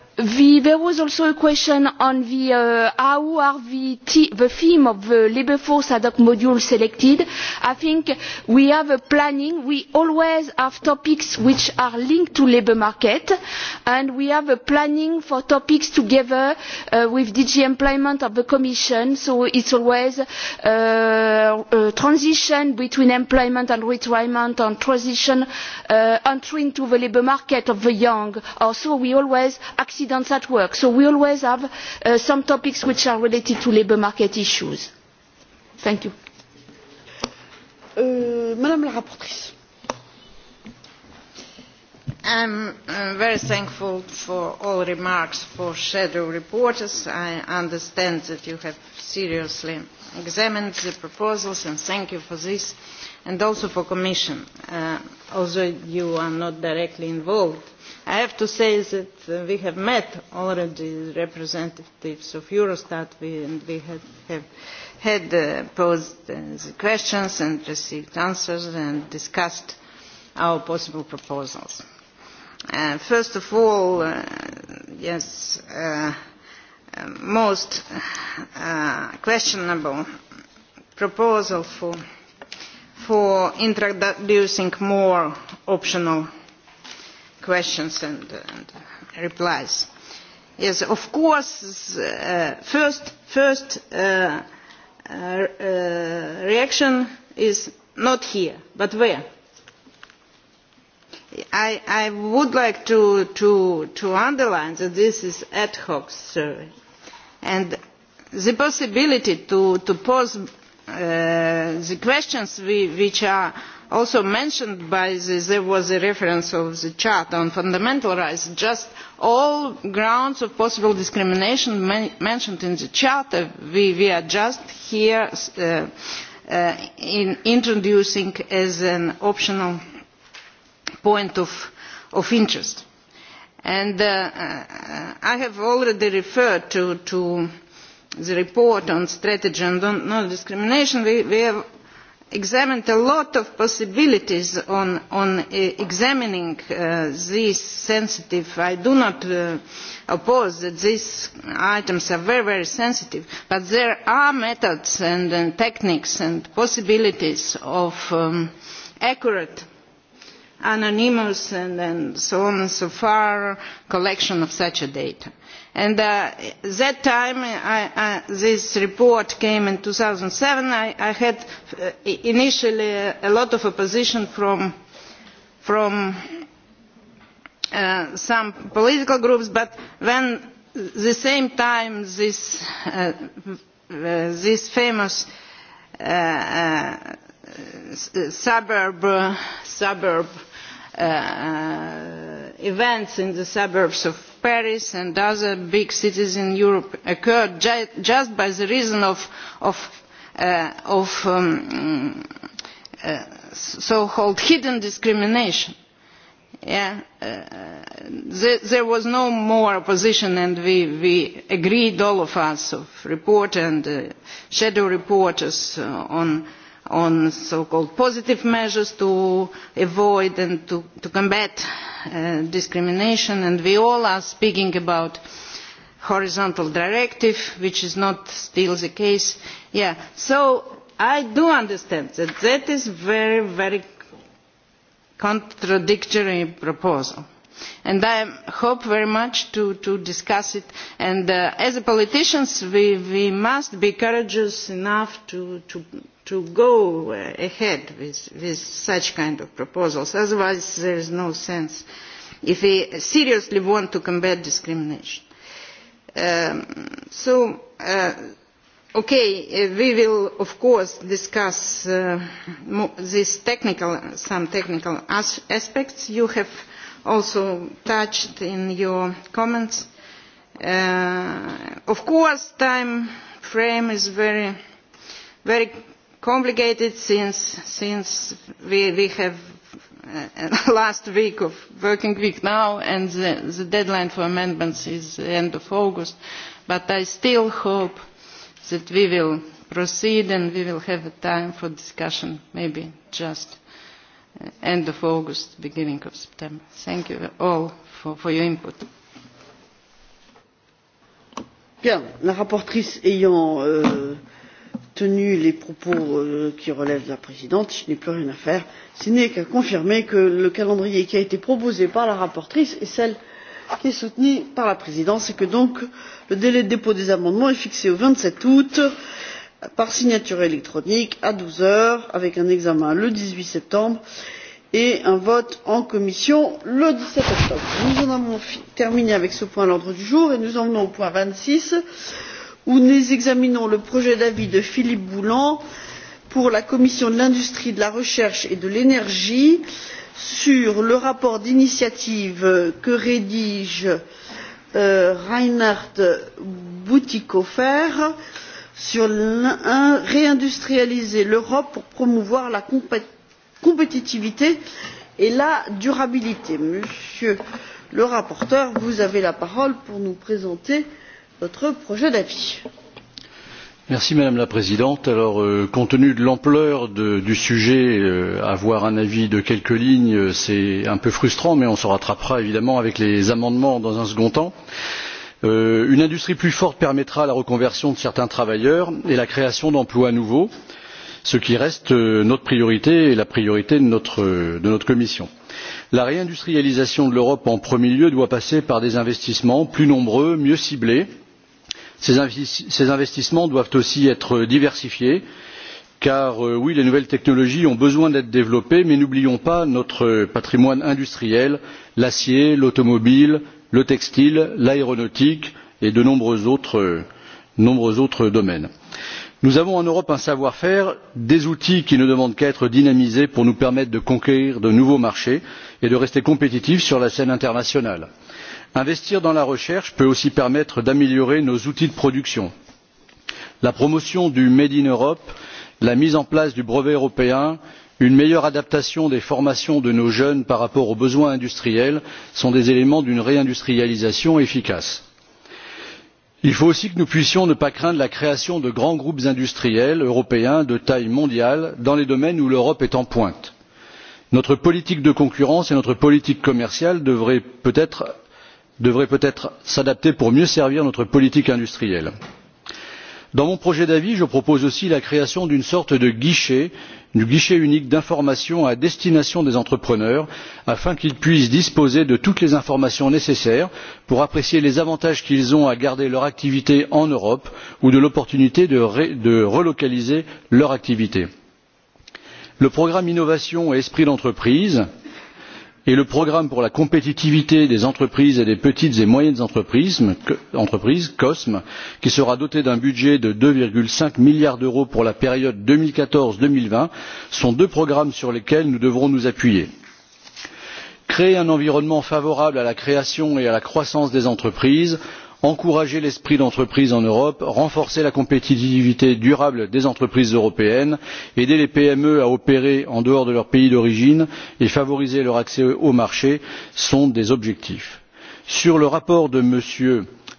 there was also a question on how are the theme of the labour force ad hoc module selected. i think we have a planning we always have topics which are linked to the labour market and we have a planning for topics together with dg employment of the commission so it is always a transition between employment and retirement and transition entry into the labour market of the young or so we always guidance at work so we always have some topics which are related to labour market issues. thank you. madam i am very thankful for all remarks for shadow reporters. i understand that you have seriously examined the proposals and thank you for this and also for the commission although you are not directly involved I have to say that we have met already representatives of Eurostat and we have, had posed the questions and received answers and discussed our possible proposals. first of all, yes, most questionable proposal for introducing more optional questions and, and replies. Yes, of course, uh, first, first uh, uh, uh, reaction is not here, but where? I, I would like to, to, to underline that this is ad hoc survey and the possibility to, to pose uh, the questions we, which are also mentioned by this, there was a reference of the Charter on Fundamental Rights, just all grounds of possible discrimination mentioned in the Charter, we, we are just here uh, uh, in introducing as an optional point of, of interest. And uh, I have already referred to, to the report on strategy and non-discrimination. We, we have examined a lot of possibilities on, examining these sensitive. I do not oppose that these items are very, very sensitive, but there are methods and, techniques and possibilities of accurate anonymous and, so on and so far collection of such data and at that time this report came in two thousand and seven i had initially a lot of opposition from some political groups but then at the same time this famous suburb events in the suburbs of paris and other big cities in europe occurred just by the reason of so called hidden discrimination. there was no more opposition and we agreed all of us the report and the shadow reporters on on so-called positive measures to avoid and to, to combat uh, discrimination. And we all are speaking about horizontal directive, which is not still the case. Yeah. So I do understand that that is very, very contradictory proposal. And I hope very much to, to discuss it. And uh, as politicians, we, we must be courageous enough to, to to go ahead with, with such kind of proposals. Otherwise, there is no sense if we seriously want to combat discrimination. Um, so, uh, okay, uh, we will, of course, discuss uh, mo this technical, some technical as aspects you have also touched in your comments. Uh, of course, time frame is very, very complicated since we we have uh, last week of working week now and the deadline for amendments is the end of august but i still hope that we will proceed and we will have a time for discussion maybe just end of august beginning of september. thank you all for, for your input. Bien, la rapporteure ayant euh, tenu les propos qui relèvent de la présidente je n'ai plus rien à faire si ce n'est qu'à confirmer que le calendrier qui a été proposé par la rapporteure est celui qui est soutenu par la présidence et que donc le délai de dépôt des amendements est fixé au vingt sept août par signature électronique à douze heures avec un examen le dix huit septembre et un vote en commission le dix sept octobre. nous en avons terminé avec ce point à l'ordre du jour et nous en venons au point vingt six qui où nous examinons le projet d'avis de philippe boulland pour la commission de l'industrie de la recherche et de l'énergie sur le rapport d'initiative que rédige reinhard bütikofer sur réindustrialiser l'europe pour promouvoir la compétitivité et la durabilité. monsieur le rapporteur vous avez la parole pour nous présenter votre projet d'avis. madame la présidente compte tenu de l'ampleur du sujet avoir un avis de quelques lignes c'est un peu frustrant mais on s'en rattrapera évidemment avec les amendements dans un second temps. une industrie plus forte permettra la reconversion de certains travailleurs et la création d'emplois nouveaux ce qui reste notre priorité et la priorité de notre commission. la réindustrialisation de l'europe en premier lieu doit passer par des investissements plus nombreux mieux ciblés ces investissements doivent aussi être diversifiés car oui les nouvelles technologies ont besoin d'être développées mais n'oublions pas notre patrimoine industriel l'acier l'automobile le textile l'aéronautique et de nombreux autres domaines. nous avons en europe un savoir faire des outils qui ne demandent qu'à être dynamisés pour nous permettre de conquérir de nouveaux marchés et de rester compétitifs sur la scène internationale investir dans la recherche peut aussi permettre d'améliorer nos outils de production. la promotion du made in europe la mise en place du brevet européen une meilleure adaptation des formations de nos jeunes par rapport aux besoins industriels sont des éléments d'une réindustrialisation efficace. il faut aussi que nous puissions ne pas craindre la création de grands groupes industriels européens de taille mondiale dans les domaines où l'europe est en pointe. notre politique de concurrence et notre politique commerciale devraient peut être devrait peut être s'adapter pour mieux servir notre politique industrielle. dans mon projet d'avis je propose aussi la création d'une sorte de guichet unique d'information à destination des entrepreneurs afin qu'ils puissent disposer de toutes les informations nécessaires pour apprécier les avantages qu'ils ont à garder leur activité en europe ou de l'opportunité de relocaliser leur activité. le programme innovation et esprit d'entreprise et le programme pour la compétitivité des entreprises et des petites et moyennes entreprises cosme qui sera doté d'un budget de deux cinq milliards d'euros pour la période deux mille quatorze deux mille vingt sont deux programmes sur lesquels nous devrons nous appuyer. créer un environnement favorable à la création et à la croissance des entreprises encourager l'esprit d'entreprise en europe renforcer la compétitivité durable des entreprises européennes aider les pme à opérer en dehors de leur pays d'origine et favoriser leur accès aux marchés sont des objectifs. sur le rapport de m.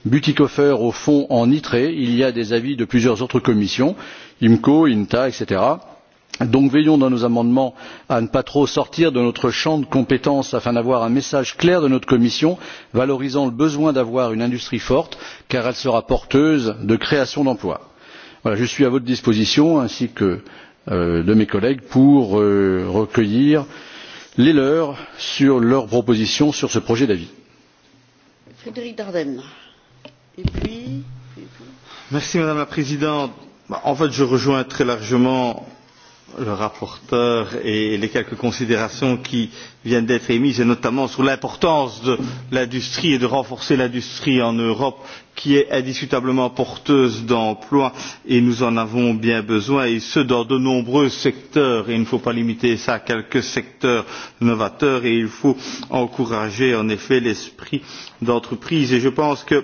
bütikofer au fond en itre il y a des avis de plusieurs autres commissions imco inta etc donc veillons dans nos amendements à ne pas trop sortir de notre champ de compétences afin d'avoir un message clair de notre commission valorisant le besoin d'avoir une industrie forte car elle sera porteuse de création d'emplois. je suis à votre disposition ainsi que celle de mes collègues pour recueillir les leurs sur leurs propositions sur ce projet d'avis. madame la présidente en fait je rejoins très largement le rapporteur et les quelques considérations qui viennent d'être émises et notamment sur l'importance de l'industrie et de renforcer l'industrie en europe qui est indiscutablement porteuse d'emplois et nous en avons bien besoin et ce dans de nombreux secteurs et il ne faut pas limiter cela à quelques secteurs novateurs et il faut encourager en effet l'esprit d'entreprise et je pense que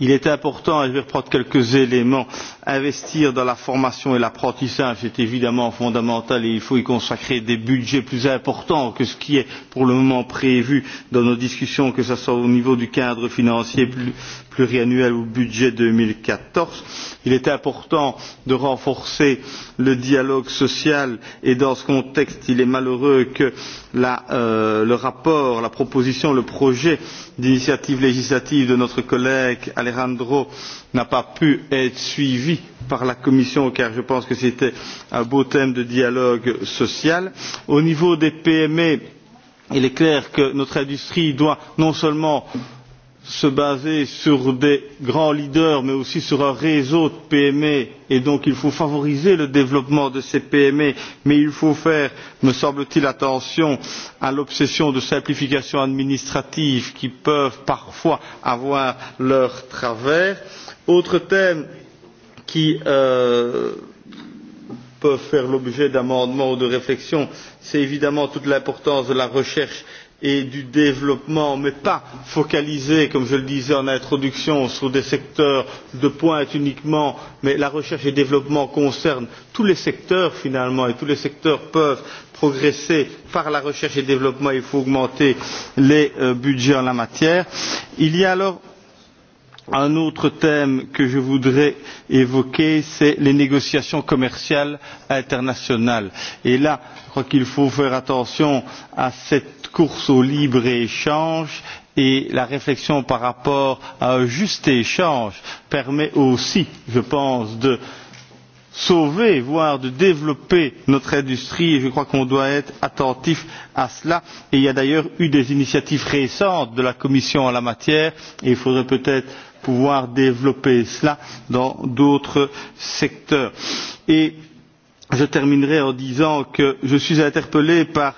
il est important et je vais reprendre quelques éléments investir dans la formation et l'apprentissage est évidemment fondamental et il faut y consacrer des budgets plus importants que ce qui est pour le moment prévu dans nos discussions que ce soit au niveau du cadre financier pluriannuel au budget deux mille quatorze il est important de renforcer le dialogue social et dans ce contexte il est malheureux que le rapport la proposition le projet d'initiative législative de notre collègue alejandro n'ait pas pu être suivi par la commission car je pense que c'était un beau thème de dialogue social. au niveau des pme il est clair que notre industrie doit non seulement se baser sur des grands leaders mais aussi sur un réseau de pme et donc il faut favoriser le développement de ces pme mais il faut faire me semble t il attention à l'obsession de simplification administrative qui peut parfois avoir leurs travers. autre thème qui peut faire l'objet d'amendements ou de réflexions c'est évidemment toute l'importance de la recherche et et du développement, mais pas focalisée, comme je le disais en introduction, sur des secteurs de pointe uniquement, mais la recherche et le développement concernent tous les secteurs finalement, et tous les secteurs peuvent progresser par la recherche et le développement, il faut augmenter les budgets en la matière. Il y a alors un autre thème que je voudrais évoquer c'est les négociations commerciales internationales et là je crois qu'il faut faire attention à cette course au libre échange et la réflexion par rapport à un juste échange permet aussi je pense de sauver voire de développer notre industrie et je crois qu'on doit être attentif à cela. il y a d'ailleurs eu des initiatives récentes de la commission en la matière et il faudrait peut être pouvoir développer cela dans d'autres secteurs. et je terminerai en disant que je suis interpellé par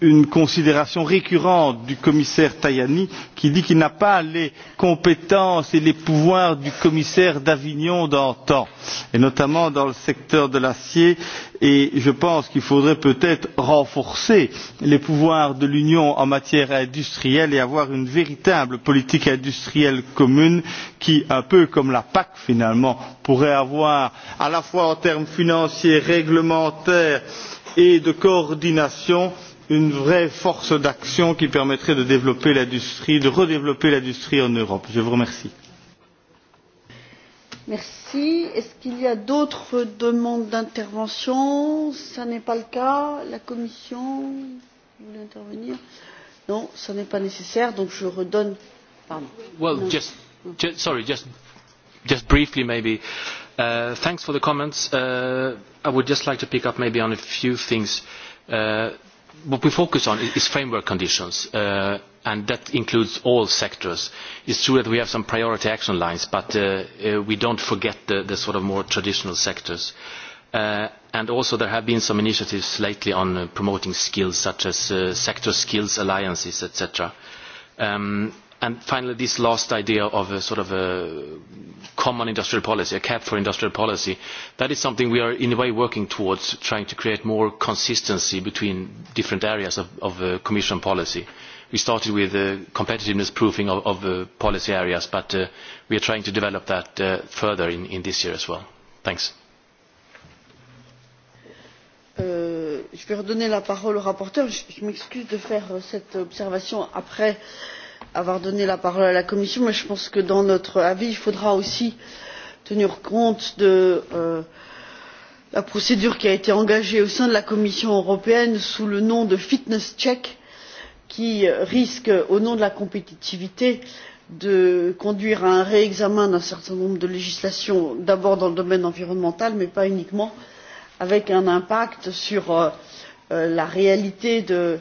une considération récurrente du commissaire tajani qui dit qu'il n'a pas les compétences et les pouvoirs du commissaire d'avignon d'antan et notamment dans le secteur de l'acier et je pense qu'il faudrait peut être renforcer les pouvoirs de l'union en matière industrielle et avoir une véritable politique industrielle commune qui un peu comme la pac finalement pourrait avoir à la fois en termes financiers réglementaires et de coordination une une vraie force d'action qui permettrait de développer l'industrie de redévelopper l'industrie en europe. je vous remercie. merci. est ce qu'il y a d'autres demandes d'intervention? ce n'est pas le cas. la commission voulait intervenir? non ce n'est pas nécessaire donc je redonne. pardon. well just, just sorry just just briefly maybe. Uh, thanks for the comments. Uh, I would just like to pick up maybe on a few things. Uh, what we focus on is framework conditions, and that includes all sectors. It's true that we have some priority action lines, but we don't forget the sort of more traditional sectors. also there have been some initiatives lately on promoting skills, such as sector skills alliances, etc. And finally, this last idea of a sort of a common industrial policy, a cap for industrial policy, that is something we are in a way working towards, trying to create more consistency between different areas of, of uh, Commission policy. We started with uh, competitiveness proofing of, of uh, policy areas, but uh, we are trying to develop that uh, further in, in this year as well. Thanks. je vais redonner la parole au rapporteur. Je, je m'excuse de faire cette observation après euh, avoir donné la parole à la commission mais je pense que dans notre avis il faudra aussi tenir compte de la procédure qui a été engagée au sein de la commission européenne sous le nom de fitness check qui risque au nom de la compétitivité de conduire à un réexamen d'un certain nombre de législations d'abord dans le domaine environnemental mais pas uniquement avec un impact sur la réalité de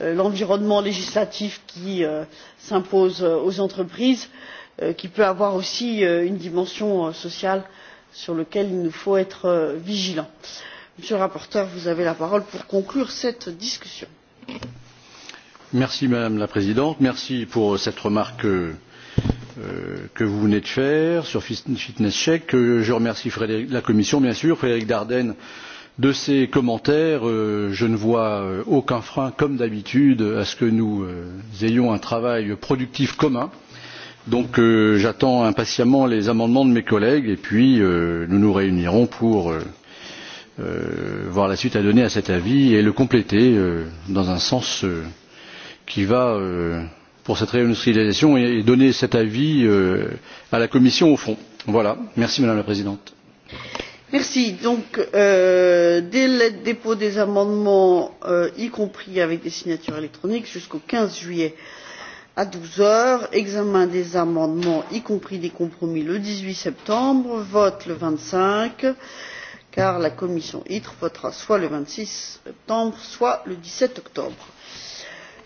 l'environnement législatif qui s'impose aux entreprises qui peut avoir aussi une dimension sociale sur laquelle il nous faut être vigilants. monsieur le rapporteur vous avez la parole pour conclure cette discussion. madame la présidente merci pour cette remarque que vous venez de faire sur fitness check. je remercie la commission bien sûr frédéric daerden de ces commentaires je ne vois aucun frein comme d'habitude à ce que nous ayons un travail productif commun donc j'attends impatiemment les amendements de mes collègues et puis nous nous réunirons pour voir la suite à donner à cet avis et le compléter dans un sens qui va pour cette réindustrialisation et donner cet avis à la commission au fond. voilà merci madame la présidente. Merci. dès le dépôt des amendements, y compris avec des signatures électroniques, jusqu'au quinze juillet à douze heures, examen des amendements, y compris des compromis, le dix huit septembre, vote le vingt cinq, car la commission ITRE votera soit le vingt six septembre, soit le dix sept octobre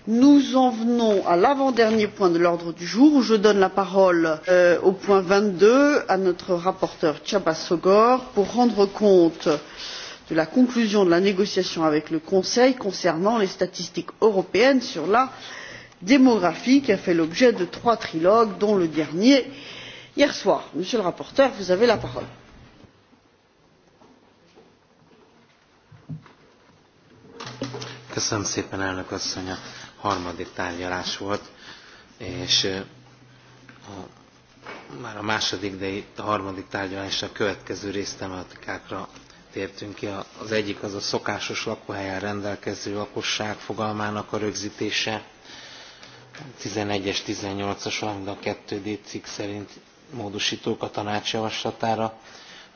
nous en venons à l'avant dernier point de l'ordre du jour où je donne la parole au point vingt deux à notre rapporteur csaba sgor pour rendre compte de la conclusion de la négociation avec le conseil concernant les statistiques européennes sur la démographie qui a fait l'objet de trois trilogues dont le dernier hier soir. monsieur le rapporteur vous avez la parole harmadik tárgyalás volt, és a, már a második, de itt a harmadik tárgyalásra a következő résztematikákra tértünk ki. Az egyik az a szokásos lakóhelyen rendelkező lakosság fogalmának a rögzítése. 11-es, 18-as, valamint a 2D cikk szerint módosítók a tanács javaslatára.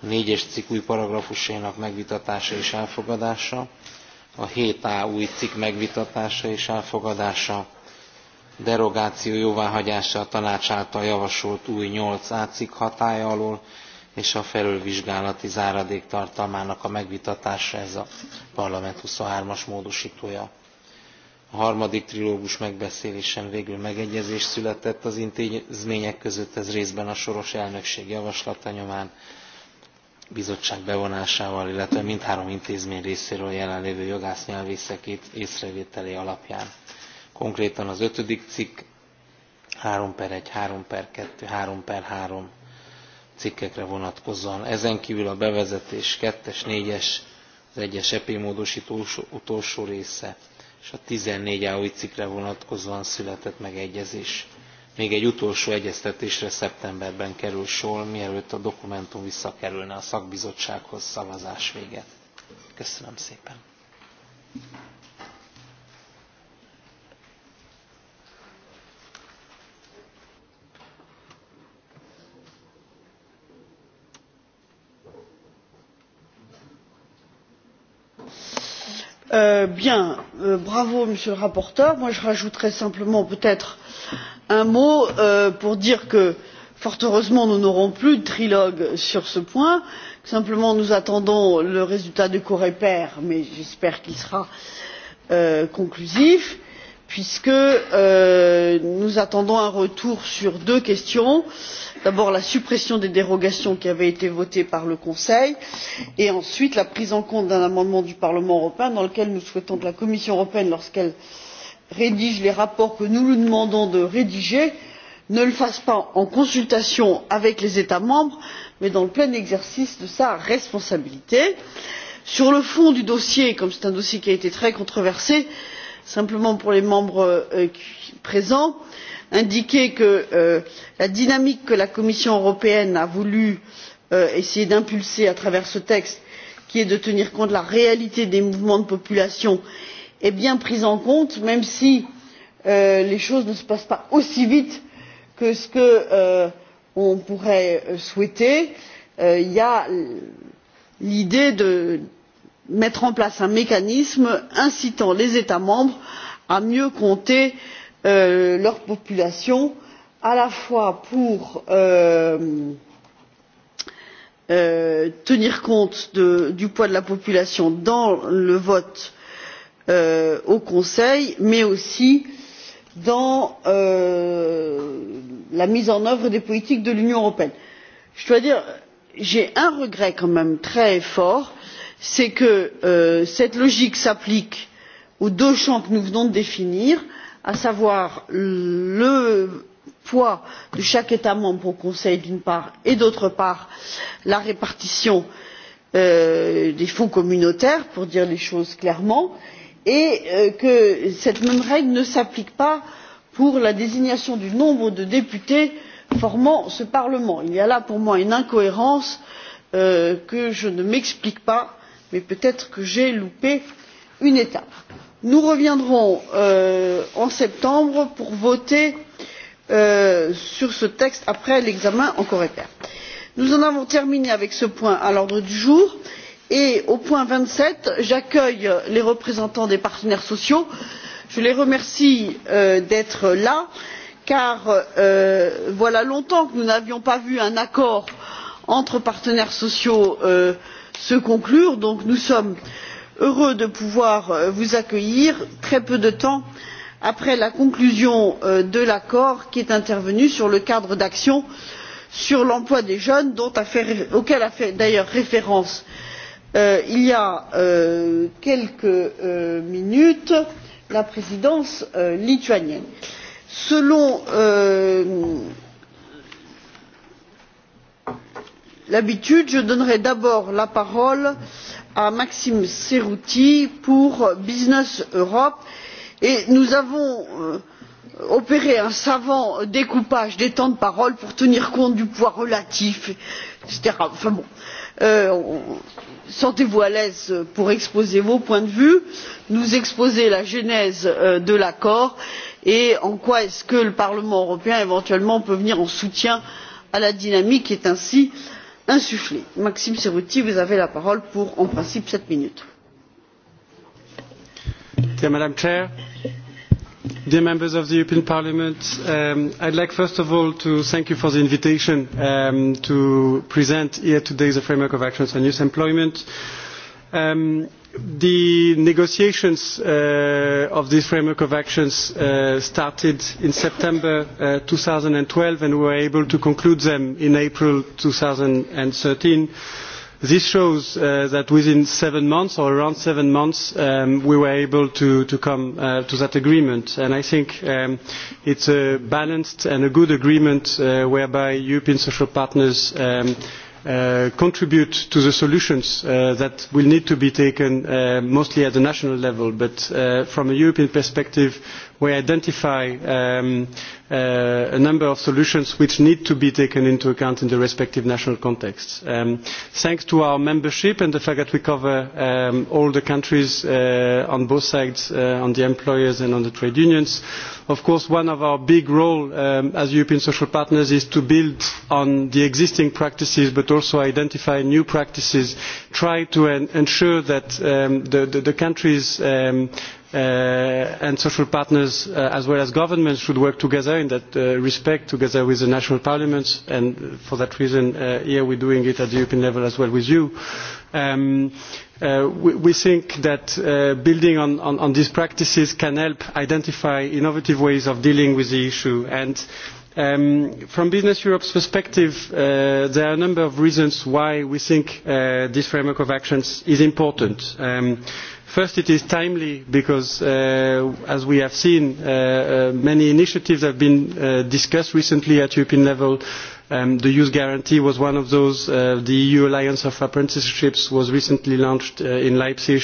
A 4-es cikk új paragrafusainak megvitatása és elfogadása a 7A új cikk megvitatása és elfogadása, derogáció jóváhagyása a tanács által javasolt új 8A cikk hatája alól, és a felülvizsgálati záradék tartalmának a megvitatása, ez a parlament 23-as módosítója. A harmadik trilógus megbeszélésen végül megegyezés született az intézmények között, ez részben a soros elnökség javaslata nyomán, bizottság bevonásával, illetve mindhárom intézmény részéről jelenlévő jogász nyelvészek észrevételé alapján. Konkrétan az ötödik cikk 3 per 1, 3 per 2, 3 per 3 cikkekre vonatkozóan. Ezen kívül a bevezetés 2-es, 4-es, az 1-es EP módosító utolsó része és a 14 új cikkre vonatkozóan született megegyezés. Még egy utolsó egyeztetésre szeptemberben kerül sor, mielőtt a dokumentum visszakerülne a szakbizottsághoz szavazás véget. Köszönöm szépen! bien bravo monsieur le rapporteur. je rajouterai simplement peut être un mot pour dire que fort heureusement nous n'aurons plus de trilogue sur ce point simplement nous attendons le résultat du coreper mais j'espère qu'il sera conclusif puisque nous attendons un retour sur deux questions la d'abord la suppression des dérogations qui avaient été votées par le conseil et ensuite la prise en compte d'un amendement du parlement européen dans lequel nous souhaitons que la commission européenne lorsqu'elle rédige les rapports que nous lui demandons de rédiger ne le fasse pas en consultation avec les états membres mais dans le plein exercice de sa responsabilité. sur le fond du dossier comme c'est un dossier qui a été très controversé je simplement pour les membres présents indiquer que la dynamique que la commission européenne a voulu essayer d'impulser à travers ce texte qui est de tenir compte de la réalité des mouvements de population est bien prise en compte même si les choses ne se passent pas aussi vite que ce qu'on pourrait souhaiter. il y a l'idée de mettre en place un mécanisme incitant les états membres à mieux compter leur population à la fois pour tenir compte du poids de la population dans le vote au conseil mais aussi dans la mise en œuvre des politiques de l'union européenne. je dois dire que j'ai un regret quand même très fort c'est que cette logique s'applique aux deux champs que nous venons de définir à savoir le poids de chaque état membre au conseil d'une part et d'autre part la répartition des fonds communautaires pour dire les choses clairement et que cette même règle ne s'applique pas pour la désignation du nombre de députés formant ce parlement. il y a là pour moi une incohérence que je ne m'explique pas mais peut être que j'ai loupé une étape. nous reviendrons en septembre pour voter sur ce texte après l'examen en coreper. nous en avons terminé avec ce point à l'ordre du jour et au point vingt sept j'accueille les représentants des partenaires sociaux je les remercie d'être là car voilà longtemps que nous n'avions pas vu un accord entre partenaires sociaux se conclure donc nous sommes heureux de pouvoir vous accueillir très peu de temps après la conclusion de l'accord qui est intervenu sur le cadre d'action sur l'emploi des jeunes auquel a fait d'ailleurs référence il y a quelques minutes la présidence lituanienne. selon l'habitude je donnerai d'abord la parole à maxime serruti pour business europe et nous avons opéré un savant découpage des temps de parole pour tenir compte du poids relatif etc. Enfin bon, sentez vous à l'aise pour exposer vos points de vue nous exposer la genèse de l'accord et en quoi le parlement européen éventuellement peut venir en soutien à la dynamique qui est ainsi insuffler. maxime serruti vous avez la parole pour en principe sept minutes. madam president dear members of the european parliament i would like first of all to thank you for the invitation to present here today the framework of actions on youth employment the negotiations of this framework of actions started in september two thousand and twelve and we were able to conclude them in april. two thousand and thirteen this shows that within seven months or around seven months we were able to come to that agreement and i think it is a balanced and a good agreement whereby european social partners contribute to the solutions that will need to be taken mostly at the national level but from a european perspective we identify a number of solutions which need to be taken into account in the respective national contexts. thanks to our membership and the fact that we cover all the countries on both sides, on the employers and on the trade unions, of course one of our big roles as European social partners is to build on the existing practices but also identify new practices, try to ensure that the, countries and social partners as well as governments should work together in that respect together with the national parliaments and for that reason here we are doing it at the European level as well with you. we think that building on, these practices can help identify innovative ways of dealing with the issue and from business europe's perspective there are a number of reasons why we think this framework of actions is important. First, it is timely because, as we have seen, many initiatives have been discussed recently at European level. the Youth Guarantee was one of those. the EU Alliance of Apprenticeships was recently launched in Leipzig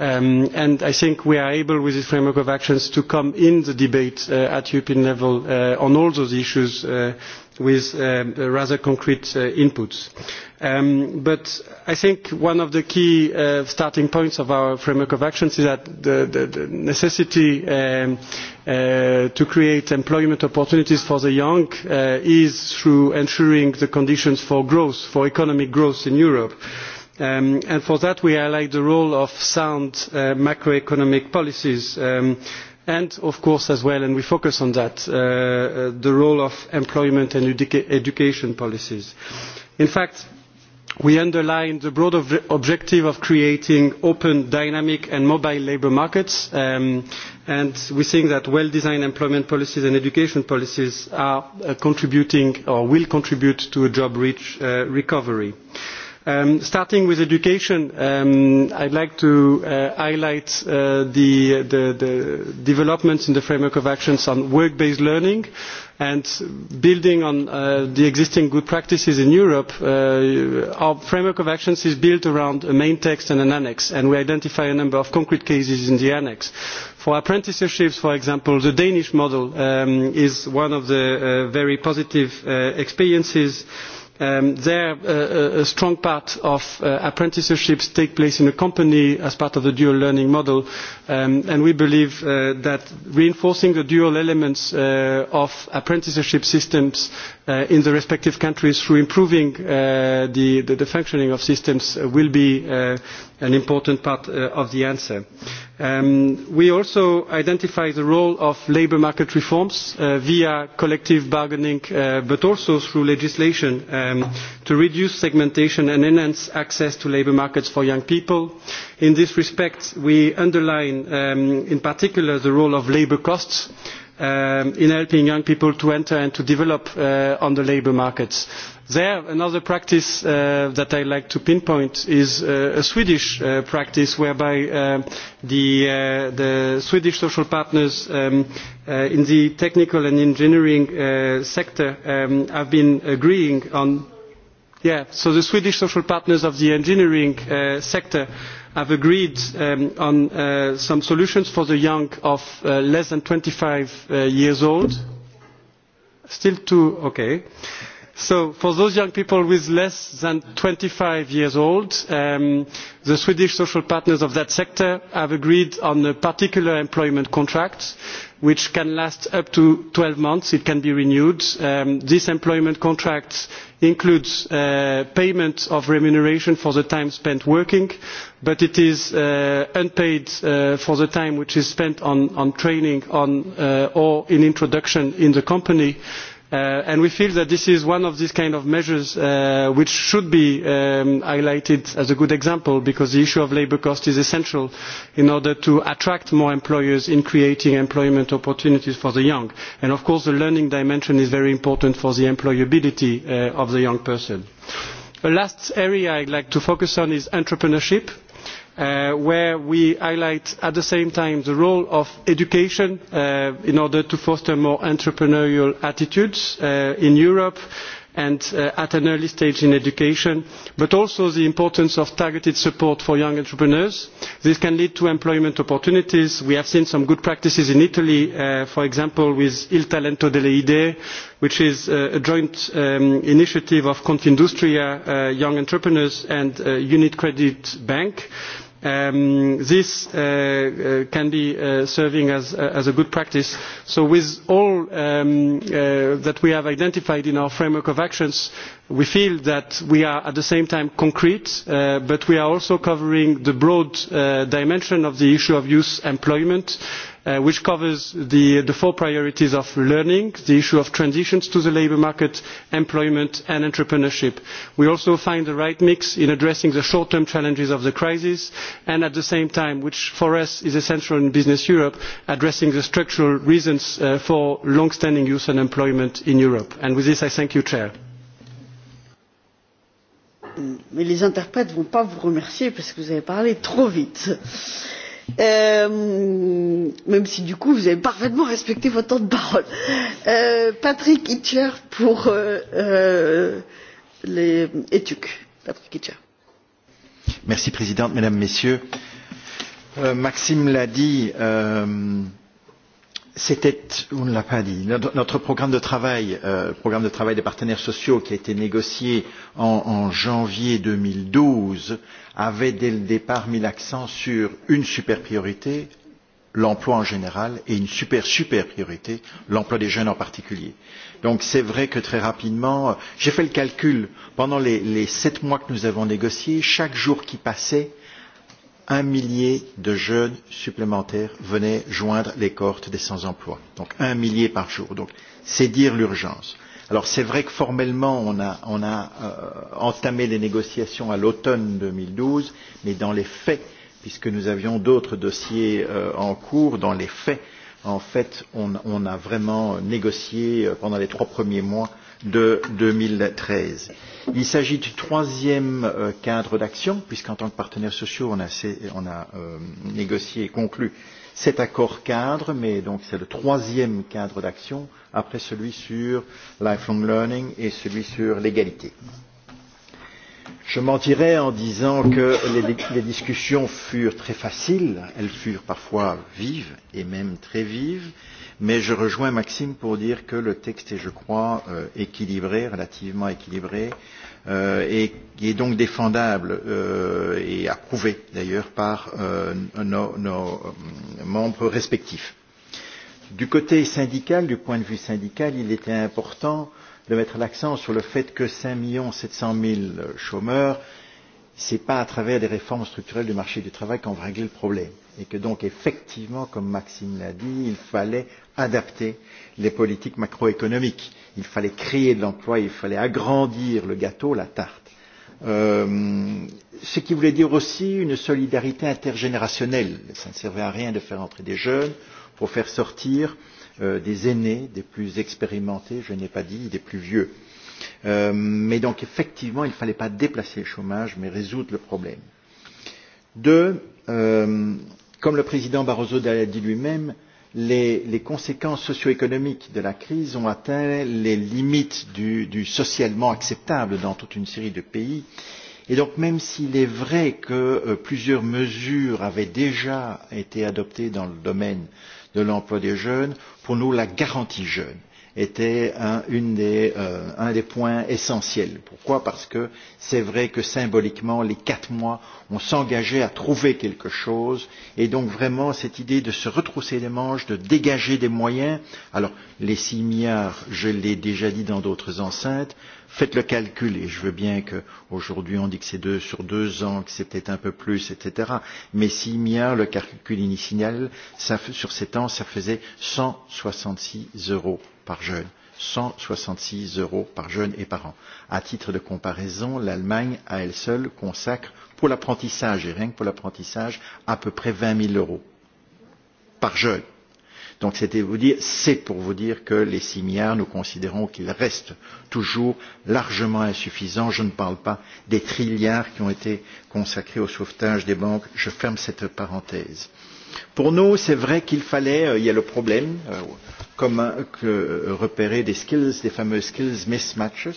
and i think we are able with this framework of actions to come in the debate at european level on all those issues with rather concrete inputs. but I think one of the key starting points of our framework of actions is that the, necessity to create employment opportunities for the young is through ensuring the conditions for growth, for economic growth in Europe and for that we highlight the role of sound macroeconomic policies and of course as well and we focus on that the role of employment and education policies. in fact we underline the broad objective of creating open dynamic and mobile labour markets and we think that well designed employment policies and education policies are contributing or will contribute to a job rich recovery starting with education, I would like to highlight the, developments in the framework of actions on work-based learning and building on the existing good practices in Europe. our framework of actions is built around a main text and an annex, and we identify a number of concrete cases in the annex. For apprenticeships, for example, the Danish model is one of the very positive experiences uh, there a strong part of apprenticeships take place in a company as part of the dual learning model and we believe that reinforcing the dual elements of apprenticeship systems in the respective countries through improving the functioning of systems will be an important part of the answer. we also identify the role of labour market reforms via collective bargaining but also through legislation to reduce segmentation and enhance access to labour markets for young people. In this respect, we underline in particular the role of labour costs in helping young people to enter and to develop on the labour markets There, another practice that I like to pinpoint is a Swedish practice whereby the, Swedish social partners in the technical and engineering sector have been agreeing on. Yeah, so the Swedish social partners of the engineering sector have agreed on some solutions for the young of less than twenty five years old. Still too, okay So for those young people with less than twenty five years old, the Swedish social partners of that sector have agreed on a particular employment contract which can last up to twelve months. It can be renewed. this employment contract includes payment of remuneration for the time spent working, but it is unpaid for the time which is spent on, training or in introduction in the company and we feel that this is one of these kinds of measures which should be highlighted as a good example because the issue of labour cost is essential in order to attract more employers in creating employment opportunities for the young and of course the learning dimension is very important for the employability of the young person. the last area i would like to focus on is entrepreneurship where we highlight at the same time the role of education in order to foster more entrepreneurial attitudes in europe and at an early stage in education but also the importance of targeted support for young entrepreneurs. this can lead to employment opportunities. we have seen some good practices in italy for example with il talento delle idee which is a joint initiative of confindustria young entrepreneurs and unit credit bank this can be serving as, a good practice. So with all that we have identified in our framework of actions, we feel that we are at the same time concrete, but we are also covering the broad dimension of the issue of youth employment, which covers the four priorities of learning the issue of transitions to the labour market employment and entrepreneurship. we also find the right mix in addressing the short term challenges of the crisis and at the same time which for us is essential in business europe addressing the structural reasons for long standing youth unemployment in europe. with this i thank you mais les interprètes ne vont pas vous remercier parce que vous avez parlé trop vite même si du coup vous avez parfaitement respecté votre temps de parole. Patrick Hitcher pour les étuc. Patrick Merci Présidente, Mesdames, Messieurs. Maxime l'a dit, euh, C'était, on ne l'a pas dit, notre programme de travail, euh, programme de travail des partenaires sociaux qui a été négocié en, en janvier 2012 avait dès le départ mis l'accent sur une super priorité, l'emploi en général, et une super super priorité, l'emploi des jeunes en particulier. Donc c'est vrai que très rapidement, j'ai fait le calcul, pendant les, les sept mois que nous avons négocié, chaque jour qui passait, un millier de jeunes supplémentaires venaient joindre les cohortes des sans-emploi. Donc un millier par jour. Donc c'est dire l'urgence. Alors c'est vrai que formellement on a, on a euh, entamé les négociations à l'automne 2012, mais dans les faits, puisque nous avions d'autres dossiers euh, en cours, dans les faits, en fait, on, on a vraiment négocié pendant les trois premiers mois de 2013. Il s'agit du troisième cadre d'action, puisqu'en tant que partenaires sociaux, on a, on a euh, négocié et conclu cet accord cadre, mais donc c'est le troisième cadre d'action après celui sur lifelong learning et celui sur l'égalité. Je mentirais en disant que les, les discussions furent très faciles, elles furent parfois vives et même très vives. Euh, Mais je rejoins Maxime pour dire que le texte est, je crois, euh, équilibré, relativement équilibré, euh, et qui est donc défendable euh, et approuvé d'ailleurs par euh, nos, nos membres respectifs. Du côté syndical, du point de vue syndical, il était important de mettre l'accent sur le fait que 5 700 000 chômeurs, ce n'est pas à travers des réformes structurelles du marché du travail qu'on va régler le problème et que donc effectivement, comme Maxime l'a dit, il fallait adapter les politiques macroéconomiques, il fallait créer de l'emploi, il fallait agrandir le gâteau, la tarte. Euh, ce qui voulait dire aussi une solidarité intergénérationnelle. Ça ne servait à rien de faire entrer des jeunes pour faire sortir euh, des aînés, des plus expérimentés, je n'ai pas dit des plus vieux. Euh, mais donc effectivement, il ne fallait pas déplacer le chômage, mais résoudre le problème. Deux, euh, Comme le président Barroso l'a dit lui-même, les, les conséquences socio-économiques de la crise ont atteint les limites du, du socialement acceptable dans toute une série de pays. Et donc, même s'il est vrai que plusieurs mesures avaient déjà été adoptées dans le domaine de l'emploi des jeunes, pour nous, la garantie jeune était un, une des, euh, un des points essentiels. Pourquoi Parce que c'est vrai que symboliquement, les quatre mois, on s'engageait à trouver quelque chose, et donc vraiment cette idée de se retrousser les manches, de dégager des moyens. Alors, les six milliards, je l'ai déjà dit dans d'autres enceintes, faites le calcul, et je veux bien qu'aujourd'hui on dit que c'est deux sur deux ans, que c'est peut-être un peu plus, etc. Mais six milliards, le calcul initial, ça, sur sept ans, ça faisait 166 euros par jeune. 166 euros par jeune et par an. À titre de comparaison, l'Allemagne, à elle seule, consacre pour l'apprentissage, et rien que pour l'apprentissage, à peu près 20 000 euros par jeune. Donc c'était vous dire, c'est pour vous dire que les 6 milliards, nous considérons qu'ils restent toujours largement insuffisants. Je ne parle pas des trilliards qui ont été consacrés au sauvetage des banques. Je ferme cette parenthèse. Pour nous, c'est vrai qu'il fallait, il y a le problème, commun que repérer des skills, des fameux skills mismatches.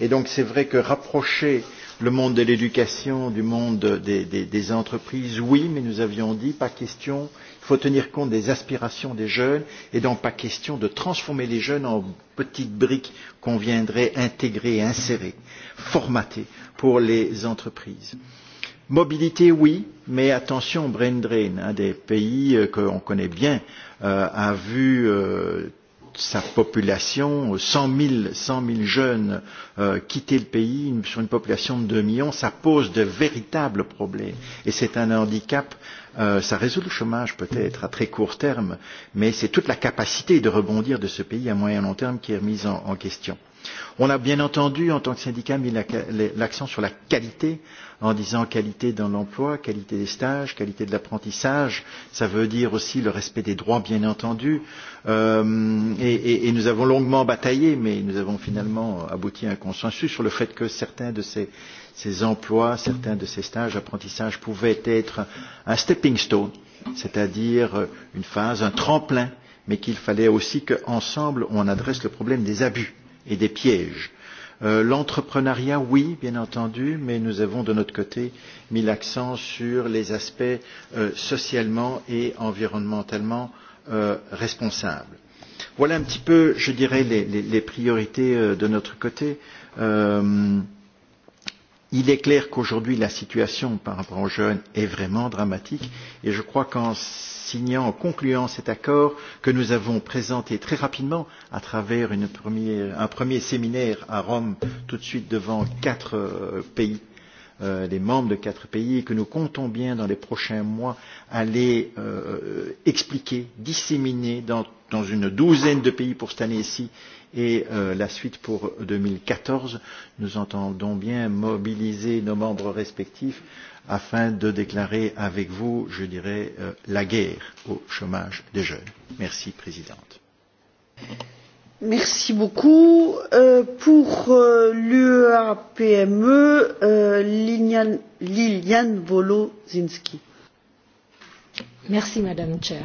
Et donc c'est vrai que rapprocher le monde de l'éducation du monde des, des, des entreprises, oui, mais nous avions dit, pas question, il faut tenir compte des aspirations des jeunes et donc pas question de transformer les jeunes en petites briques qu'on viendrait intégrer, insérer, formater pour les entreprises. Mobilité, oui, mais attention, brain drain. Un des pays euh, qu'on connaît bien euh, a vu euh, sa population, 100 000, 100 000 jeunes euh, quitter le pays sur une population de 2 millions, ça pose de véritables problèmes. Et c'est un handicap. Euh, ça résout le chômage peut-être à très court terme, mais c'est toute la capacité de rebondir de ce pays à moyen et long terme qui est remise en, en question. On a bien entendu, en tant que syndicat, mis l'accent sur la qualité, en disant qualité dans l'emploi, qualité des stages, qualité de l'apprentissage. Ça veut dire aussi le respect des droits, bien entendu. Euh, et, et, et nous avons longuement bataillé, mais nous avons finalement abouti à un consensus sur le fait que certains de ces, ces emplois, certains de ces stages, d'apprentissage pouvaient être un stepping stone, c'est-à-dire une phase, un tremplin mais qu'il fallait aussi qu'ensemble on adresse le problème des abus et des pièges. L'entrepreneuriat, oui, bien entendu, mais nous avons de notre côté mis l'accent sur les aspects socialement et environnementalement responsables. Voilà un petit peu, je dirais, les, les, les priorités de notre côté. Euh, Il est clair qu'aujourd'hui, la situation par rapport aux jeunes est vraiment dramatique et je crois qu'en signant, en concluant cet accord que nous avons présenté très rapidement à travers une première, un premier séminaire à Rome, tout de suite devant quatre euh, pays euh, des membres de quatre pays et que nous comptons bien dans les prochains mois aller euh, expliquer, disséminer dans, dans une douzaine de pays pour cette année-ci et euh, la suite pour 2014. Nous entendons bien mobiliser nos membres respectifs afin de déclarer avec vous, je dirais, la guerre au chômage des jeunes. Merci, Présidente. Merci beaucoup. Euh, pour euh, l'UEAPME, euh, Liliane, Liliane Volozinski. Merci, Madame Chair.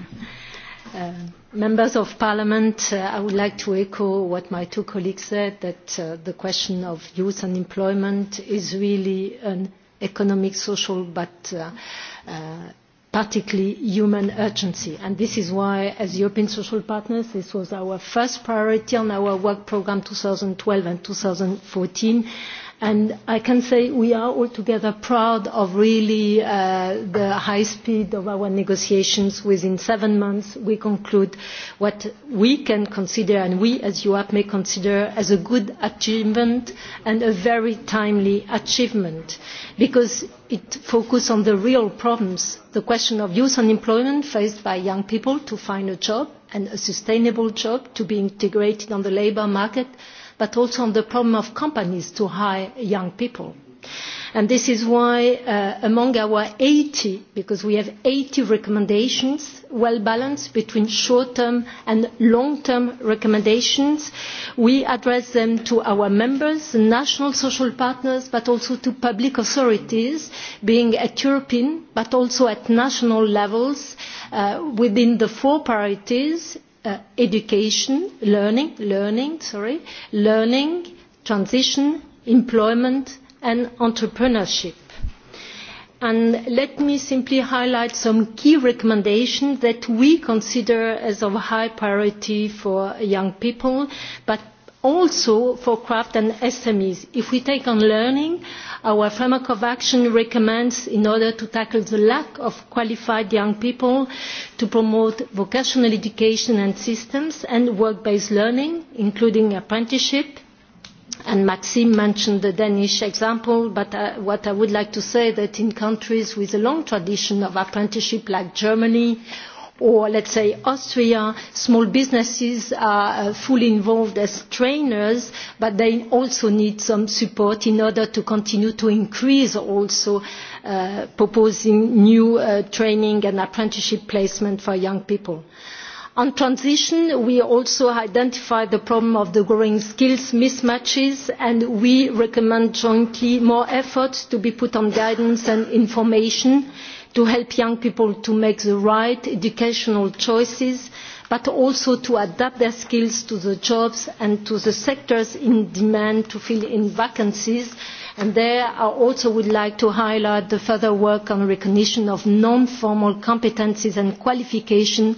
Uh, members of Parliament, uh, I would like to echo what my two colleagues said, that uh, the question of youth unemployment is really an economic, social, but uh, uh, particularly human urgency. And this is why, as European social partners, this was our first priority on our work programme 2012 and 2014 And I can say we are all together proud of really uh, the high speed of our negotiations. Within seven months, we conclude what we can consider and we as UAP may consider as a good achievement and a very timely achievement because it focuses on the real problems, the question of youth unemployment faced by young people to find a job and a sustainable job to be integrated on the labour market but also on the problem of companies to hire young people. And this is why uh, among our 80, because we have 80 recommendations, well balanced between short-term and long-term recommendations, we address them to our members, national social partners, but also to public authorities, being at European, but also at national levels, uh, within the four priorities, education, learning, learning, sorry, learning, transition, employment and entrepreneurship. And let me simply highlight some key recommendations that we consider as of high priority for young people, but also for craft and SMEs. If we take on learning, our framework of action recommends, in order to tackle the lack of qualified young people, to promote vocational education and systems and work-based learning, including apprenticeship. And Maxime mentioned the Danish example, but uh, what I would like to say is that in countries with a long tradition of apprenticeship like Germany or let's say Austria, small businesses are fully involved as trainers, but they also need some support in order to continue to increase also proposing new training and apprenticeship placement for young people. On transition, we also identified the problem of the growing skills mismatches, and we recommend jointly more efforts to be put on guidance and information to help young people to make the right educational choices, but also to adapt their skills to the jobs and to the sectors in demand to fill in vacancies. And there I also would like to highlight the further work on recognition of non-formal competences and qualifications,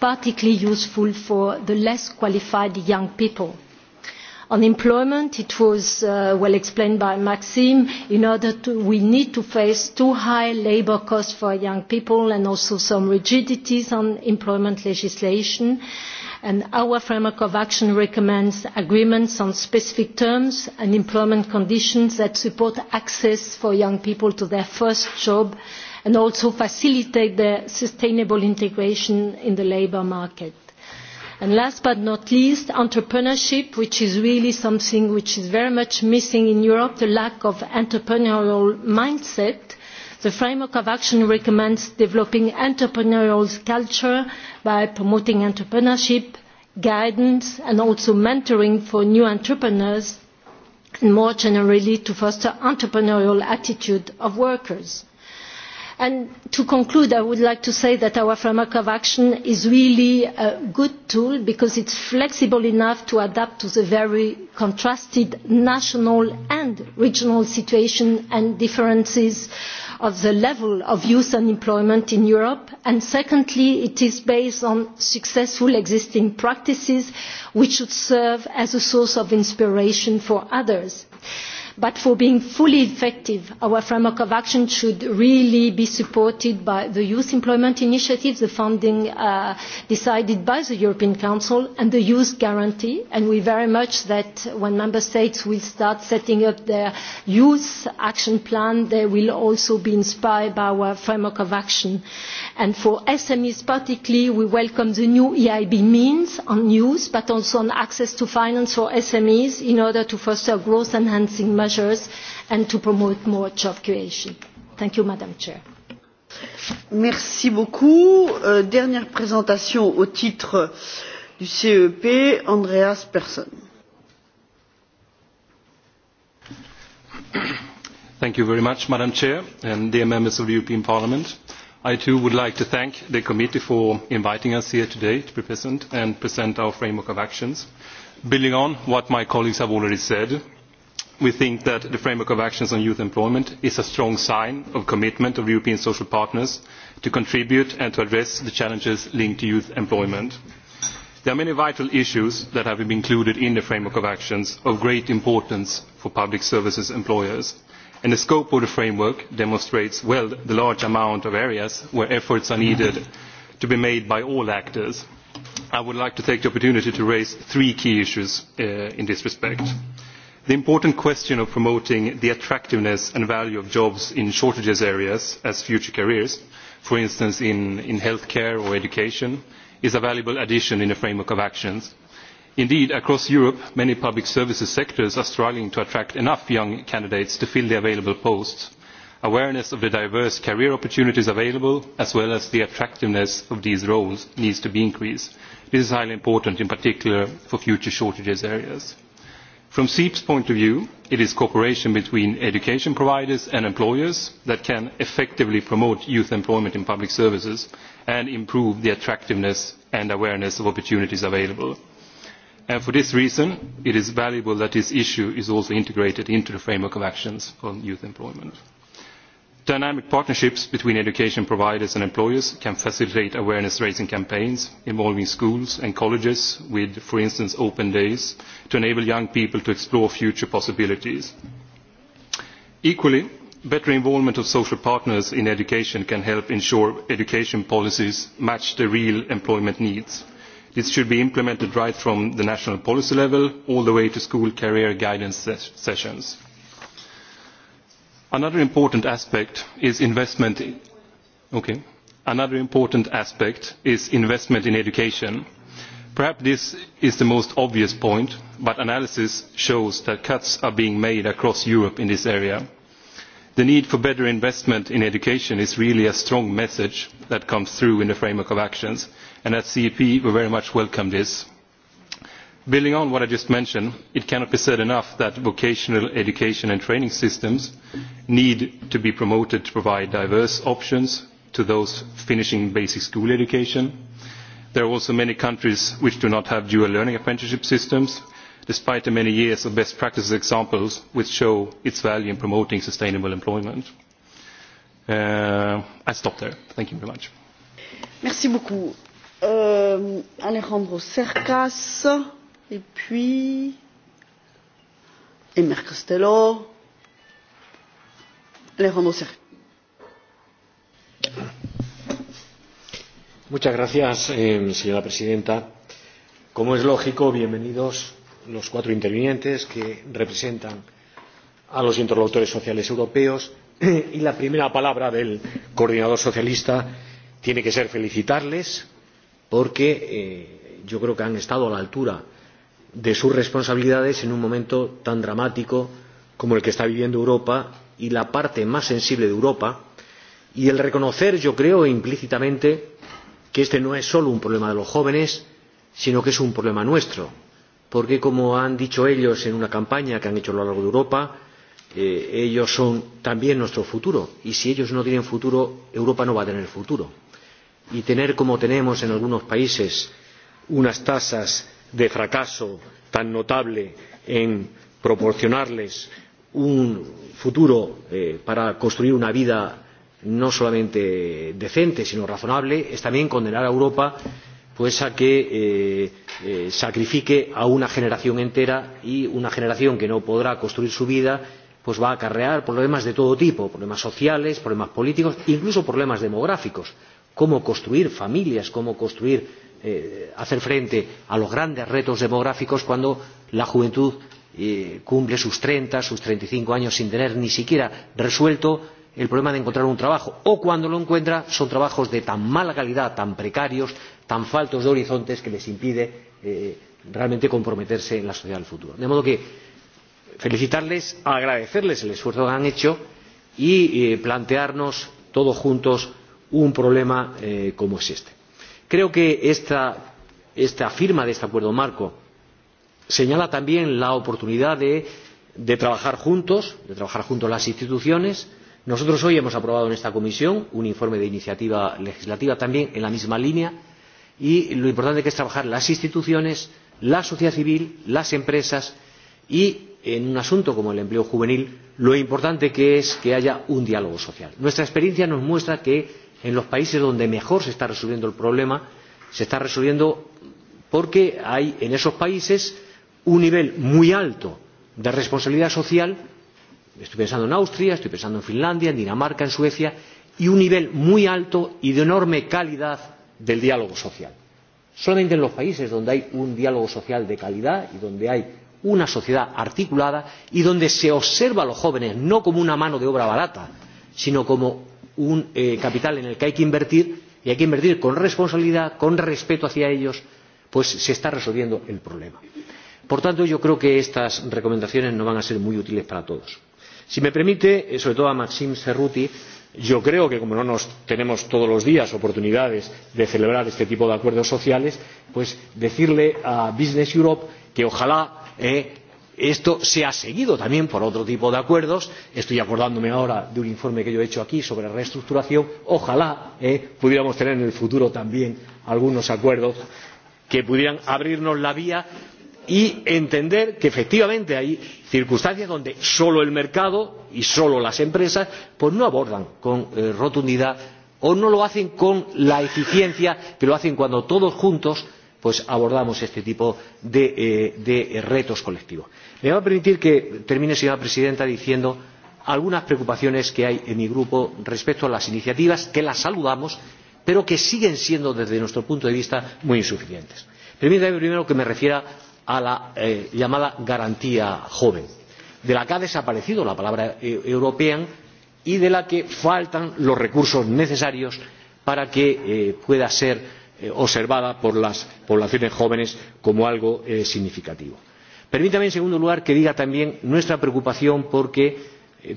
particularly useful for the less qualified young people on employment it was well explained by maxime in order to we need to face too high labour costs for young people and also some rigidities on employment legislation and our framework of action recommends agreements on specific terms and employment conditions that support access for young people to their first job and also facilitate their sustainable integration in the labour market And last but not least, entrepreneurship, which is really something which is very much missing in Europe, the lack of entrepreneurial mindset. The framework of action recommends developing entrepreneurial culture by promoting entrepreneurship, guidance and also mentoring for new entrepreneurs and more generally to foster entrepreneurial attitude of workers to conclude i would like to say that our framework of action is really a good tool because it is flexible enough to adapt to the very contrasted national and regional situation and differences of the level of youth unemployment in europe and secondly it is based on successful existing practices which should serve as a source of inspiration for others. But for being fully effective, our framework of action should really be supported by the Youth Employment Initiative, the funding uh, decided by the European Council, and the Youth Guarantee. And we very much that when member states will start setting up their youth action plan, they will also be inspired by our framework of action. Uh, for smes particularly we welcome the new eib means on news but also on access to finance for smes in order to foster growth enhancing measures and to promote more job creation. thank you madam president. dernière présentation au titre du CEP, Andreas Persson. Thank you very much, Madam Chair, and dear members of the European Parliament I too would like to thank the committee for inviting us here today to be present and present our framework of actions. Building on what my colleagues have already said, we think that the framework of actions on youth employment is a strong sign of commitment of European social partners to contribute and to address the challenges linked to youth employment. There are many vital issues that have been included in the framework of actions of great importance for public services employers and the scope of the framework demonstrates well the large amount of areas where efforts are needed to be made by all actors. i would like to take the opportunity to raise three key issues in this respect the important question of promoting the attractiveness and value of jobs in shortages areas as future careers for instance in healthcare or education is a valuable addition in the framework of actions indeed across europe many public services sectors are struggling to attract enough young candidates to fill the available posts. awareness of the diverse career opportunities available as well as the attractiveness of these roles needs to be increased. this is highly important in particular for future shortages areas. from ceep's point of view it is cooperation between education providers and employers that can effectively promote youth employment in public services and improve the attractiveness and awareness of opportunities available for this reason it is valuable that this issue is also integrated into the framework of actions on youth employment. dynamic partnerships between education providers and employers can facilitate awareness raising campaigns involving schools and colleges with for instance open days to enable young people to explore future possibilities. equally better involvement of social partners in education can help ensure education policies match the real employment needs this should be implemented right from the national policy level all the way to school career guidance sessions. another important aspect is investment in education. perhaps this is the most obvious point but analysis shows that cuts are being made across europe in this area. the need for better investment in education is really a strong message that comes through in the framework of actions and at cep we very much welcome this. building on what i just mentioned it cannot be said enough that vocational education and training systems need to be promoted to provide diverse options to those finishing basic school education. there are also many countries which do not have dual learning apprenticeship systems despite the many years of best practice examples which show its value in promoting sustainable employment. i stop there. thank you very much euh, Alejandro Cercas, et puis Emer Costello. Alejandro Cercas. Muchas gracias, eh, señora presidenta. Como es lógico, bienvenidos los cuatro intervinientes que representan a los interlocutores sociales europeos y la primera palabra del coordinador socialista tiene que ser felicitarles porque yo creo que han estado a la altura de sus responsabilidades en un momento tan dramático como el que está viviendo Europa y la parte más sensible de Europa, y el reconocer, yo creo, implícitamente que este no es solo un problema de los jóvenes, sino que es un problema nuestro, porque, como han dicho ellos en una campaña que han hecho a lo largo de Europa, ellos son también nuestro futuro, y si ellos no tienen futuro, Europa no va a tener futuro y tener como tenemos en algunos países unas tasas de fracaso tan notable en proporcionarles un futuro para construir una vida no solamente decente sino razonable es también condenar a europa a que sacrifique a una generación entera y una generación que no podrá construir su vida va a acarrear problemas de todo tipo problemas sociales problemas políticos incluso problemas demográficos cómo construir familias, cómo construir, eh, hacer frente a los grandes retos demográficos cuando la juventud eh, cumple sus 30, sus 35 años sin tener ni siquiera resuelto el problema de encontrar un trabajo o cuando lo encuentra son trabajos de tan mala calidad, tan precarios, tan faltos de horizontes que les impide eh, realmente comprometerse en la sociedad del futuro. De modo que felicitarles, agradecerles el esfuerzo que han hecho y eh, plantearnos todos juntos un problema como es este. Creo que esta, firma de este acuerdo marco señala también la oportunidad de, trabajar juntos, de trabajar juntos las instituciones. Nosotros hoy hemos aprobado en esta comisión un informe de iniciativa legislativa también en la misma línea y lo importante que es trabajar las instituciones, la sociedad civil, las empresas y en un asunto como el empleo juvenil lo importante que es que haya un diálogo social. Nuestra experiencia nos muestra que en los países donde mejor se está resolviendo el problema se está resolviendo porque hay en esos países un nivel muy alto de responsabilidad social estoy pensando en austria estoy pensando en finlandia en dinamarca en suecia y un nivel muy alto y de enorme calidad del diálogo social. solamente en los países donde hay un diálogo social de calidad y donde hay una sociedad articulada y donde se observa a los jóvenes no como una mano de obra barata sino como un capital en el que hay que invertir y hay que invertir con responsabilidad con respeto hacia ellos pues se está resolviendo el problema. por tanto yo creo que estas recomendaciones no van a ser muy útiles para todos. si me permite sobre todo a maxime Serruti, yo creo que como no tenemos todos los días oportunidades de celebrar este tipo de acuerdos sociales pues decirle a business europe que ojalá Esto se ha seguido también por otro tipo de acuerdos. Estoy acordándome ahora de un informe que yo he hecho aquí sobre reestructuración. Ojalá pudiéramos tener en el futuro también algunos acuerdos que pudieran abrirnos la vía y entender que efectivamente hay circunstancias donde solo el mercado y solo las empresas no abordan con rotundidad o no lo hacen con la eficiencia que lo hacen cuando todos juntos abordamos este tipo de, retos colectivos. Me va a permitir que termine, señora presidenta, diciendo algunas preocupaciones que hay en mi grupo respecto a las iniciativas que las saludamos pero que siguen siendo desde nuestro punto de vista muy insuficientes. Permítame primero que me refiera a la llamada garantía joven, de la que ha desaparecido la palabra european y de la que faltan los recursos necesarios para que pueda ser observada por las poblaciones jóvenes como algo significativo. permítame en segundo lugar que diga también nuestra preocupación porque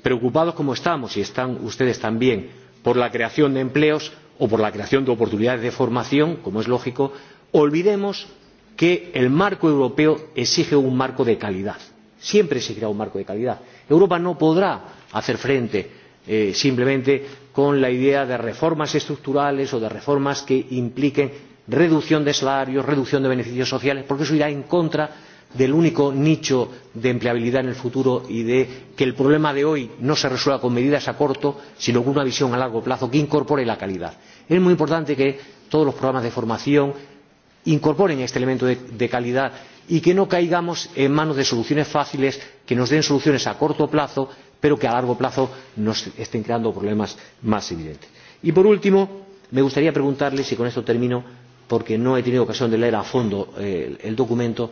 preocupados como estamos y están ustedes también por la creación de empleos o por la creación de oportunidades de formación como es lógico olvidemos que el marco europeo exige un marco de calidad siempre exigirá un marco de calidad. europa no podrá hacer frente simplemente con la idea de reformas estructurales o de reformas que impliquen reducción de salarios, reducción de beneficios sociales, porque eso irá en contra del único nicho de empleabilidad en el futuro y de que el problema de hoy no se resuelva con medidas a corto, sino con una visión a largo plazo que incorpore la calidad. Es muy importante que todos los programas de formación incorporen este elemento de, calidad y que no caigamos en manos de soluciones fáciles que nos den soluciones a corto plazo pero que a largo plazo nos estén creando problemas más evidentes. Y por último, me gustaría preguntarle, y con esto termino, porque no he tenido ocasión de leer a fondo el documento,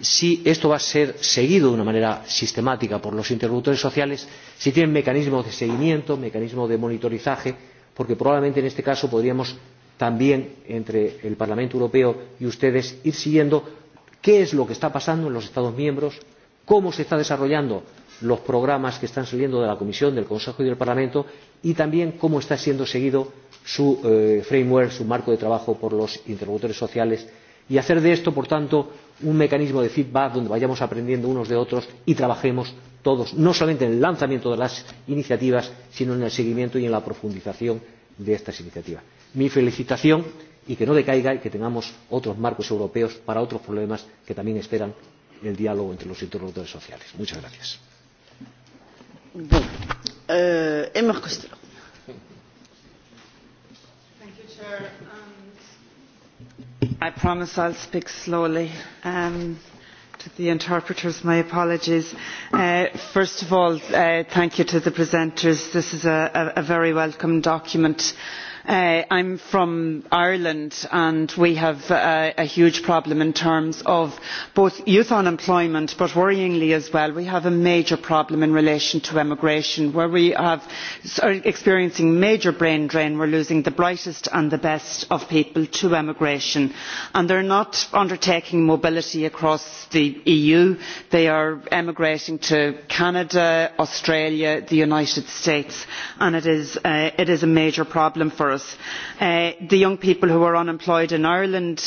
si esto va a ser seguido de una manera sistemática por los interlocutores sociales, si tienen mecanismos de seguimiento, mecanismos de monitorizaje, porque probablemente en este caso podríamos también entre el Parlamento Europeo y ustedes ir siguiendo qué es lo que está pasando en los Estados miembros, cómo se está desarrollando los programas que están saliendo de la Comisión, del Consejo y del Parlamento y también cómo está siendo seguido su framework, su marco de trabajo por los interlocutores sociales y hacer de esto, por tanto, un mecanismo de feedback donde vayamos aprendiendo unos de otros y trabajemos todos, no solamente en el lanzamiento de las iniciativas, sino en el seguimiento y en la profundización de estas iniciativas. Mi felicitación y que no decaiga y que tengamos otros marcos europeos para otros problemas que también esperan el diálogo entre los interlocutores sociales. Muchas gracias. Bon. Emma Costello. Thank you, Chair. Um, I promise I'll speak slowly. Um, to the interpreters, my apologies. Uh, first of all, uh, thank you to the presenters. This is a, a, a very welcome document. Uh, i am from ireland and we have a huge problem in terms of both youth unemployment but worryingly as well we have a major problem in relation to emigration where we are experiencing major brain drain we are losing the brightest and the best of people to emigration and they are not undertaking mobility across the eu they are emigrating to canada australia the united states and it is a major problem for us. the young people who are unemployed in Ireland,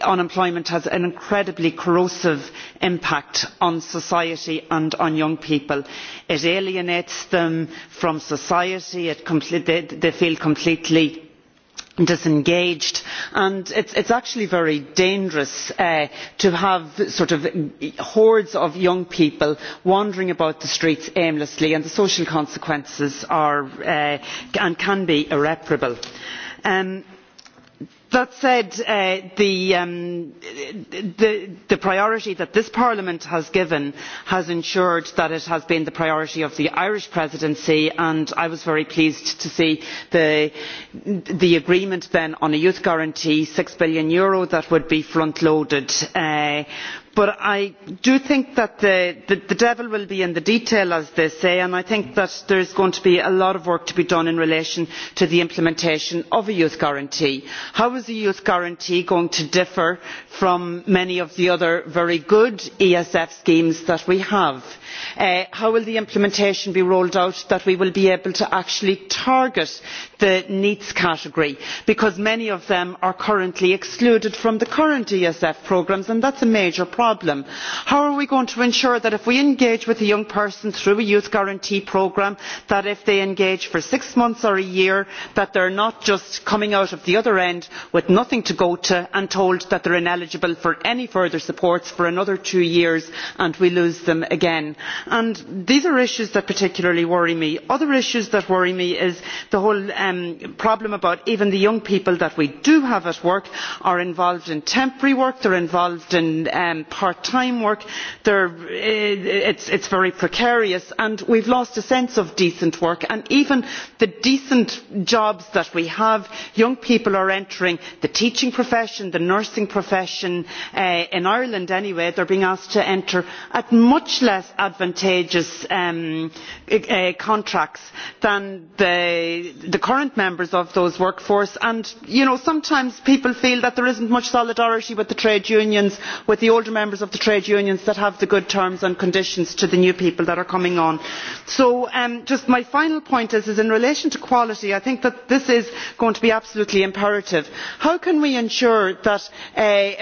unemployment has an incredibly corrosive impact on society and on young people. It alienates them from society, they feel completely disengaged and it is actually very dangerous to have hordes of young people wandering about the streets aimlessly and the social consequences can be irreparable that said the priority that this parliament has given has ensured that it has been the priority of the irish presidency and i was very pleased to see the agreement then on a youth guarantee eur six billion that would be front loaded but i do think that the devil will be in the detail as they say and i think that there is going to be a lot of work to be done in relation to the implementation of a youth guarantee. how is the youth guarantee going to differ from many of the other very good esf schemes that we have? how will the implementation be rolled out so that we will be able to actually target the neets category because many of them are currently excluded from the current esf programmes and that is a major problem. how are we going to ensure that if we engage with a young person through a youth guarantee programme that if they engage for six months or a year they are not just coming out of the other end with nothing to go to and told that they are ineligible for any further support for another two years and we lose them again? these are issues that particularly worry me. other issues that worry me is the whole problem about even the young people that we do have at work are involved in temporary work they are involved in part time work it is very precarious and we have lost a sense of decent work and even the decent jobs that we have young people are entering the teaching profession the nursing profession in ireland anyway they are being asked to enter at much less advantageous contracts than the current members of those workforces and sometimes people feel that there is not much solidarity with the trade unions with the older members of the trade unions that have the good terms and conditions to the new people that are coming on. so my final point is in relation to quality i think that this is going to be absolutely imperative. how can we ensure that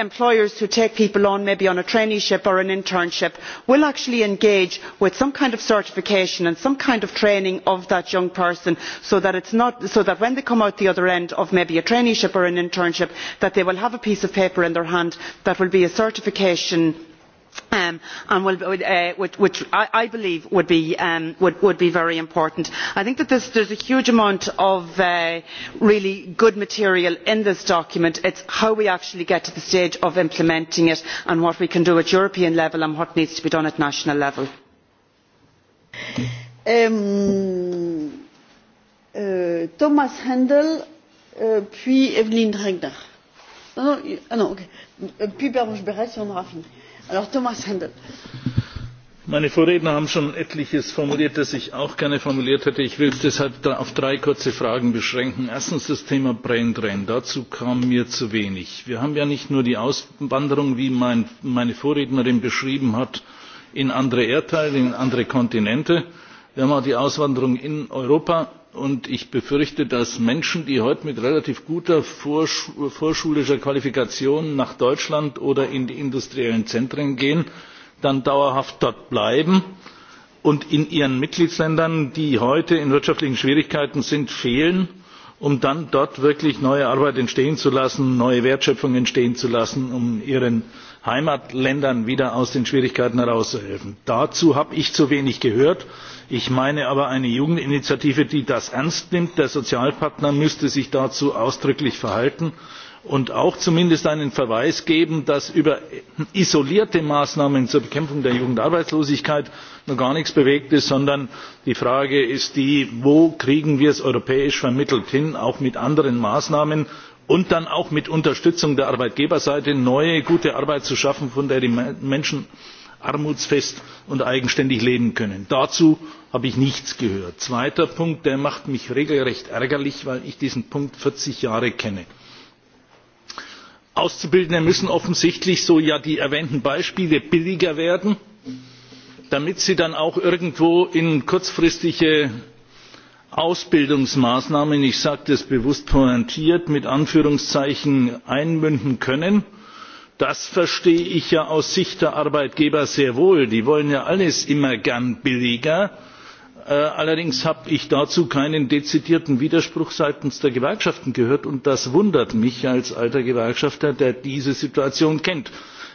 employers who take people on maybe on a traineeship or an internship will actually engage with some kind of certification and some kind of training of that young person so that when they come out the other end of maybe a traineeship or an internship they will have a piece of paper in their hand that will be a certification position which i believe would be very important. i think that there is a huge amount of really good material in this document. it is how we actually get to the stage of implementing it and what we can do at european level and what needs to be done at national level. Puis Bernouche Berès, et on aura fini. Alors Thomas Händel. Meine Vorredner haben schon etliches formuliert, das ich auch gerne formuliert hätte. Ich will deshalb auf drei kurze Fragen beschränken. Erstens das Thema Brain Drain. Dazu kam mir zu wenig. Wir haben ja nicht nur die Auswanderung, wie meine Vorrednerin beschrieben hat, in andere Erdteile, in andere Kontinente. Wir haben auch die Auswanderung in Europa Und ich befürchte, dass Menschen, die heute mit relativ guter vorschulischer Qualifikation nach Deutschland oder in die industriellen Zentren gehen, dann dauerhaft dort bleiben und in ihren Mitgliedsländern, die heute in wirtschaftlichen Schwierigkeiten sind, fehlen, um dann dort wirklich neue Arbeit entstehen zu lassen, neue Wertschöpfung entstehen zu lassen, um ihren Heimatländern wieder aus den Schwierigkeiten herauszuhelfen. Dazu habe ich zu wenig gehört ich meine aber eine jugendinitiative die das ernst nimmt der sozialpartner müsste sich dazu ausdrücklich verhalten und auch zumindest einen verweis geben dass über isolierte maßnahmen zur bekämpfung der jugendarbeitslosigkeit noch gar nichts bewegt ist sondern die frage ist die wo kriegen wir es europäisch vermittelt hin auch mit anderen maßnahmen und dann auch mit unterstützung der arbeitgeberseite neue gute arbeit zu schaffen von der die menschen armutsfest und eigenständig leben können. dazu habe ich nichts gehört. zweiter punkt der macht mich regelrecht ärgerlich weil ich diesen punkt vierzig jahre kenne. auszubildende müssen offensichtlich so ja die erwähnten beispiele billiger werden damit sie dann auch irgendwo in kurzfristige ausbildungsmaßnahmen ich sage das bewusst pointiert mit anführungszeichen einmünden können das verstehe ich ja aus sicht der arbeitgeber sehr wohl die wollen ja alles immer gern billiger allerdings habe ich dazu keinen dezidierten widerspruch seitens der gewerkschaften gehört und das wundert mich als alter gewerkschafter der diese situation kennt.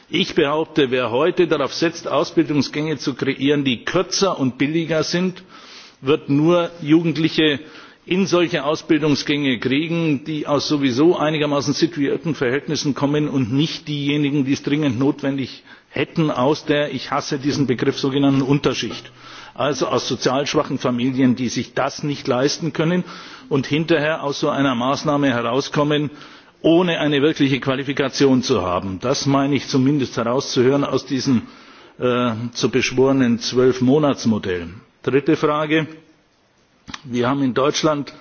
ich behaupte wer heute darauf setzt ausbildungsgänge zu kreieren die kürzer und billiger sind wird nur jugendliche in solche ausbildungsgänge kriegen die aus sowieso einigermaßen situierten verhältnissen kommen und nicht diejenigen die es dringend notwendig hätten aus der ich hasse diesen begriff sogenannten unterschicht also aus sozial schwachen familien die sich das nicht leisten können und hinterher aus so einer maßnahme herauskommen ohne eine wirkliche qualifikation zu haben. das meine ich zumindest herauszuhören aus diesem zu beschworenen zwölf monats modell. dritte frage wir haben in deutschland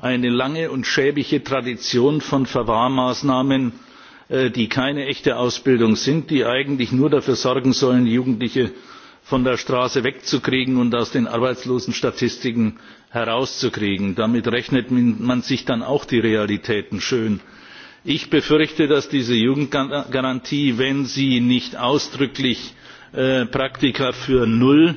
eine lange und schäbige tradition von verwahrmaßnahmen die keine echte ausbildung sind die eigentlich nur dafür sorgen sollen jugendliche von der straße wegzukriegen und aus den arbeitslosenstatistiken herauszukriegen. damit rechnet man sich dann auch die realitäten schön. ich befürchte dass diese jugendgarantie wenn sie nicht ausdrücklich praktika für null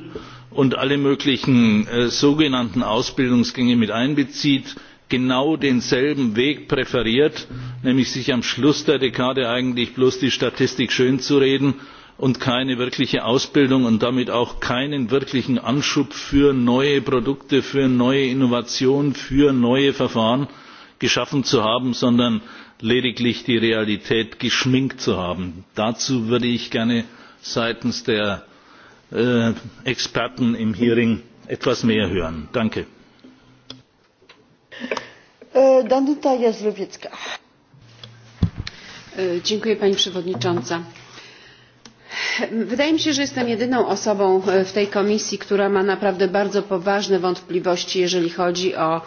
und alle möglichen sogenannten ausbildungsgänge mit einbezieht genau denselben weg präferiert nämlich sich am schluss der dekade eigentlich bloß die statistik schönzureden und keine wirkliche ausbildung und damit auch keinen wirklichen anschub für neue produkte für neue innovationen für neue verfahren geschaffen zu haben sondern lediglich die realität geschminkt zu haben. dazu würde ich gerne seitens der experten im hearing etwas mehr hören. danke! pani przewodnicząca! wydaje mi się że jestem jedyną osobą w tej komisji która ma naprawdę bardzo poważne wątpliwości jeżeli chodzi o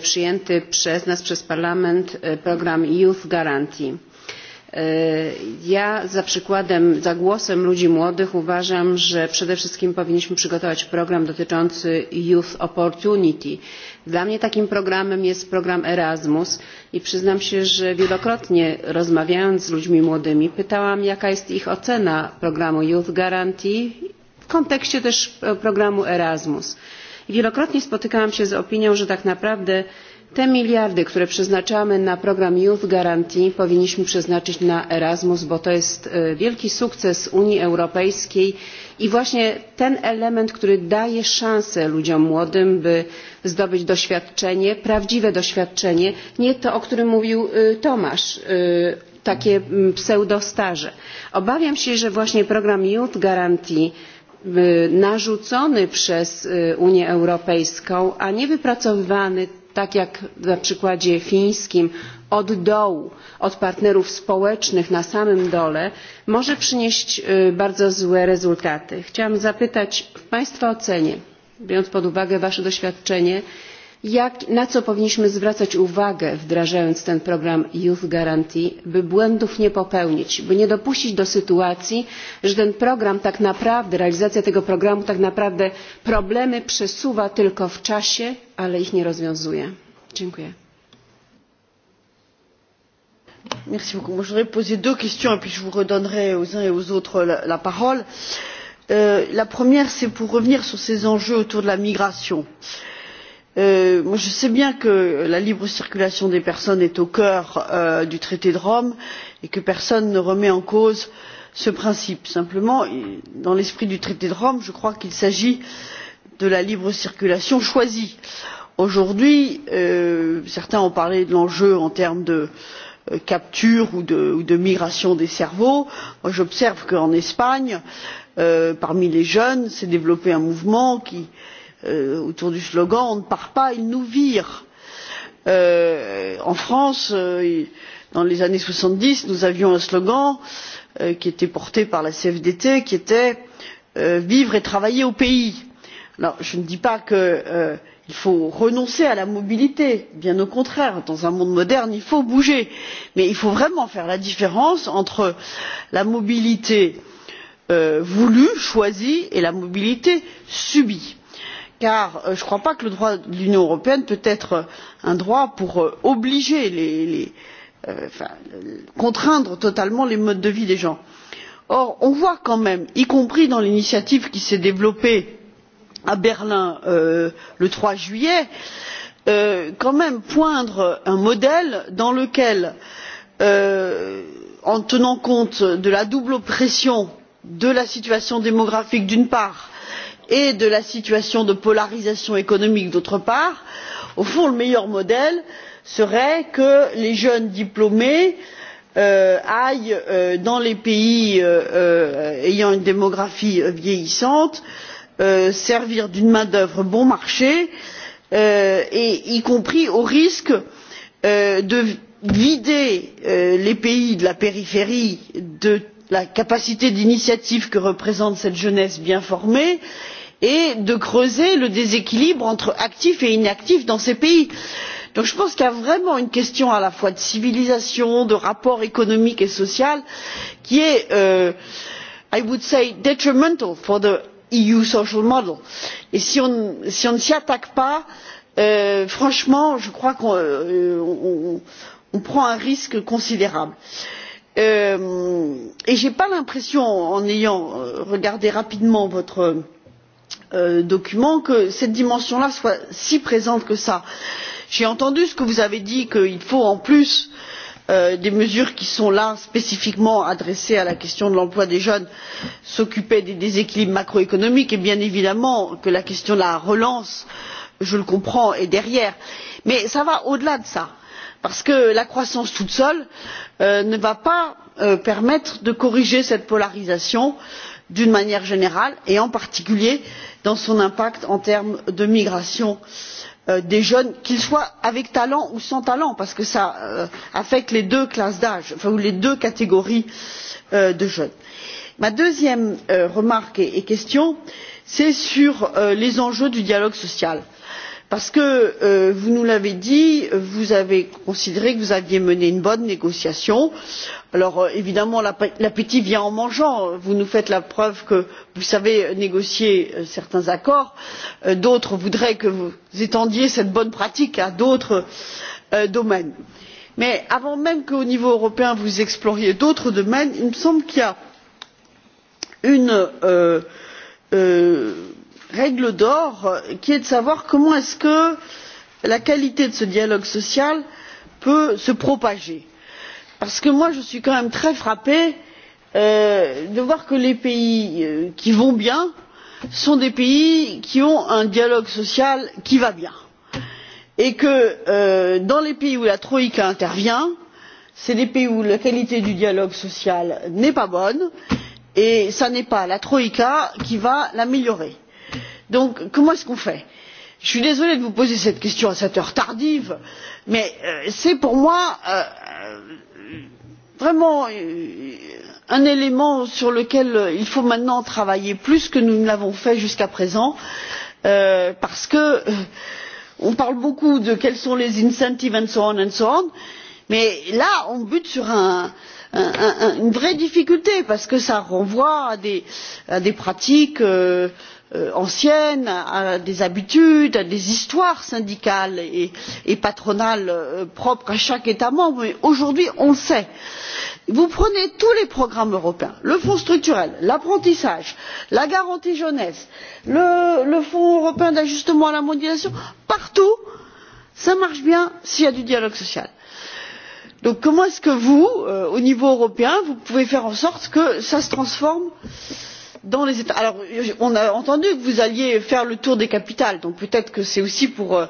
przyjęty przez nas przez parlament program youth guarantee Ja za przykładem, za głosem ludzi młodych uważam, że przede wszystkim powinniśmy przygotować program dotyczący Youth Opportunity. Dla mnie takim programem jest program Erasmus i przyznam się, że wielokrotnie rozmawiając z ludźmi młodymi pytałam, jaka jest ich ocena programu Youth Guarantee w kontekście też programu Erasmus. Wielokrotnie spotykałam się z opinią, że tak naprawdę te miliardy które przeznaczamy na program youth guarantee powinniśmy przeznaczyć na erasmus bo to jest wielki sukces unii europejskiej i właśnie ten element który daje szansę ludziom młodym by zdobyć doświadczenie prawdziwe doświadczenie nie to o którym mówił tomasz takie pseudostaże. obawiam się że właśnie program youth guarantee narzucony przez unię europejską a nie wypracowywany tak jak na przykładzie fińskim od dołu od partnerów społecznych na samym dole może przynieść bardzo złe rezultaty. chciałam zapytać w państwa ocenie biorąc pod uwagę wasze doświadczenie czy na co powinniśmy zwracać uwagę wdrażając ten program youth guarantee by błędów nie popełnić by nie dopuścić do sytuacji że ten program tak naprawdę realizacja tego programu tak naprawdę problemy przesuwa tylko w czasie ale ich nie rozwiązuje. dziękuję. Merci beaucoup. Je voudrais poser deux questions et puis je vous redonnerai aux uns et aux autres la, parole. la première, c'est pour revenir sur ces enjeux autour de la migration. Euh, je sais bien que la libre circulation des personnes est au cœur du traité de rome et que personne ne remet en cause ce principe. simplement dans l'esprit du traité de rome je crois qu'il s'agit de la libre circulation choisie. aujourd'hui certains ont parlé de l'enjeu en termes de capture ou de migration des cerveaux. j'observe qu'en espagne parmi les jeunes s'est développé un mouvement qui autour du slogan on ne part pas ils nous virent. en france dans les années soixante dix nous avions un slogan qui était porté par la cfdt qui était vivre et travailler au pays. je ne dis pas qu'il faut renoncer à la mobilité bien au contraire dans un monde moderne il faut bouger mais il faut vraiment faire la différence entre la mobilité voulue choisie et la mobilité subie car je ne crois pas que le droit de l'union européenne puisse être un droit pour obliger contraindre totalement les modes de vie des gens. or on voit quand même y compris dans l'initiative qui s'est développée à berlin le trois juillet poindre un modèle dans lequel en tenant compte de la double oppression de la situation démographique d'une part et de la situation de polarisation économique d'autre part au fond le meilleur modèle serait que les jeunes diplômés aillent dans les pays ayant une démographie vieillissante servir d'une main d'œuvre bon marché y compris au risque de vider les pays de la périphérie de la capacité d'initiative que représente cette jeunesse bien formée et et de creuser le déséquilibre entre actifs et inactifs dans ces pays. je pense qu'il y a vraiment une question à la fois de civilisation de rapport économique et social qui est i would say detrimental for the eu social model et si on ne s'y attaque pas franchement je crois qu'on prend un risque considérable. je n'ai pas l'impression en ayant regardé rapidement votre document que cette dimension là soit si présente que cela. j'ai entendu ce que vous avez dit qu'il faut en plus des mesures qui sont là spécifiquement adressées à la question de l'emploi des jeunes s'occuper des déséquilibres macroéconomiques et bien évidemment que la question de la relance je le comprends est derrière mais cela va au delà de cela parce que la croissance toute seule ne va pas permettre de corriger cette polarisation d'une manière générale et en particulier dans son impact en termes de migration des jeunes qu'ils soient avec talent ou sans talent parce que cela affecte les deux classes d'âge ou les deux catégories de jeunes. ma deuxième remarque et question porte sur les enjeux du dialogue social parce que vous nous l'avez dit vous avez considéré que vous aviez mené une bonne négociation. alors évidemment l'appétit vient en mangeant vous nous faites la preuve que vous savez négocier certains accords d'autres voudraient que vous étendiez cette bonne pratique à d'autres domaines. mais avant même qu'au niveau européen vous exploriez d'autres domaines il me semble qu'il y a une règle d'or qui est de savoir comment la qualité de ce dialogue social peut se propager parce que je suis quand même très frappée de voir que les pays qui vont bien sont des pays qui ont un dialogue social qui va bien et que dans les pays où la troïka intervient ce sont des pays où la qualité du dialogue social n'est pas bonne et ce n'est pas la troïka qui va l'améliorer donc comment est ce qu'on fait? je suis désolée de vous poser cette question à cette heure tardive mais c'est pour moi vraiment un élément sur lequel il faut maintenant travailler plus que nous ne l'avons fait jusqu'à présent parce que on parle beaucoup de quels sont les incentives et so on and so on mais là on bute sur une vraie difficulté parce que cela renvoie à des pratiques anciennes à des habitudes à des histoires syndicales et patronales propres à chaque état membre mais aujourd'hui on le sait vous prenez tous les programmes européens le fonds structurel l'apprentissage la garantie jeunesse le fonds européen d'ajustement à la mondialisation partout cela marche bien s'il y a du dialogue social. donc comment est ce que vous au niveau européen vous pouvez faire en sorte que cela se transforme en dans les états. alors on a entendu que vous alliez faire le tour des capitales donc peut être que c'est aussi pour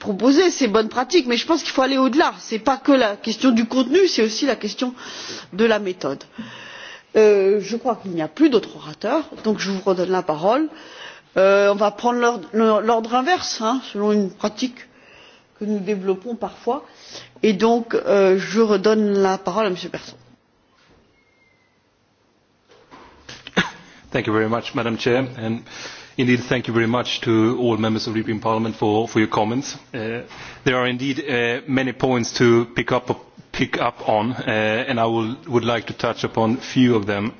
proposer ces bonnes pratiques mais je pense qu'il faut aller au delà ce n'est pas que la question du contenu c'est aussi la question de la méthode. je crois qu'il n'y a plus d'autres orateurs donc je vous redonne la parole. on va prendre l'ordre inverse selon une pratique que nous développons parfois et donc je redonne la parole à m. berton. Thank you very much, Madam Chair. And indeed, thank you very much to all members of the European Parliament for, for your comments. Uh, there are indeed uh, many points to pick up, pick up on, uh, and I will, would like to touch upon a few of them.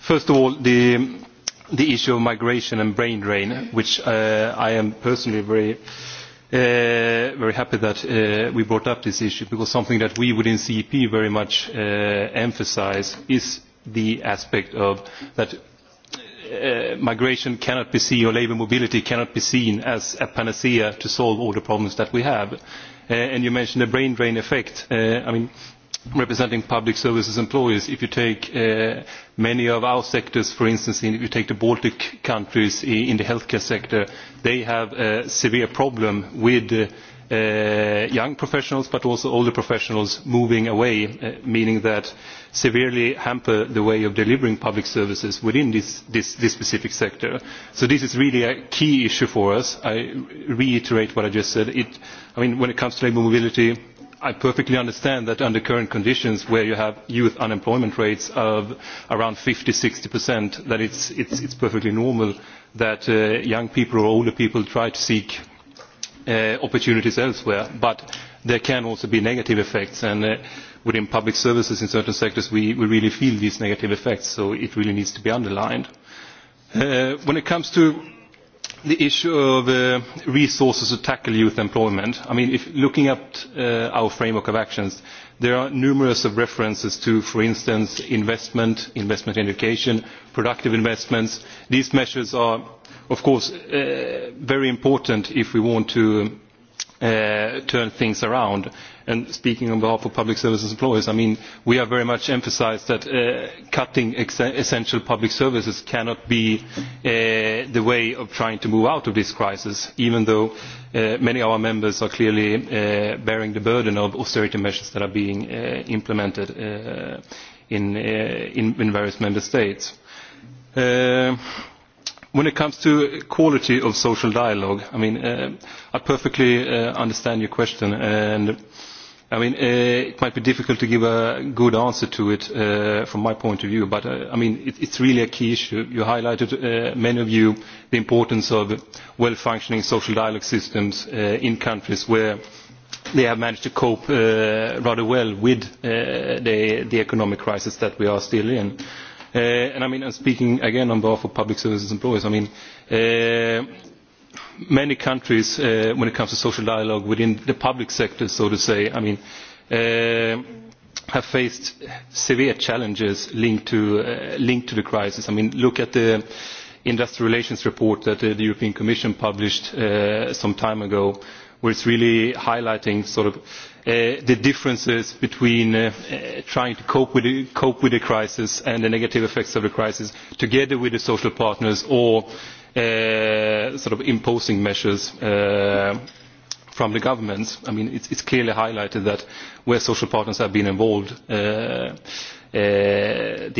First of all, the, the issue of migration and brain drain, which uh, I am personally very very happy that we brought up this issue because something that we within CEP very much emphasise is the aspect of that migration cannot be seen or labour mobility cannot be seen as a panacea to solve all the problems that we have. you mentioned the brain drain effect. representing public services employees, if you take many of our sectors, for instance, if you take the Baltic countries in the healthcare sector, they have a severe problem with young professionals but also older professionals moving away, meaning that severely hamper the way of delivering public services within this, this, this specific sector. So this is really a key issue for us. I reiterate what I just said. when it comes to labour mobility, I perfectly understand that under current conditions where you have youth unemployment rates of around fifty sixty that it is perfectly normal that young people or older people try to seek opportunities elsewhere. But there can also be negative effects. And within public services in certain sectors, we, really feel these negative effects, so it really needs to be underlined. when it comes to the issue of resources to tackle youth employment, I mean, looking at our framework of actions, there are numerous references to, for instance, investment, investment in education, productive investments. These measures are, of course, very important if we want to turn things around and speaking on behalf of public services employers, I mean, we have very much emphasised that cutting essential public services cannot be the way of trying to move out of this crisis, even though many of our members are clearly bearing the burden of austerity measures that are being implemented in, various member states when it comes to quality of social dialogue i perfectly understand your question and I mean, uh, it might be difficult to give a good answer to it uh, from my point of view, but uh, I mean, it, it's really a key issue. You highlighted, uh, many of you, the importance of well-functioning social dialogue systems uh, in countries where they have managed to cope uh, rather well with uh, the, the economic crisis that we are still in. Uh, and I mean, speaking again on behalf of public services employees, I mean, uh, many countries when it comes to social dialogue within the public sector, so to say, have faced severe challenges linked to, the crisis. look at the industrial relations report that the European Commission published some time ago, where is really highlighting the differences between trying to cope with the crisis and the negative effects of the crisis together with the social partners or sort of imposing measures uh from the governments. I mean, it's, it's clearly highlighted that where social partners have been involved, the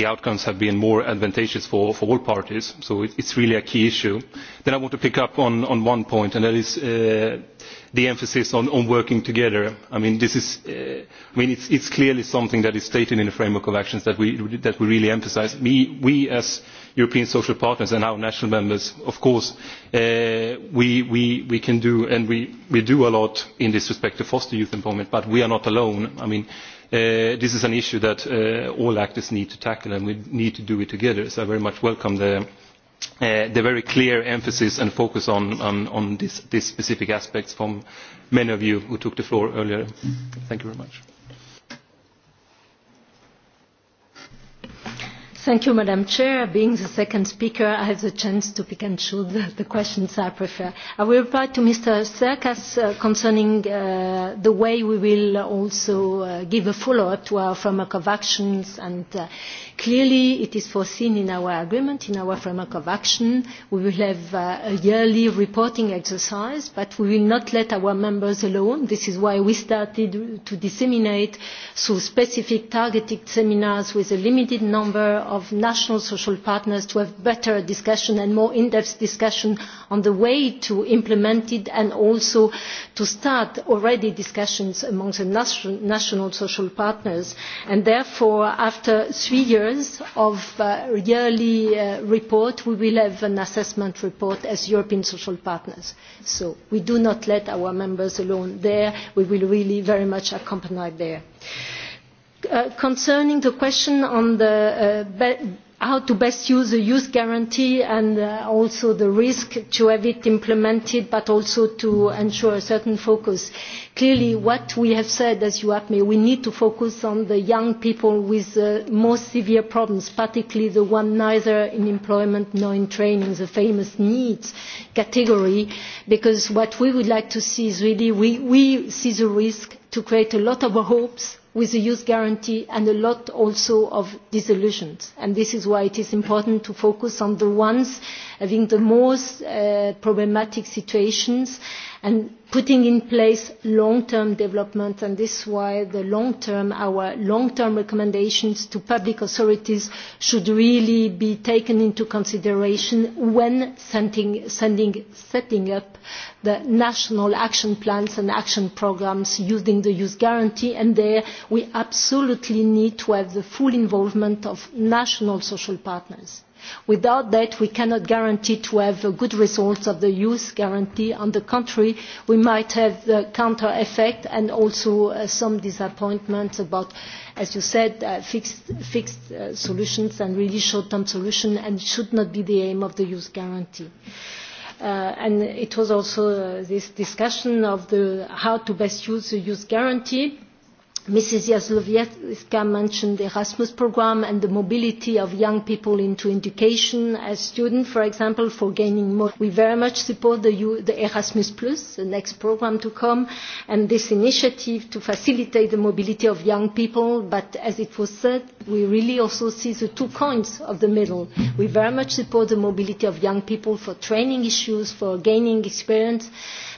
outcomes have been more advantageous for, for all parties. So it, it's really a key issue. Then I want to pick up on, on one point, and that is the emphasis on, on working together. I mean, this is, uh, I mean, it's, it's clearly something that is stated in the framework of actions that we, that we really emphasize. We, we as european social partners and our national members of course we can do and we do a lot in this respect to foster youth employment but we are not alone. i mean this is an issue that all actors need to tackle and we need to do it together so i very much welcome the very clear emphasis and focus on these specific aspects from many of you who took the floor earlier. thank you very much. Thank you, Madam Chair. Being the second speaker, I have the chance to pick and choose the, the questions I prefer. I will reply to Mr. Serkas uh, concerning uh, the way we will also uh, give a follow-up to our framework of actions and uh, Clearly, it is foreseen in our agreement, in our framework of action. We will have uh, a yearly reporting exercise, but we will not let our members alone. This is why we started to disseminate through specific targeted seminars with a limited number of national social partners to have better discussion and more in-depth discussion on the way to implement it and also to start already discussions among the national social partners. And therefore, after three years, years of yearly report, we will have an assessment report as European social partners. So we do not let our members alone there. We will really very much accompany them. concerning the question on the how to best use the youth guarantee and also the risk to have it implemented, but also to ensure a certain focus. Clearly, what we have said as you me we need to focus on the young people with the most severe problems, particularly the one neither in employment nor in training, the famous needs category, because what we would like to see is really we, we see the risk to create a lot of hopes with the youth guarantee and a lot also of disillusioned, And this is why it is important to focus on the ones having the most uh, problematic situations and putting in place long-term development and this is why the long-term, our long-term recommendations to public authorities should really be taken into consideration when sending, sending, setting up the national action plans and action programmes using the youth guarantee and there we absolutely need to have the full involvement of national social partners. Without that, we cannot guarantee to have good results of the youth guarantee. On the contrary, we might have the counter effect and also some disappointment about, as you said, fixed, solutions and really short-term solutions, and should not be the aim of the youth guarantee and it was also this discussion of the, how to best use the youth guarantee Mrs. Jaslowiecka mentioned the Erasmus programme and the mobility of young people into education as students, for example, for gaining more. We very much support the, U the Erasmus Plus, the next programme to come, and this initiative to facilitate the mobility of young people. But as it was said, we really also see the two coins of the middle. We very much support the mobility of young people for training issues, for gaining experience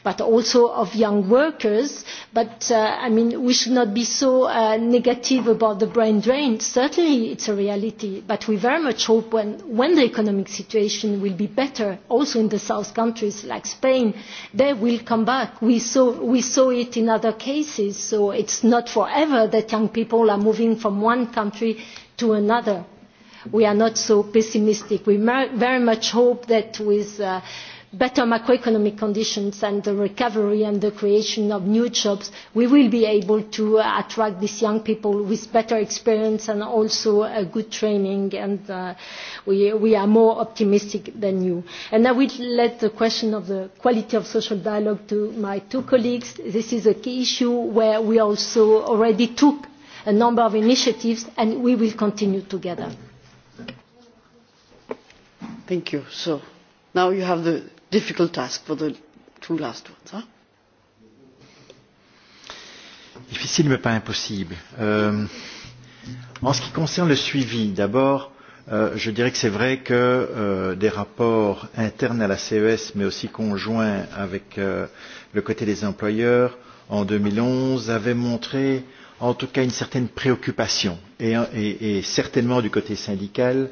but also of young workers. But I mean, we should not be so negative about the brain drain. Certainly, it's a reality. But we very much hope when, when the economic situation will be better, also in the south countries like Spain, they will come back. We saw, we saw it in other cases. So it's not forever that young people are moving from one country to another. We are not so pessimistic. We very much hope that with better macroeconomic conditions and the recovery and the creation of new jobs, we will be able to attract these young people with better experience and also good training, and uh, we, we are more optimistic than you. And I will let the question of the quality of social dialogue to my two colleagues. This is a key issue where we also already took a number of initiatives, and we will continue together. Thank you. So now you have the difficult task for the two last ones. Huh? Difficile mais pas impossible. Euh, en ce qui concerne le suivi, d'abord, euh, je dirais que c'est vrai que euh, des rapports internes à la CES, mais aussi conjoints avec euh, le côté des employeurs, en 2011, avaient montré en tout cas une certaine préoccupation, et, et, et certainement du côté syndical, euh,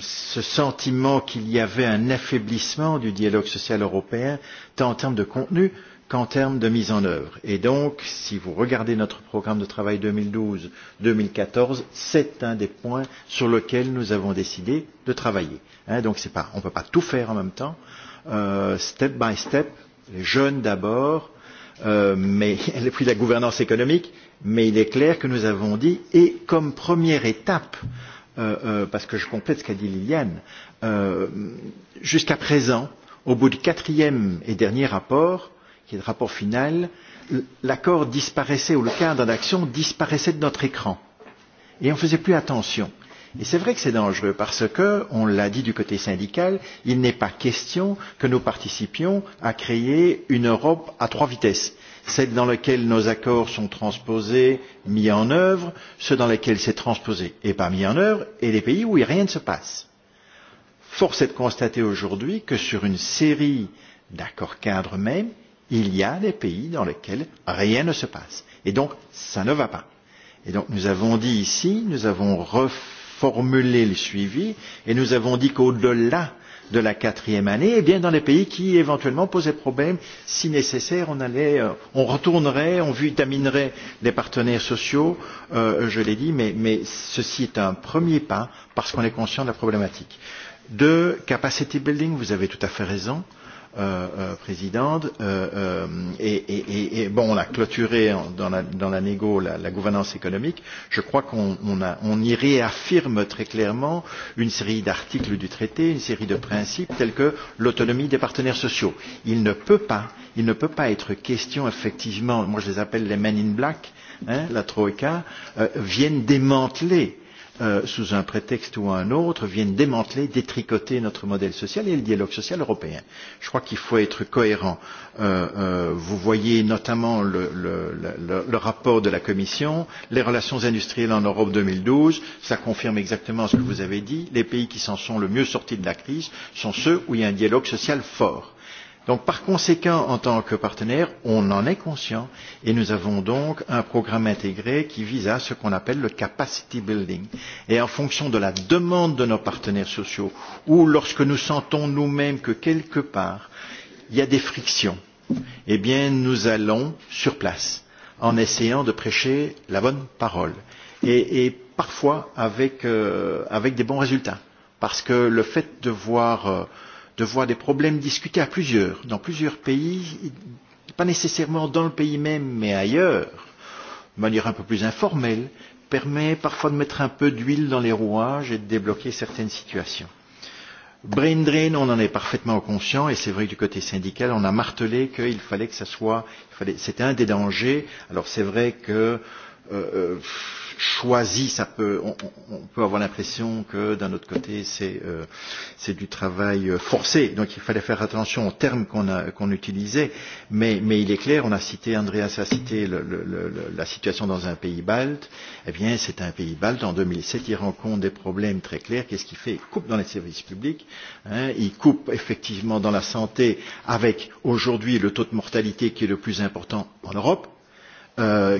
ce sentiment qu'il y avait un affaiblissement du dialogue social européen, tant en termes de contenu qu'en termes de mise en œuvre. Et donc, si vous regardez notre programme de travail 2012-2014, c'est un des points sur lesquels nous avons décidé de travailler. Hein, donc, pas, on ne peut pas tout faire en même temps. Euh, step by step, les jeunes d'abord, euh, puis la gouvernance économique. Mais il est clair que nous avons dit, et comme première étape, euh, parce que je complète ce qu'a dit Liliane, jusqu'à présent, au bout du quatrième et dernier rapport, qui est le rapport final, l'accord disparaissait ou le cadre d'action disparaissait de notre écran. Et on ne faisait plus attention. Et c'est vrai que c'est dangereux parce que, on l'a dit du côté syndical, il n'est pas question que nous participions à créer une Europe à trois vitesses celles dans lesquelles nos accords sont transposés, mis en œuvre, ceux dans lesquels c'est transposé et pas mis en œuvre, et les pays où rien ne se passe. Force est de constater aujourd'hui que sur une série d'accords cadres même, il y a des pays dans lesquels rien ne se passe. Et donc, ça ne va pas. Et donc, nous avons dit ici, nous avons reformulé le suivi, et nous avons dit qu'au-delà de la quatrième année, et bien dans les pays qui éventuellement posaient problème, si nécessaire, on allait, on retournerait, on vitaminerait les partenaires sociaux, euh, je l'ai dit, mais, mais ceci est un premier pas parce qu'on est conscient de la problématique. Deux, capacity building, vous avez tout à fait raison. Euh, euh, présidente. Euh, et, et, et bon, on a clôturé dans la, dans la négo la, la gouvernance économique. Je crois qu'on on on y réaffirme très clairement une série d'articles du traité, une série de principes tels que l'autonomie des partenaires sociaux. Il ne peut pas, il ne peut pas être question effectivement, moi je les appelle les men in black, hein, la troïka, euh, viennent démanteler euh, sous un prétexte ou un autre, viennent démanteler, détricoter notre modèle social et le dialogue social européen. Je crois qu'il faut être cohérent. vous voyez notamment le, rapport de la Commission, les relations industrielles en Europe deux mille douze, cela confirme exactement ce que vous avez dit. Les pays qui s'en sont le mieux sortis de la crise sont ceux où il y a un dialogue social fort Donc, par conséquent, en tant que partenaire, on en est conscient et nous avons donc un programme intégré qui vise à ce qu'on appelle le capacity building. Et en fonction de la demande de nos partenaires sociaux ou lorsque nous sentons nous-mêmes que quelque part il y a des frictions, eh bien, nous allons sur place en essayant de prêcher la bonne parole et, et parfois avec, euh, avec des bons résultats. Parce que le fait de voir euh, de voir des problèmes discutés à plusieurs, dans plusieurs pays, pas nécessairement dans le pays même, mais ailleurs, de manière un peu plus informelle, permet parfois de mettre un peu d'huile dans les rouages et de débloquer certaines situations. Brain drain, on en est parfaitement conscient et c'est vrai que du côté syndical, on a martelé qu'il fallait que ça soit, c'était un des dangers. Alors c'est vrai que euh, euh, choisi, ça peut, on, on peut avoir l'impression que d'un autre côté c'est euh, du travail forcé. Donc il fallait faire attention aux termes qu'on qu utilisait, mais, mais il est clair, on a cité, Andreas a cité le, le, le, la situation dans un pays balte. Eh bien, c'est un pays balte. En 2007, il rencontre des problèmes très clairs. Qu'est-ce qu'il fait Il coupe dans les services publics. Hein, il coupe effectivement dans la santé, avec aujourd'hui le taux de mortalité qui est le plus important en Europe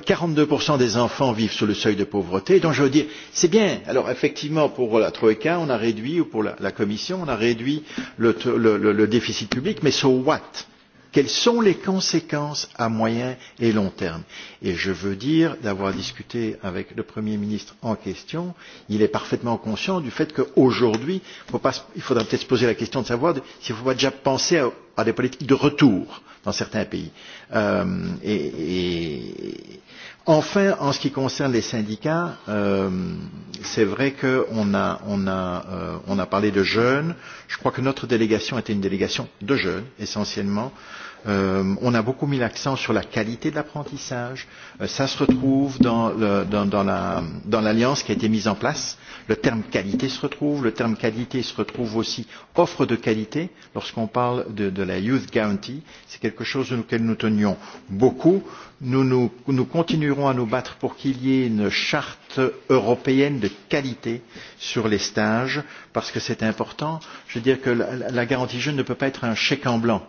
quarante deux des enfants vivent sous le seuil de pauvreté. donc je veux dire c'est bien alors effectivement pour la troïka on a réduit ou pour la commission on a réduit le déficit public mais so what? quelles sont les conséquences à moyen et long terme? et je veux dire d'avoir discuté avec le premier ministre en question il est parfaitement conscient du fait qu'aujourd'hui il faudra peut être se poser la question de savoir s'il ne faut pas déjà penser à des politiques de retour dans certains pays. Euh, et, et enfin, en ce qui concerne les syndicats, euh, c'est vrai qu'on a, on a, euh, on a parlé de jeunes. Je crois que notre délégation était une délégation de jeunes, essentiellement. Euh, Euh, on a beaucoup mis l'accent sur la qualité de l'apprentissage. Euh, ça se retrouve dans, le, dans, dans, la, dans l'alliance qui a été mise en place. Le terme qualité se retrouve. Le terme qualité se retrouve aussi offre de qualité. Lorsqu'on parle de, de la Youth Guarantee, c'est quelque chose auquel nous tenions beaucoup. Nous, nous, nous continuerons à nous battre pour qu'il y ait une charte européenne de qualité sur les stages, parce que c'est important. Je veux dire que la, la garantie jeune ne peut pas être un chèque en blanc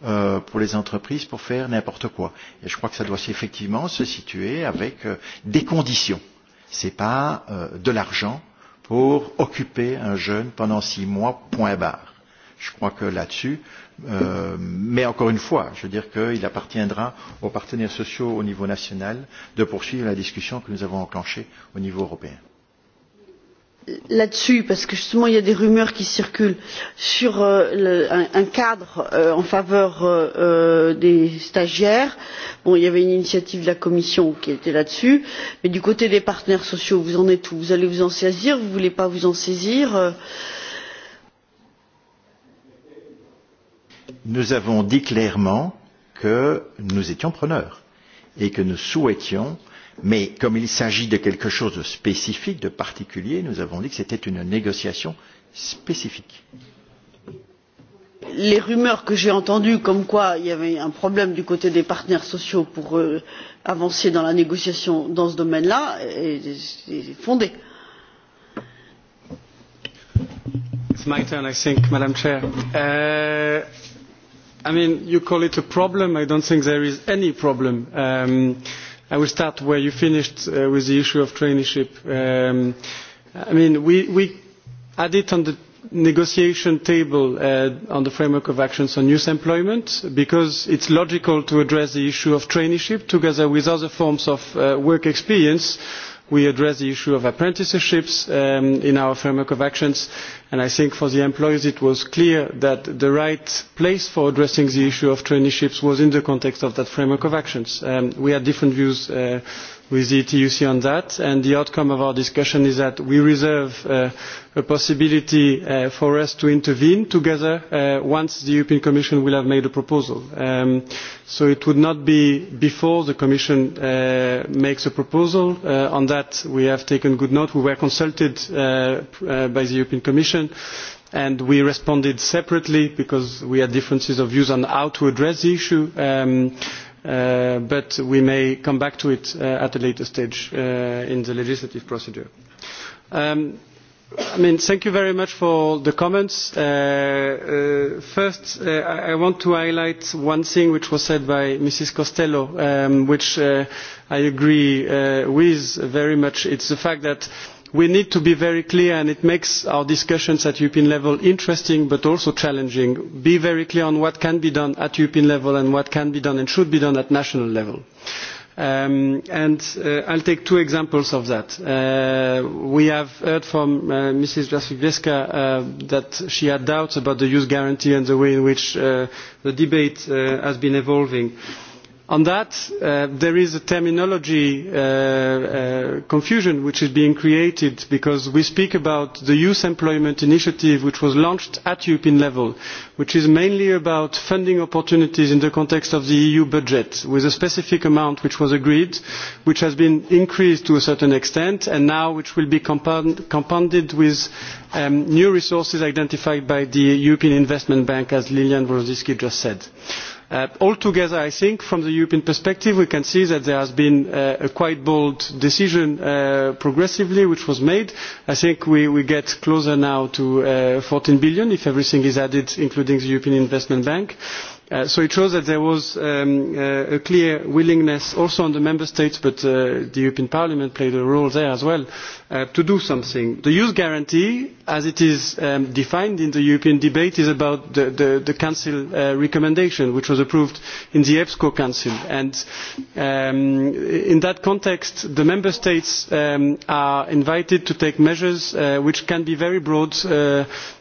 pour les entreprises pour faire n'importe quoi. Et je crois que ça doit effectivement se situer avec des conditions. Ce n'est pas de l'argent pour occuper un jeune pendant six mois, point barre. Je crois que là-dessus, euh, mais encore une fois, je veux dire qu'il appartiendra aux partenaires sociaux au niveau national de poursuivre la discussion que nous avons enclenchée au niveau européen là dessus parce que justement il y a des rumeurs qui circulent sur un cadre en faveur des stagiaires il y avait une initiative de la commission qui était là dessus mais du côté des partenaires sociaux vous en êtes où? vous allez vous en saisir vous ne voulez pas vous en saisir? nous avons dit clairement que nous étions preneurs et que nous souhaitions Mais comme il s'agit de quelque chose de spécifique, de particulier, nous avons dit que c'était une négociation spécifique. Les rumeurs que j'ai entendues comme quoi il y avait un problème du côté des partenaires sociaux pour avancer dans la négociation dans ce domaine là sont fondées. Chair. Uh, I mean, you call it a problem. I don't think there is any problem. Um, I will start where you finished uh, with the issue of traineeship. Um, I mean, we, we added on the negotiation table on the framework of actions on youth employment because it is logical to address the issue of traineeship together with other forms of work experience We address the issue of apprenticeships in our framework of actions, and I think for the employers it was clear that the right place for addressing the issue of traineeships was in the context of that framework of actions. we had different views with the TUC on that. And the outcome of our discussion is that we reserve a possibility for us to intervene together once the European Commission will have made a proposal. so it would not be before the Commission makes a proposal. on that, we have taken good note. We were consulted by the European Commission and we responded separately because we had differences of views on how to address the issue but we may come back to it at a later stage in the legislative procedure. I mean, thank you very much for the comments. first, I want to highlight one thing which was said by Mrs. Costello, which I agree with very much. It's the fact that we need to be very clear and it makes our discussions at european level interesting but also challenging be very clear on what can be done at european level and what can be done and should be done at national level. i will take two examples of that. we have heard from mrs Jastrzewska that she had doubts about the youth guarantee and the way in which the debate has been evolving on that there is a terminology confusion which is being created because we speak about the youth employment initiative which was launched at european level which is mainly about funding opportunities in the context of the eu budget with a specific amount which was agreed which has been increased to a certain extent and now which will be compounded with new resources identified by the european investment bank as lilian brozoski just said altogether i think from the european perspective we can see that there has been a quite bold decision progressively which was made. i think we get closer now to eur fourteen billion if everything is added including the european investment bank so it shows that there was a clear willingness also on the member states but the european parliament played a role there as well to do something. The youth guarantee, as it is defined in the European debate, is about the, Council recommendation, which was approved in the EPSCO Council. And in that context, the Member States are invited to take measures which can be very broad.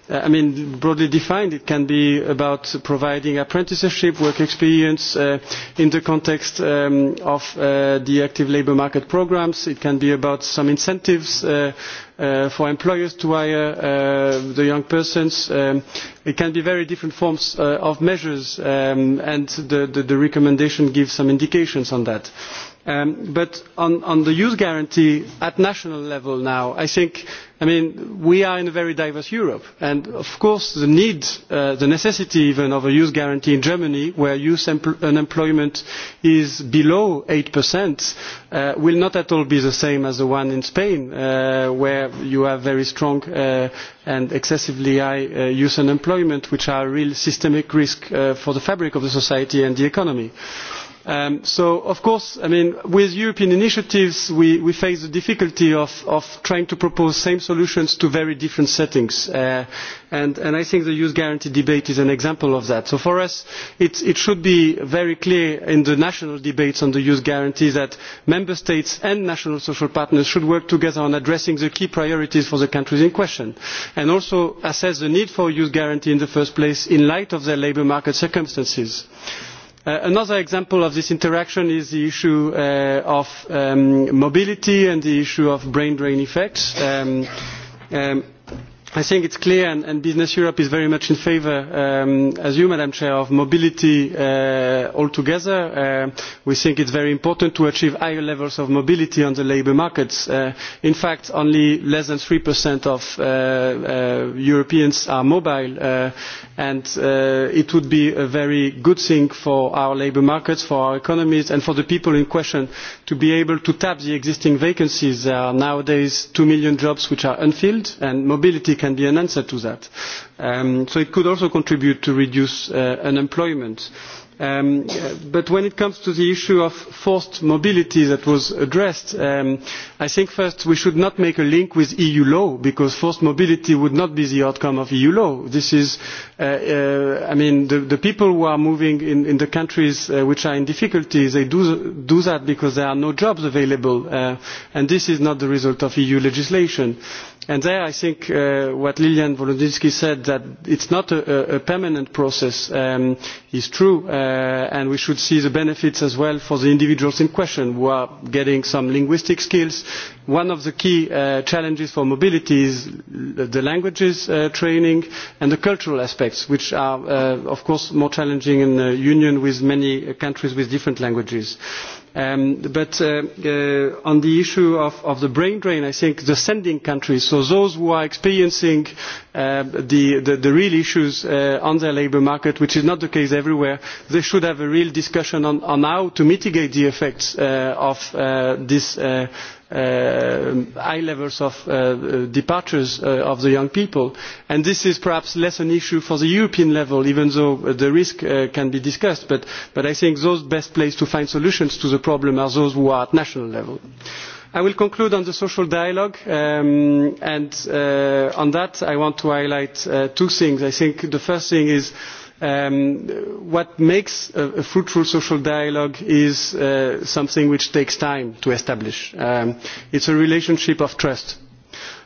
I mean, broadly defined, it can be about providing apprenticeship, work experience in the context of the active labour market programmes. It can be about some incentives for employers to hire the young persons. it can be very different forms of measures and the recommendation gives some indications on that but on the youth guarantee at national level now i think we are in a very diverse europe and of course the need the necessity even of a youth guarantee in germany where youth unemployment is below eight will not at all be the same as the one in spain where you have very strong and excessively high youth unemployment which are a real systemic risk for the fabric of society and the economy so of course with european initiatives we face the difficulty of trying to propose the same solutions to very different settings and i think the youth guarantee debate is an example of that. so for us it should be very clear in the national debates on the youth guarantee that member states and national social partners should work together on addressing the key priorities for the countries in question and also assess the need for a youth guarantee in the first place in light of their labour market circumstances another example of this interaction is the issue of mobility and the issue of brain drain effects I think it's clear, and, and Business Europe is very much in favour, um, as you, Madam Chair, of mobility uh, altogether. Uh, we think it's very important to achieve higher levels of mobility on the labour markets. Uh, in fact, only less than 3% of uh, uh, Europeans are mobile, uh, and uh, it would be a very good thing for our labour markets, for our economies, and for the people in question to be able to tap the existing vacancies. There are nowadays 2 million jobs which are unfilled, and mobility can be an answer to that. Um, so it could also contribute to reduce uh, unemployment. Um, but when it comes to the issue of forced mobility that was addressed, um, I think first we should not make a link with EU law because forced mobility would not be the outcome of EU law. This is, uh, uh, I mean, the, the people who are moving in, in the countries uh, which are in difficulty, they do, do that because there are no jobs available, uh, and this is not the result of EU legislation And there I think what Lilian Voloditsky said, that it is not a, permanent process, is true, and we should see the benefits as well for the individuals in question who are getting some linguistic skills. One of the key challenges for mobility is the language training and the cultural aspects, which are, of course, more challenging in a union with many countries with different languages but on the issue of, the brain drain, I think the sending countries, so those who are experiencing the, real issues on their labour market, which is not the case everywhere, they should have a real discussion on, how to mitigate the effects of this high levels of departures of the young people. And this is perhaps less an issue for the European level, even though the risk can be discussed. But, I think those best placed to find solutions to the problem are those who are at national level. I will conclude on the social dialogue, and on that I want to highlight two things. I think the first thing is what makes a fruitful social dialogue is something which takes time to establish. It is a relationship of trust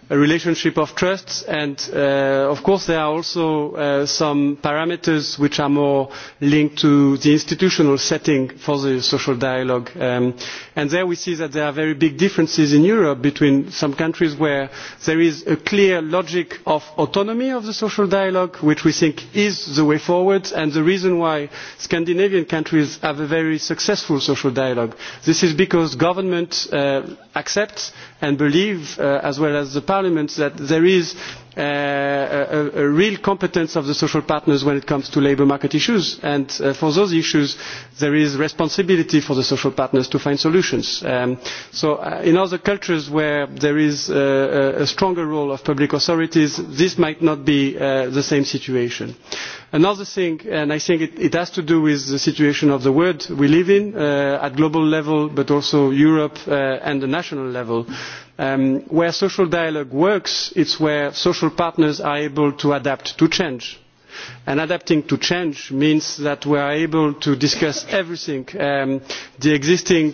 a relationship of trust and of course there are also some parameters which are more linked to the institutional setting for the social dialogue and there we see that there are very big differences in europe between some countries where there is a clear logic of autonomy of the social dialogue which we think is the way forward and the reason why scandinavian countries have a very successful social dialogue. this is because governments accept and believe as well as parliaments that there is a real competence of the social partners when it comes to labour market issues and for those issues there is responsibility for the social partners to find solutions. so in other cultures where there is a stronger role of public authorities this might not be the same situation Another thing, and I think it, has to do with the situation of the world we live in at global level, but also Europe and the national level. where social dialogue works, is where social partners are able to adapt to change and adapting to change means that we are able to discuss everything the existing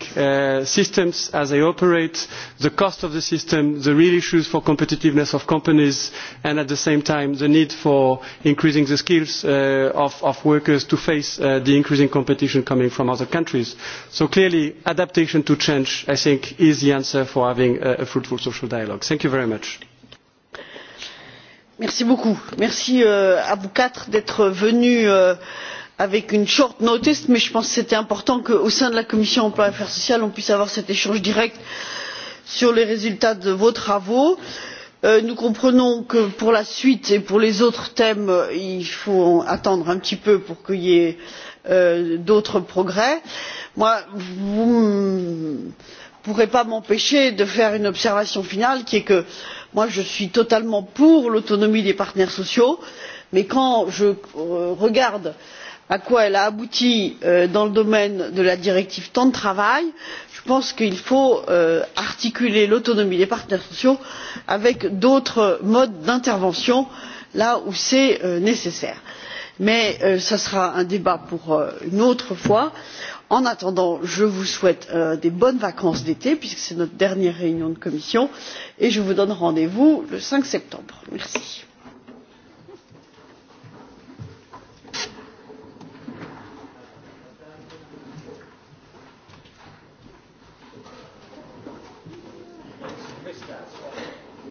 systems as they operate the cost of the system the real issues for competitiveness of companies and at the same time the need for increasing the skills of workers to face the increasing competition coming from other countries. so clearly adaptation to change i think is the answer for having a fruitful social dialogue. thank you very much merci beaucoup merci à vous quatre d'être venus avec une short notice mais je pense que c'était important qu'au sein de la commission de l'emploi et des affaires sociales on puisse avoir cet échange direct sur les résultats de vos travaux. nous comprenons que pour la suite et pour les autres thèmes il faut attendre un petit peu pour qu'il y ait d'autres progrès. vous ne pourrez pas m'empêcher de faire une observation finale qui est que je suis totalement pour l'autonomie des partenaires sociaux mais quand je regarde à quoi elle a abouti dans le domaine de la directive temps de travail je pense qu'il faut articuler l'autonomie des partenaires sociaux avec d'autres modes d'intervention là où c'est nécessaire mais ce sera un débat pour une autre fois. en en attendant je vous souhaite de bonnes vacances d'été puisque c'est notre dernière réunion de commission et je vous donne rendez vous le cinq septembre prochain.